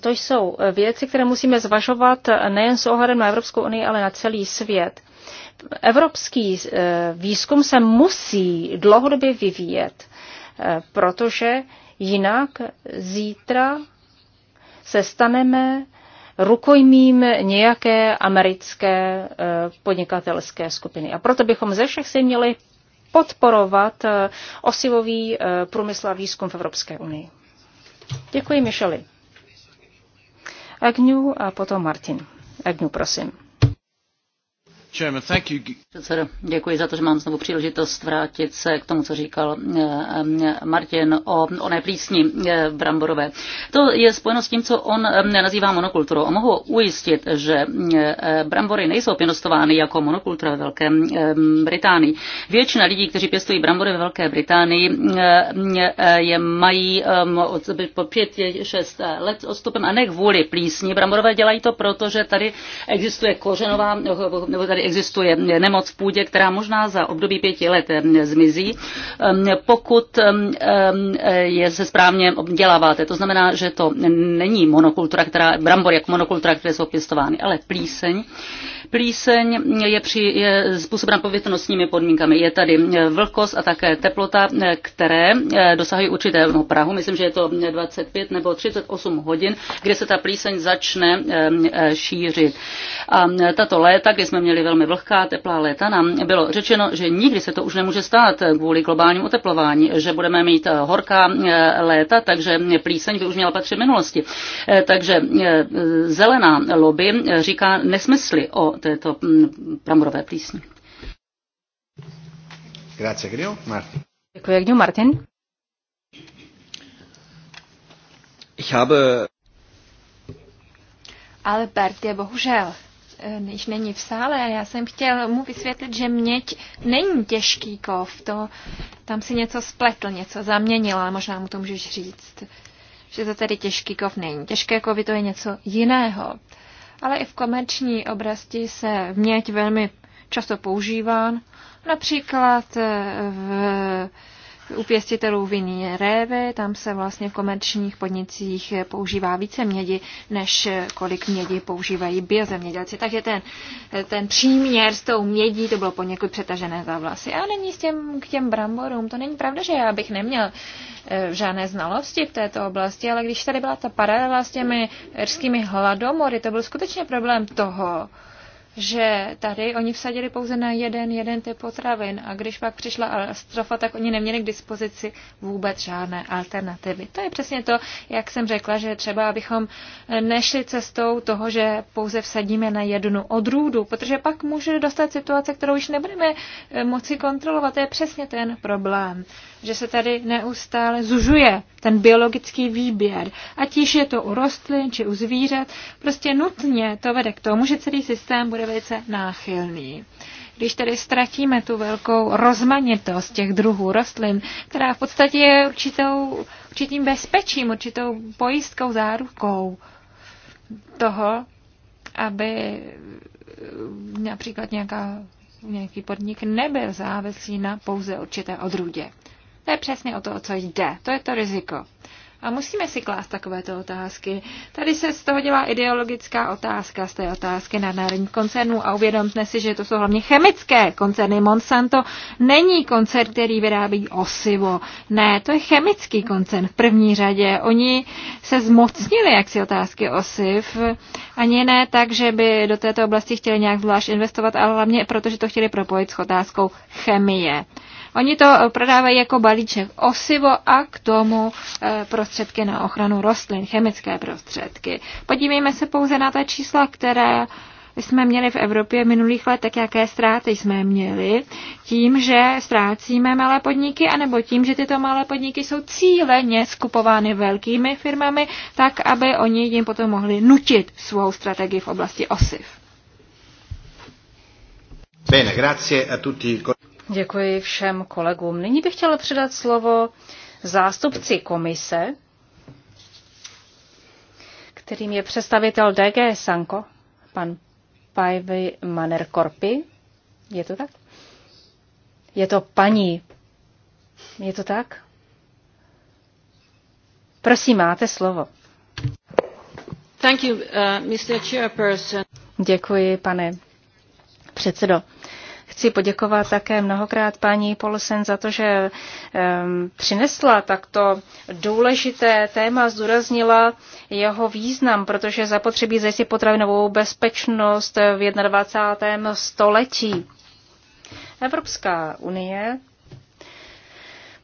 To jsou věci, které musíme zvažovat nejen s ohledem na Evropskou unii, ale na celý svět. Evropský výzkum se musí dlouhodobě vyvíjet, protože Jinak zítra se staneme rukojmím nějaké americké eh, podnikatelské skupiny. A proto bychom ze všech si měli podporovat eh, osivový eh, průmysl a výzkum v Evropské unii. Děkuji, Micheli. Agňu a potom Martin. Agňu, prosím. Předsedo, děkuji za to, že mám znovu příležitost vrátit se k tomu, co říkal eh, Martin o oné plísni eh, bramborové. To je spojeno s tím, co on eh, nazývá monokulturou. A mohu ujistit, že brambory nejsou pěnostovány jako monokultura ve Velké Británii. Většina lidí, kteří pěstují brambory ve Velké Británii, je mají od po 6 šest let odstupem a ne kvůli plísni bramborové. Dělají to, protože tady existuje kořenová, nebo tady tady existuje nemoc v půdě, která možná za období pěti let eh, zmizí, eh, pokud eh, je se správně obděláváte. To znamená, že to není monokultura, která, brambor jako monokultura, které jsou pěstovány, ale plíseň Plíseň je, při, je způsobena povětrnostními podmínkami. Je tady vlhkost a také teplota, které eh, dosahují určitého prahu. Myslím, že je to 25 nebo 38 hodin, kde se ta plíseň začne eh, eh, šířit. A tato léta, kdy jsme měli velmi vlhká, teplá léta, nám bylo řečeno, že nikdy se to už nemůže stát kvůli globálnímu oteplování, že budeme mít horká léta, takže plíseň by už měla patřit minulosti. Takže zelená lobby říká nesmysly o této pramorové mm, plísni. Grazie, Grio. Martin. Děkuji, Grio. Martin. Ich habe... Albert je bohužel když eh, není v sále a já jsem chtěl mu vysvětlit, že měť není těžký kov, to, tam si něco spletl, něco zaměnil, ale možná mu to můžeš říct, že to tedy těžký kov není. Těžké kovy to je něco jiného ale i v komerční oblasti se měď velmi často používán. Například v u pěstitelů vinné révy, tam se vlastně v komerčních podnicích používá více mědi, než kolik mědi používají biozemědělci. Takže ten, ten příměr s tou mědí, to bylo poněkud přetažené za vlasy. A není s těm, k těm bramborům, to není pravda, že já bych neměl eh, žádné znalosti v této oblasti, ale když tady byla ta paralela s těmi erskými hladomory, to byl skutečně problém toho, že tady oni vsadili pouze na jeden, jeden typ potravin a když pak přišla strofa, tak oni neměli k dispozici vůbec žádné alternativy. To je přesně to, jak jsem řekla, že třeba abychom nešli cestou toho, že pouze vsadíme na jednu odrůdu, protože pak může dostat situace, kterou již nebudeme eh, moci kontrolovat. To je přesně ten problém že se tady neustále zužuje ten biologický výběr. Ať již je to u rostlin či u zvířat, prostě nutně to vede k tomu, že celý systém bude velice náchylný. Když tedy ztratíme tu velkou rozmanitost těch druhů rostlin, která v podstatě je určitou, určitým bezpečím, určitou pojistkou, zárukou toho, aby například nějaká, nějaký podnik nebyl závislý na pouze určité odrůdě. To je přesně o to, o co jde. To je to riziko. A musíme si klást takovéto otázky. Tady se z toho dělá ideologická otázka, z té otázky na národní koncernů a uvědomte si, že to jsou hlavně chemické koncerny. Monsanto není koncern, který vyrábí osivo. Ne, to je chemický koncern v první řadě. Oni se zmocnili jaksi otázky osiv, ani ne tak, že by do této oblasti chtěli nějak zvlášť investovat, ale hlavně protože to chtěli propojit s otázkou chemie. Oni to eh, prodávají jako balíček osivo a k tomu eh, prostředky na ochranu rostlin, chemické prostředky. Podívejme se pouze na ta čísla, které jsme měli v Evropě v minulých tak jaké ztráty jsme měli, tím, že ztrácíme malé podniky, anebo tím, že tyto malé podniky jsou cíleně skupovány velkými firmami, tak aby oni jim potom mohli nutit svou strategii v oblasti osiv. Bene, grazie a tutti. Děkuji všem kolegům. Nyní bych chtěla předat slovo zástupci komise, kterým je představitel DG Sanko, pan Pajvy Manerkorpi. Je to tak? Je to paní. Je to tak? Prosím, máte slovo. Thank you, uh, Mr. Chairperson. Děkuji, pane předsedo. Chci poděkovat také mnohokrát paní Polsen za to, že přinesla takto důležité téma, zdůraznila jeho význam, protože zapotřebí zajistit potravinovou bezpečnost v 21. století. Evropská unie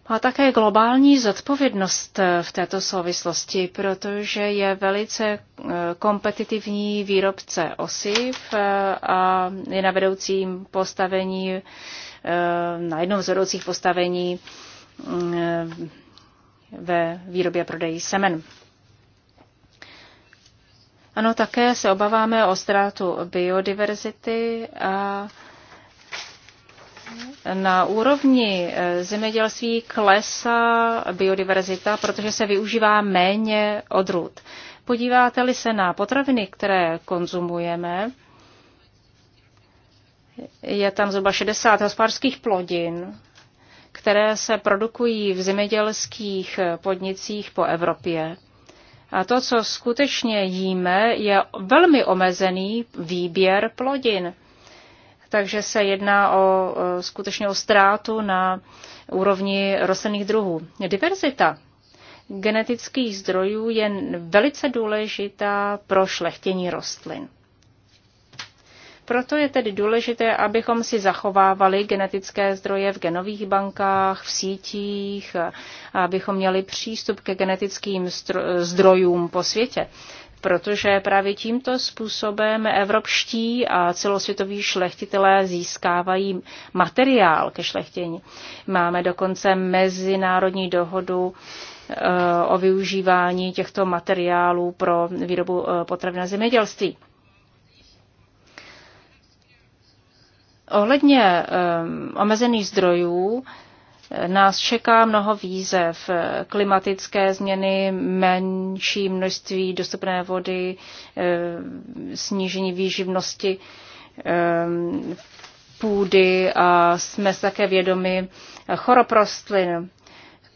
má také globální zodpovědnost eh, v této souvislosti, protože je velice eh, kompetitivní výrobce osiv eh, a je na vedoucím postavení, na jednom z vedoucích postavení mm, ve výrobě a prodeji semen. Ano, také se obáváme o ztrátu biodiverzity a na úrovni eh, zemědělství klesá biodiverzita, protože se využívá méně odrůd. Podíváte-li se na potraviny, které konzumujeme, je tam zhruba 60 hospodářských plodin, které se produkují v zemědělských podnicích po Evropě. A to, co skutečně jíme, je velmi omezený výběr plodin takže se jedná o skutečně o ztrátu na úrovni rostlinných druhů. Diverzita genetických zdrojů je velice důležitá pro šlechtění rostlin. Proto je tedy důležité, abychom si zachovávali genetické zdroje v genových bankách, v sítích, abychom měli přístup ke genetickým zdrojům po světě protože právě tímto způsobem evropští a celosvětoví šlechtitelé získávají materiál ke šlechtění. Máme dokonce mezinárodní dohodu eh, o využívání těchto materiálů pro výrobu eh, potravin na zemědělství. Ohledně um, omezených zdrojů nás čeká mnoho výzev. Klimatické změny, menší množství dostupné vody, eh, snížení výživnosti eh, půdy a jsme se také vědomi chorob rostlin.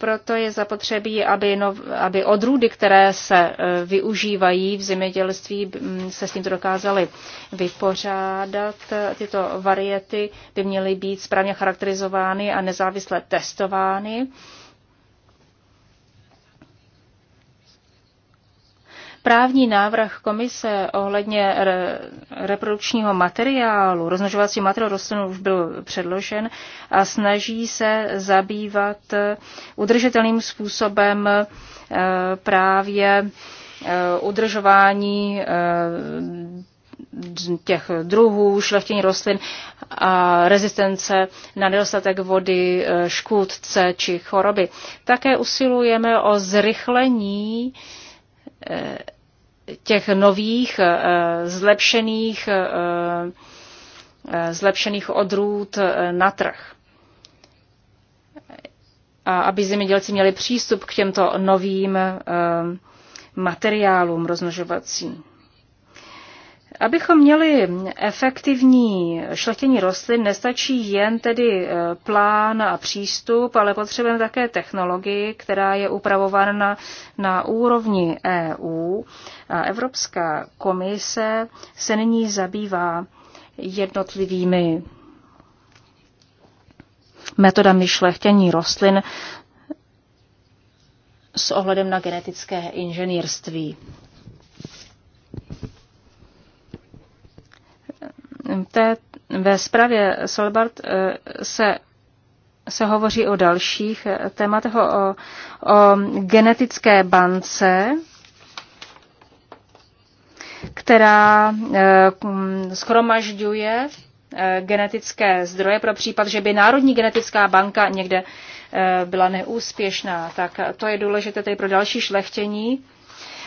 Proto je zapotřebí, aby, no, aby odrůdy, které se e, využívají v zemědělství, se s tímto dokázaly vypořádat. Tyto variety by měly být správně charakterizovány a nezávisle testovány. právní návrh komise ohledně re, reprodukčního materiálu, roznožovací materiálu rostlin už byl předložen a snaží se zabývat eh, udržitelným způsobem eh, právě eh, udržování těch druhů, šlechtění rostlin a rezistence na nedostatek vody, škůdce či choroby. Také usilujeme o zrychlení těch nových eh, zlepšených, eh, eh, zlepšených odrůd na trh. A aby zemědělci měli přístup k těmto novým materiálům rozmnožovacím. Abychom měli efektivní šlechtění rostlin, nestačí jen tedy e, plán a přístup, ale potřebujeme také technologii, která je upravována na, na úrovni EU. A Evropská komise se nyní zabývá jednotlivými metodami šlechtění rostlin s ohledem na genetické inženýrství. té, ve zprávě Solbart eh, se se hovoří o dalších eh, tématech, o, o, genetické bance, která eh, schromažďuje genetické zdroje pro případ, že by Národní genetická banka někde byla neúspěšná. Tak to je důležité tady pro další šlechtění.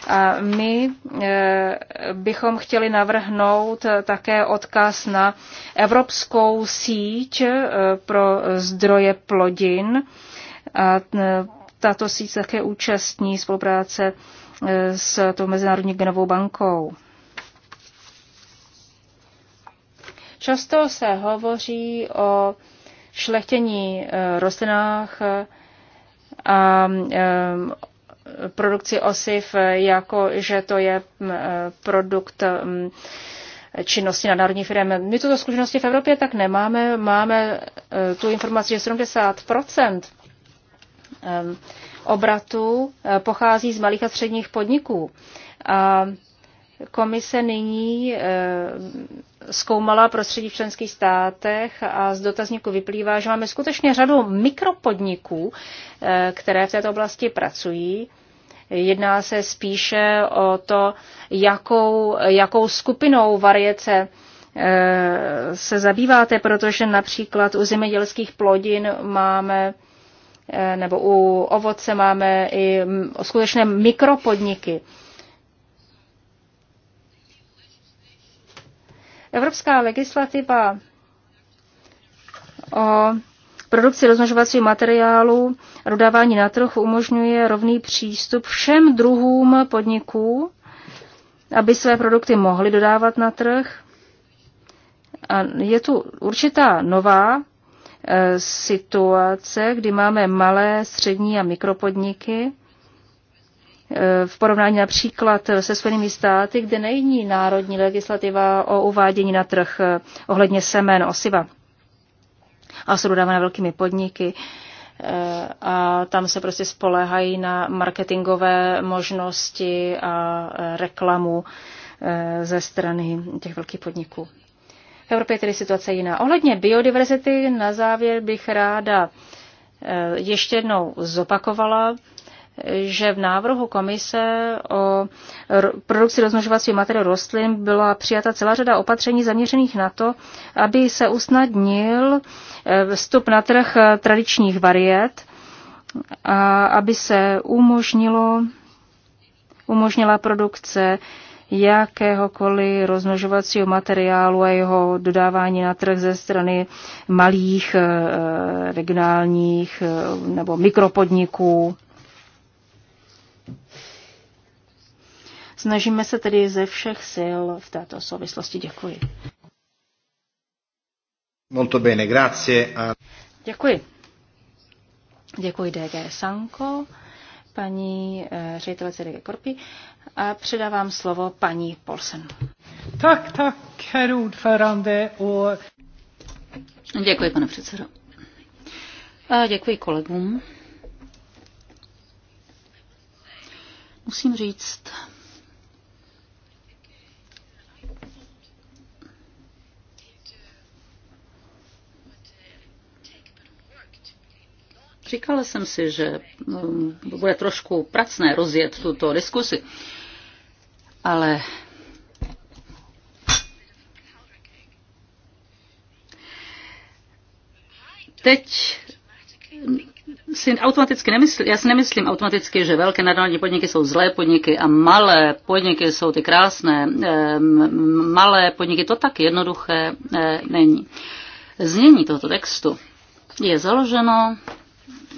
A my eh, bychom chtěli navrhnout také odkaz na evropskou síť eh, pro zdroje plodin. A eh, tato síť také účastní spolupráce s tou Mezinárodní genovou bankou. Často se hovoří o šlechtění rostlinách a produkci osiv, eh, jako že to je mm, eh, produkt mm, činnosti na národní firmy. My tuto zkušenosti v Evropě tak nemáme. Máme eh, tu informaci, že 70 ehm, obratu pochází z malých a středních podniků. A komise nyní zkoumala prostředí v členských státech a z dotazníku vyplývá, že máme skutečně řadu mikropodniků, eh, které v této oblasti pracují. Jedná se spíše o to, jakou, jakou skupinou variece eh, se zabýváte, protože například u zemědělských plodin máme eh, nebo u ovoce máme i mm, skutečné mikropodniky. Evropská legislativa o produkci rozmnožovacího materiálu, a dodávání na trh umožňuje rovný přístup všem druhům podniků, aby své produkty mohly dodávat na trh. A je tu určitá nová eh, situace, kdy máme malé, střední a mikropodniky, Eh, v porovnání například se Spojenými státy, kde není národní legislativa o uvádění na trh eh, ohledně semen, osiva. A jsou dodávána velkými podniky eh, a tam se prostě spolehají na marketingové možnosti a reklamu ze strany těch velkých podniků. V Evropě je tedy situace jiná. Ohledně biodiverzity na závěr bych ráda ještě jednou zopakovala, že v návrhu komise o produkci rozmnožovacího materiálu rostlin byla přijata celá řada opatření zaměřených na to, aby se usnadnil eh, vstup na trh eh, tradičních variet a aby se umožnilo, umožnila produkce jakéhokoliv rozmnožovacího materiálu a jeho dodávání na trh ze strany malých eh, regionálních nebo mikropodniků. Snažíme se tedy ze všech sil v této souvislosti. Děkuji. Molto bene, grazie. A... Děkuji. Děkuji DG Sanko, paní e, ředitelce DG Korpi a předávám slovo paní Polsen. Tak, tak, herud ordförande. O... Děkuji, pane předsedo. A děkuji kolegům. Musím říct, Říkala jsem si, že mm, bude trošku pracné rozjet tuto diskusi, ale teď si automaticky nemysl, já si nemyslím automaticky, že velké národní podniky jsou zlé podniky a malé podniky jsou ty krásné. Malé podniky to tak jednoduché eh, není. Znění tohoto textu je založeno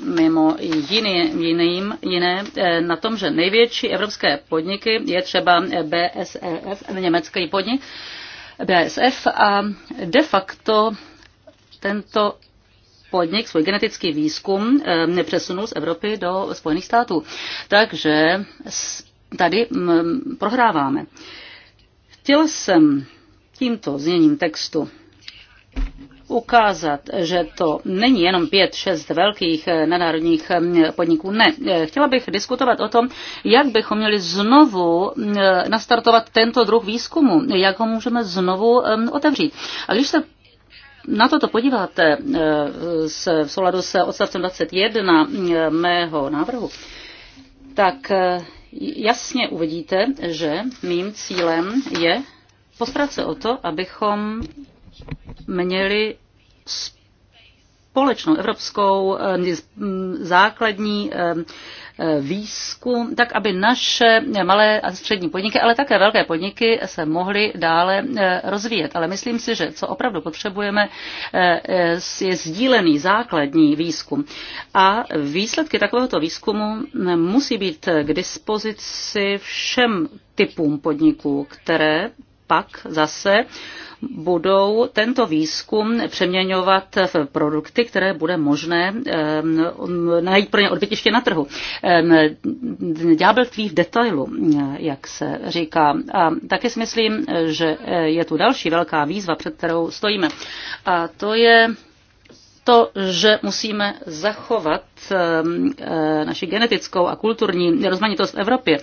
mimo jiný, jiným, jiné eh, na tom, že největší evropské podniky je třeba BSF, německý podnik, BSF a de facto tento podnik svůj genetický výzkum eh, nepřesunul z Evropy do Spojených států. Takže tady mm, prohráváme. Chtěl jsem tímto zněním textu ukázat, že to není jenom pět, šest velkých eh, nadnárodních mm, podniků. Ne. Eh, chtěla bych diskutovat o tom, jak bychom měli znovu mm, eh, nastartovat tento druh výzkumu, jak ho můžeme znovu mm, otevřít. A když se na toto podíváte v souladu s odstavcem 21 mého návrhu, tak jasně uvidíte, že mým cílem je postarat se o to, abychom měli společnou evropskou eh, základní eh, eh, výzkum, tak aby naše malé a střední podniky, ale také velké podniky se mohly dále rozvíjet. Ale myslím si, že co opravdu potřebujeme, je sdílený základní výzkum. A výsledky takovéhoto výzkumu musí být k dispozici všem typům podniků, které pak zase budou tento výzkum přeměňovat v produkty, které bude možné najít pro ně odbytiště na trhu. Ďábel tví v detailu, jak se říká. A taky si myslím, že je tu další velká výzva, před kterou stojíme. A to je to, že musíme zachovat ehm, eh, naši genetickou a kulturní rozmanitost v Evropě.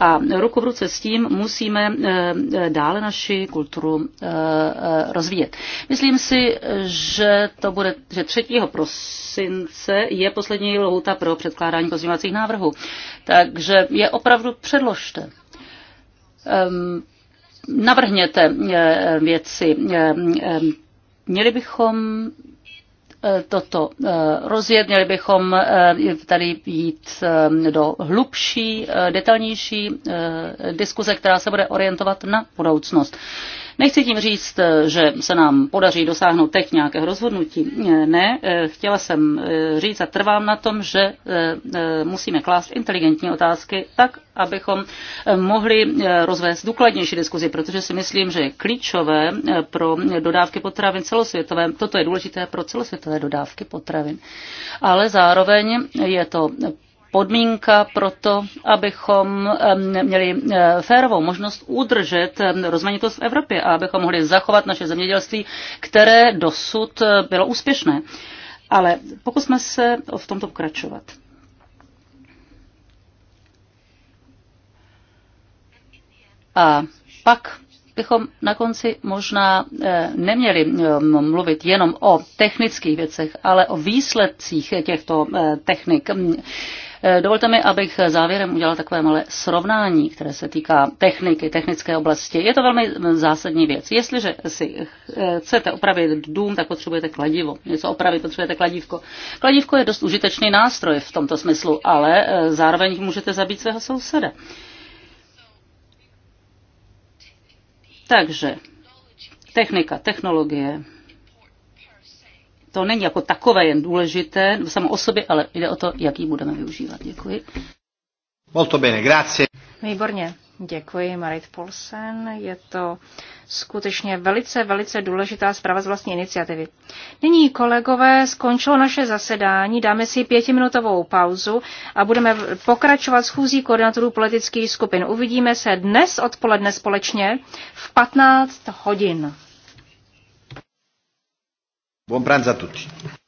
A ruku v ruce s tím musíme eh, dále naši kulturu eh, rozvíjet. Myslím si, že to bude, že 3. prosince je poslední lhůta pro předkládání pozměňovacích návrhů. Takže je opravdu předložte ehm, navrhněte věci. Ehm, měli bychom Eh, toto eh, rozjet, měli bychom eh, tady jít do hlubší, detailnější diskuze, která se bude orientovat na budoucnost. Nechci tím říct, eh, že se nám podaří dosáhnout teď nějakého rozhodnutí. Eh, ne, eh, chtěla jsem říct a trvám na tom, že musíme klást inteligentní otázky tak, abychom mohli rozvést důkladnější diskuzi, protože si myslím, že je klíčové pro dodávky potravin celosvětové. Toto je důležité pro celosvětové dodávky potravin. Ale zároveň je to podmínka pro to, abychom měli e, férovou možnost udržet rozmanitost v Evropě a abychom mohli zachovat naše zemědělství, které dosud e, bylo úspěšné. Ale pokusme se v tomto pokračovat. A pak bychom na konci možná e, neměli mluvit jenom o technických věcech, ale o výsledcích těchto technik. Eh, dovolte mi, abych závěrem udělal takové malé srovnání, které se týká techniky, technické oblasti. Je to velmi eh, zásadní věc. Jestliže si eh, chcete opravit dům, tak potřebujete kladivo. Něco opravit, potřebujete kladívko. Kladívko je dost užitečný nástroj v tomto smyslu, ale zároveň můžete zabít svého souseda. Takže technika, technologie, to není jako takové jen důležité samo o sobě, ale jde o to, jak ji budeme využívat. Děkuji. Molto bene, grazie. Výborně. Děkuji, Marit Polsen. Je to skutečně velice, velice důležitá zpráva z vlastní iniciativy. Nyní, kolegové, skončilo naše zasedání, dáme si pětiminutovou pauzu a budeme pokračovat schůzí koordinátorů politických skupin. Uvidíme se dnes odpoledne společně v 15 hodin. Buon pranzo a tutti.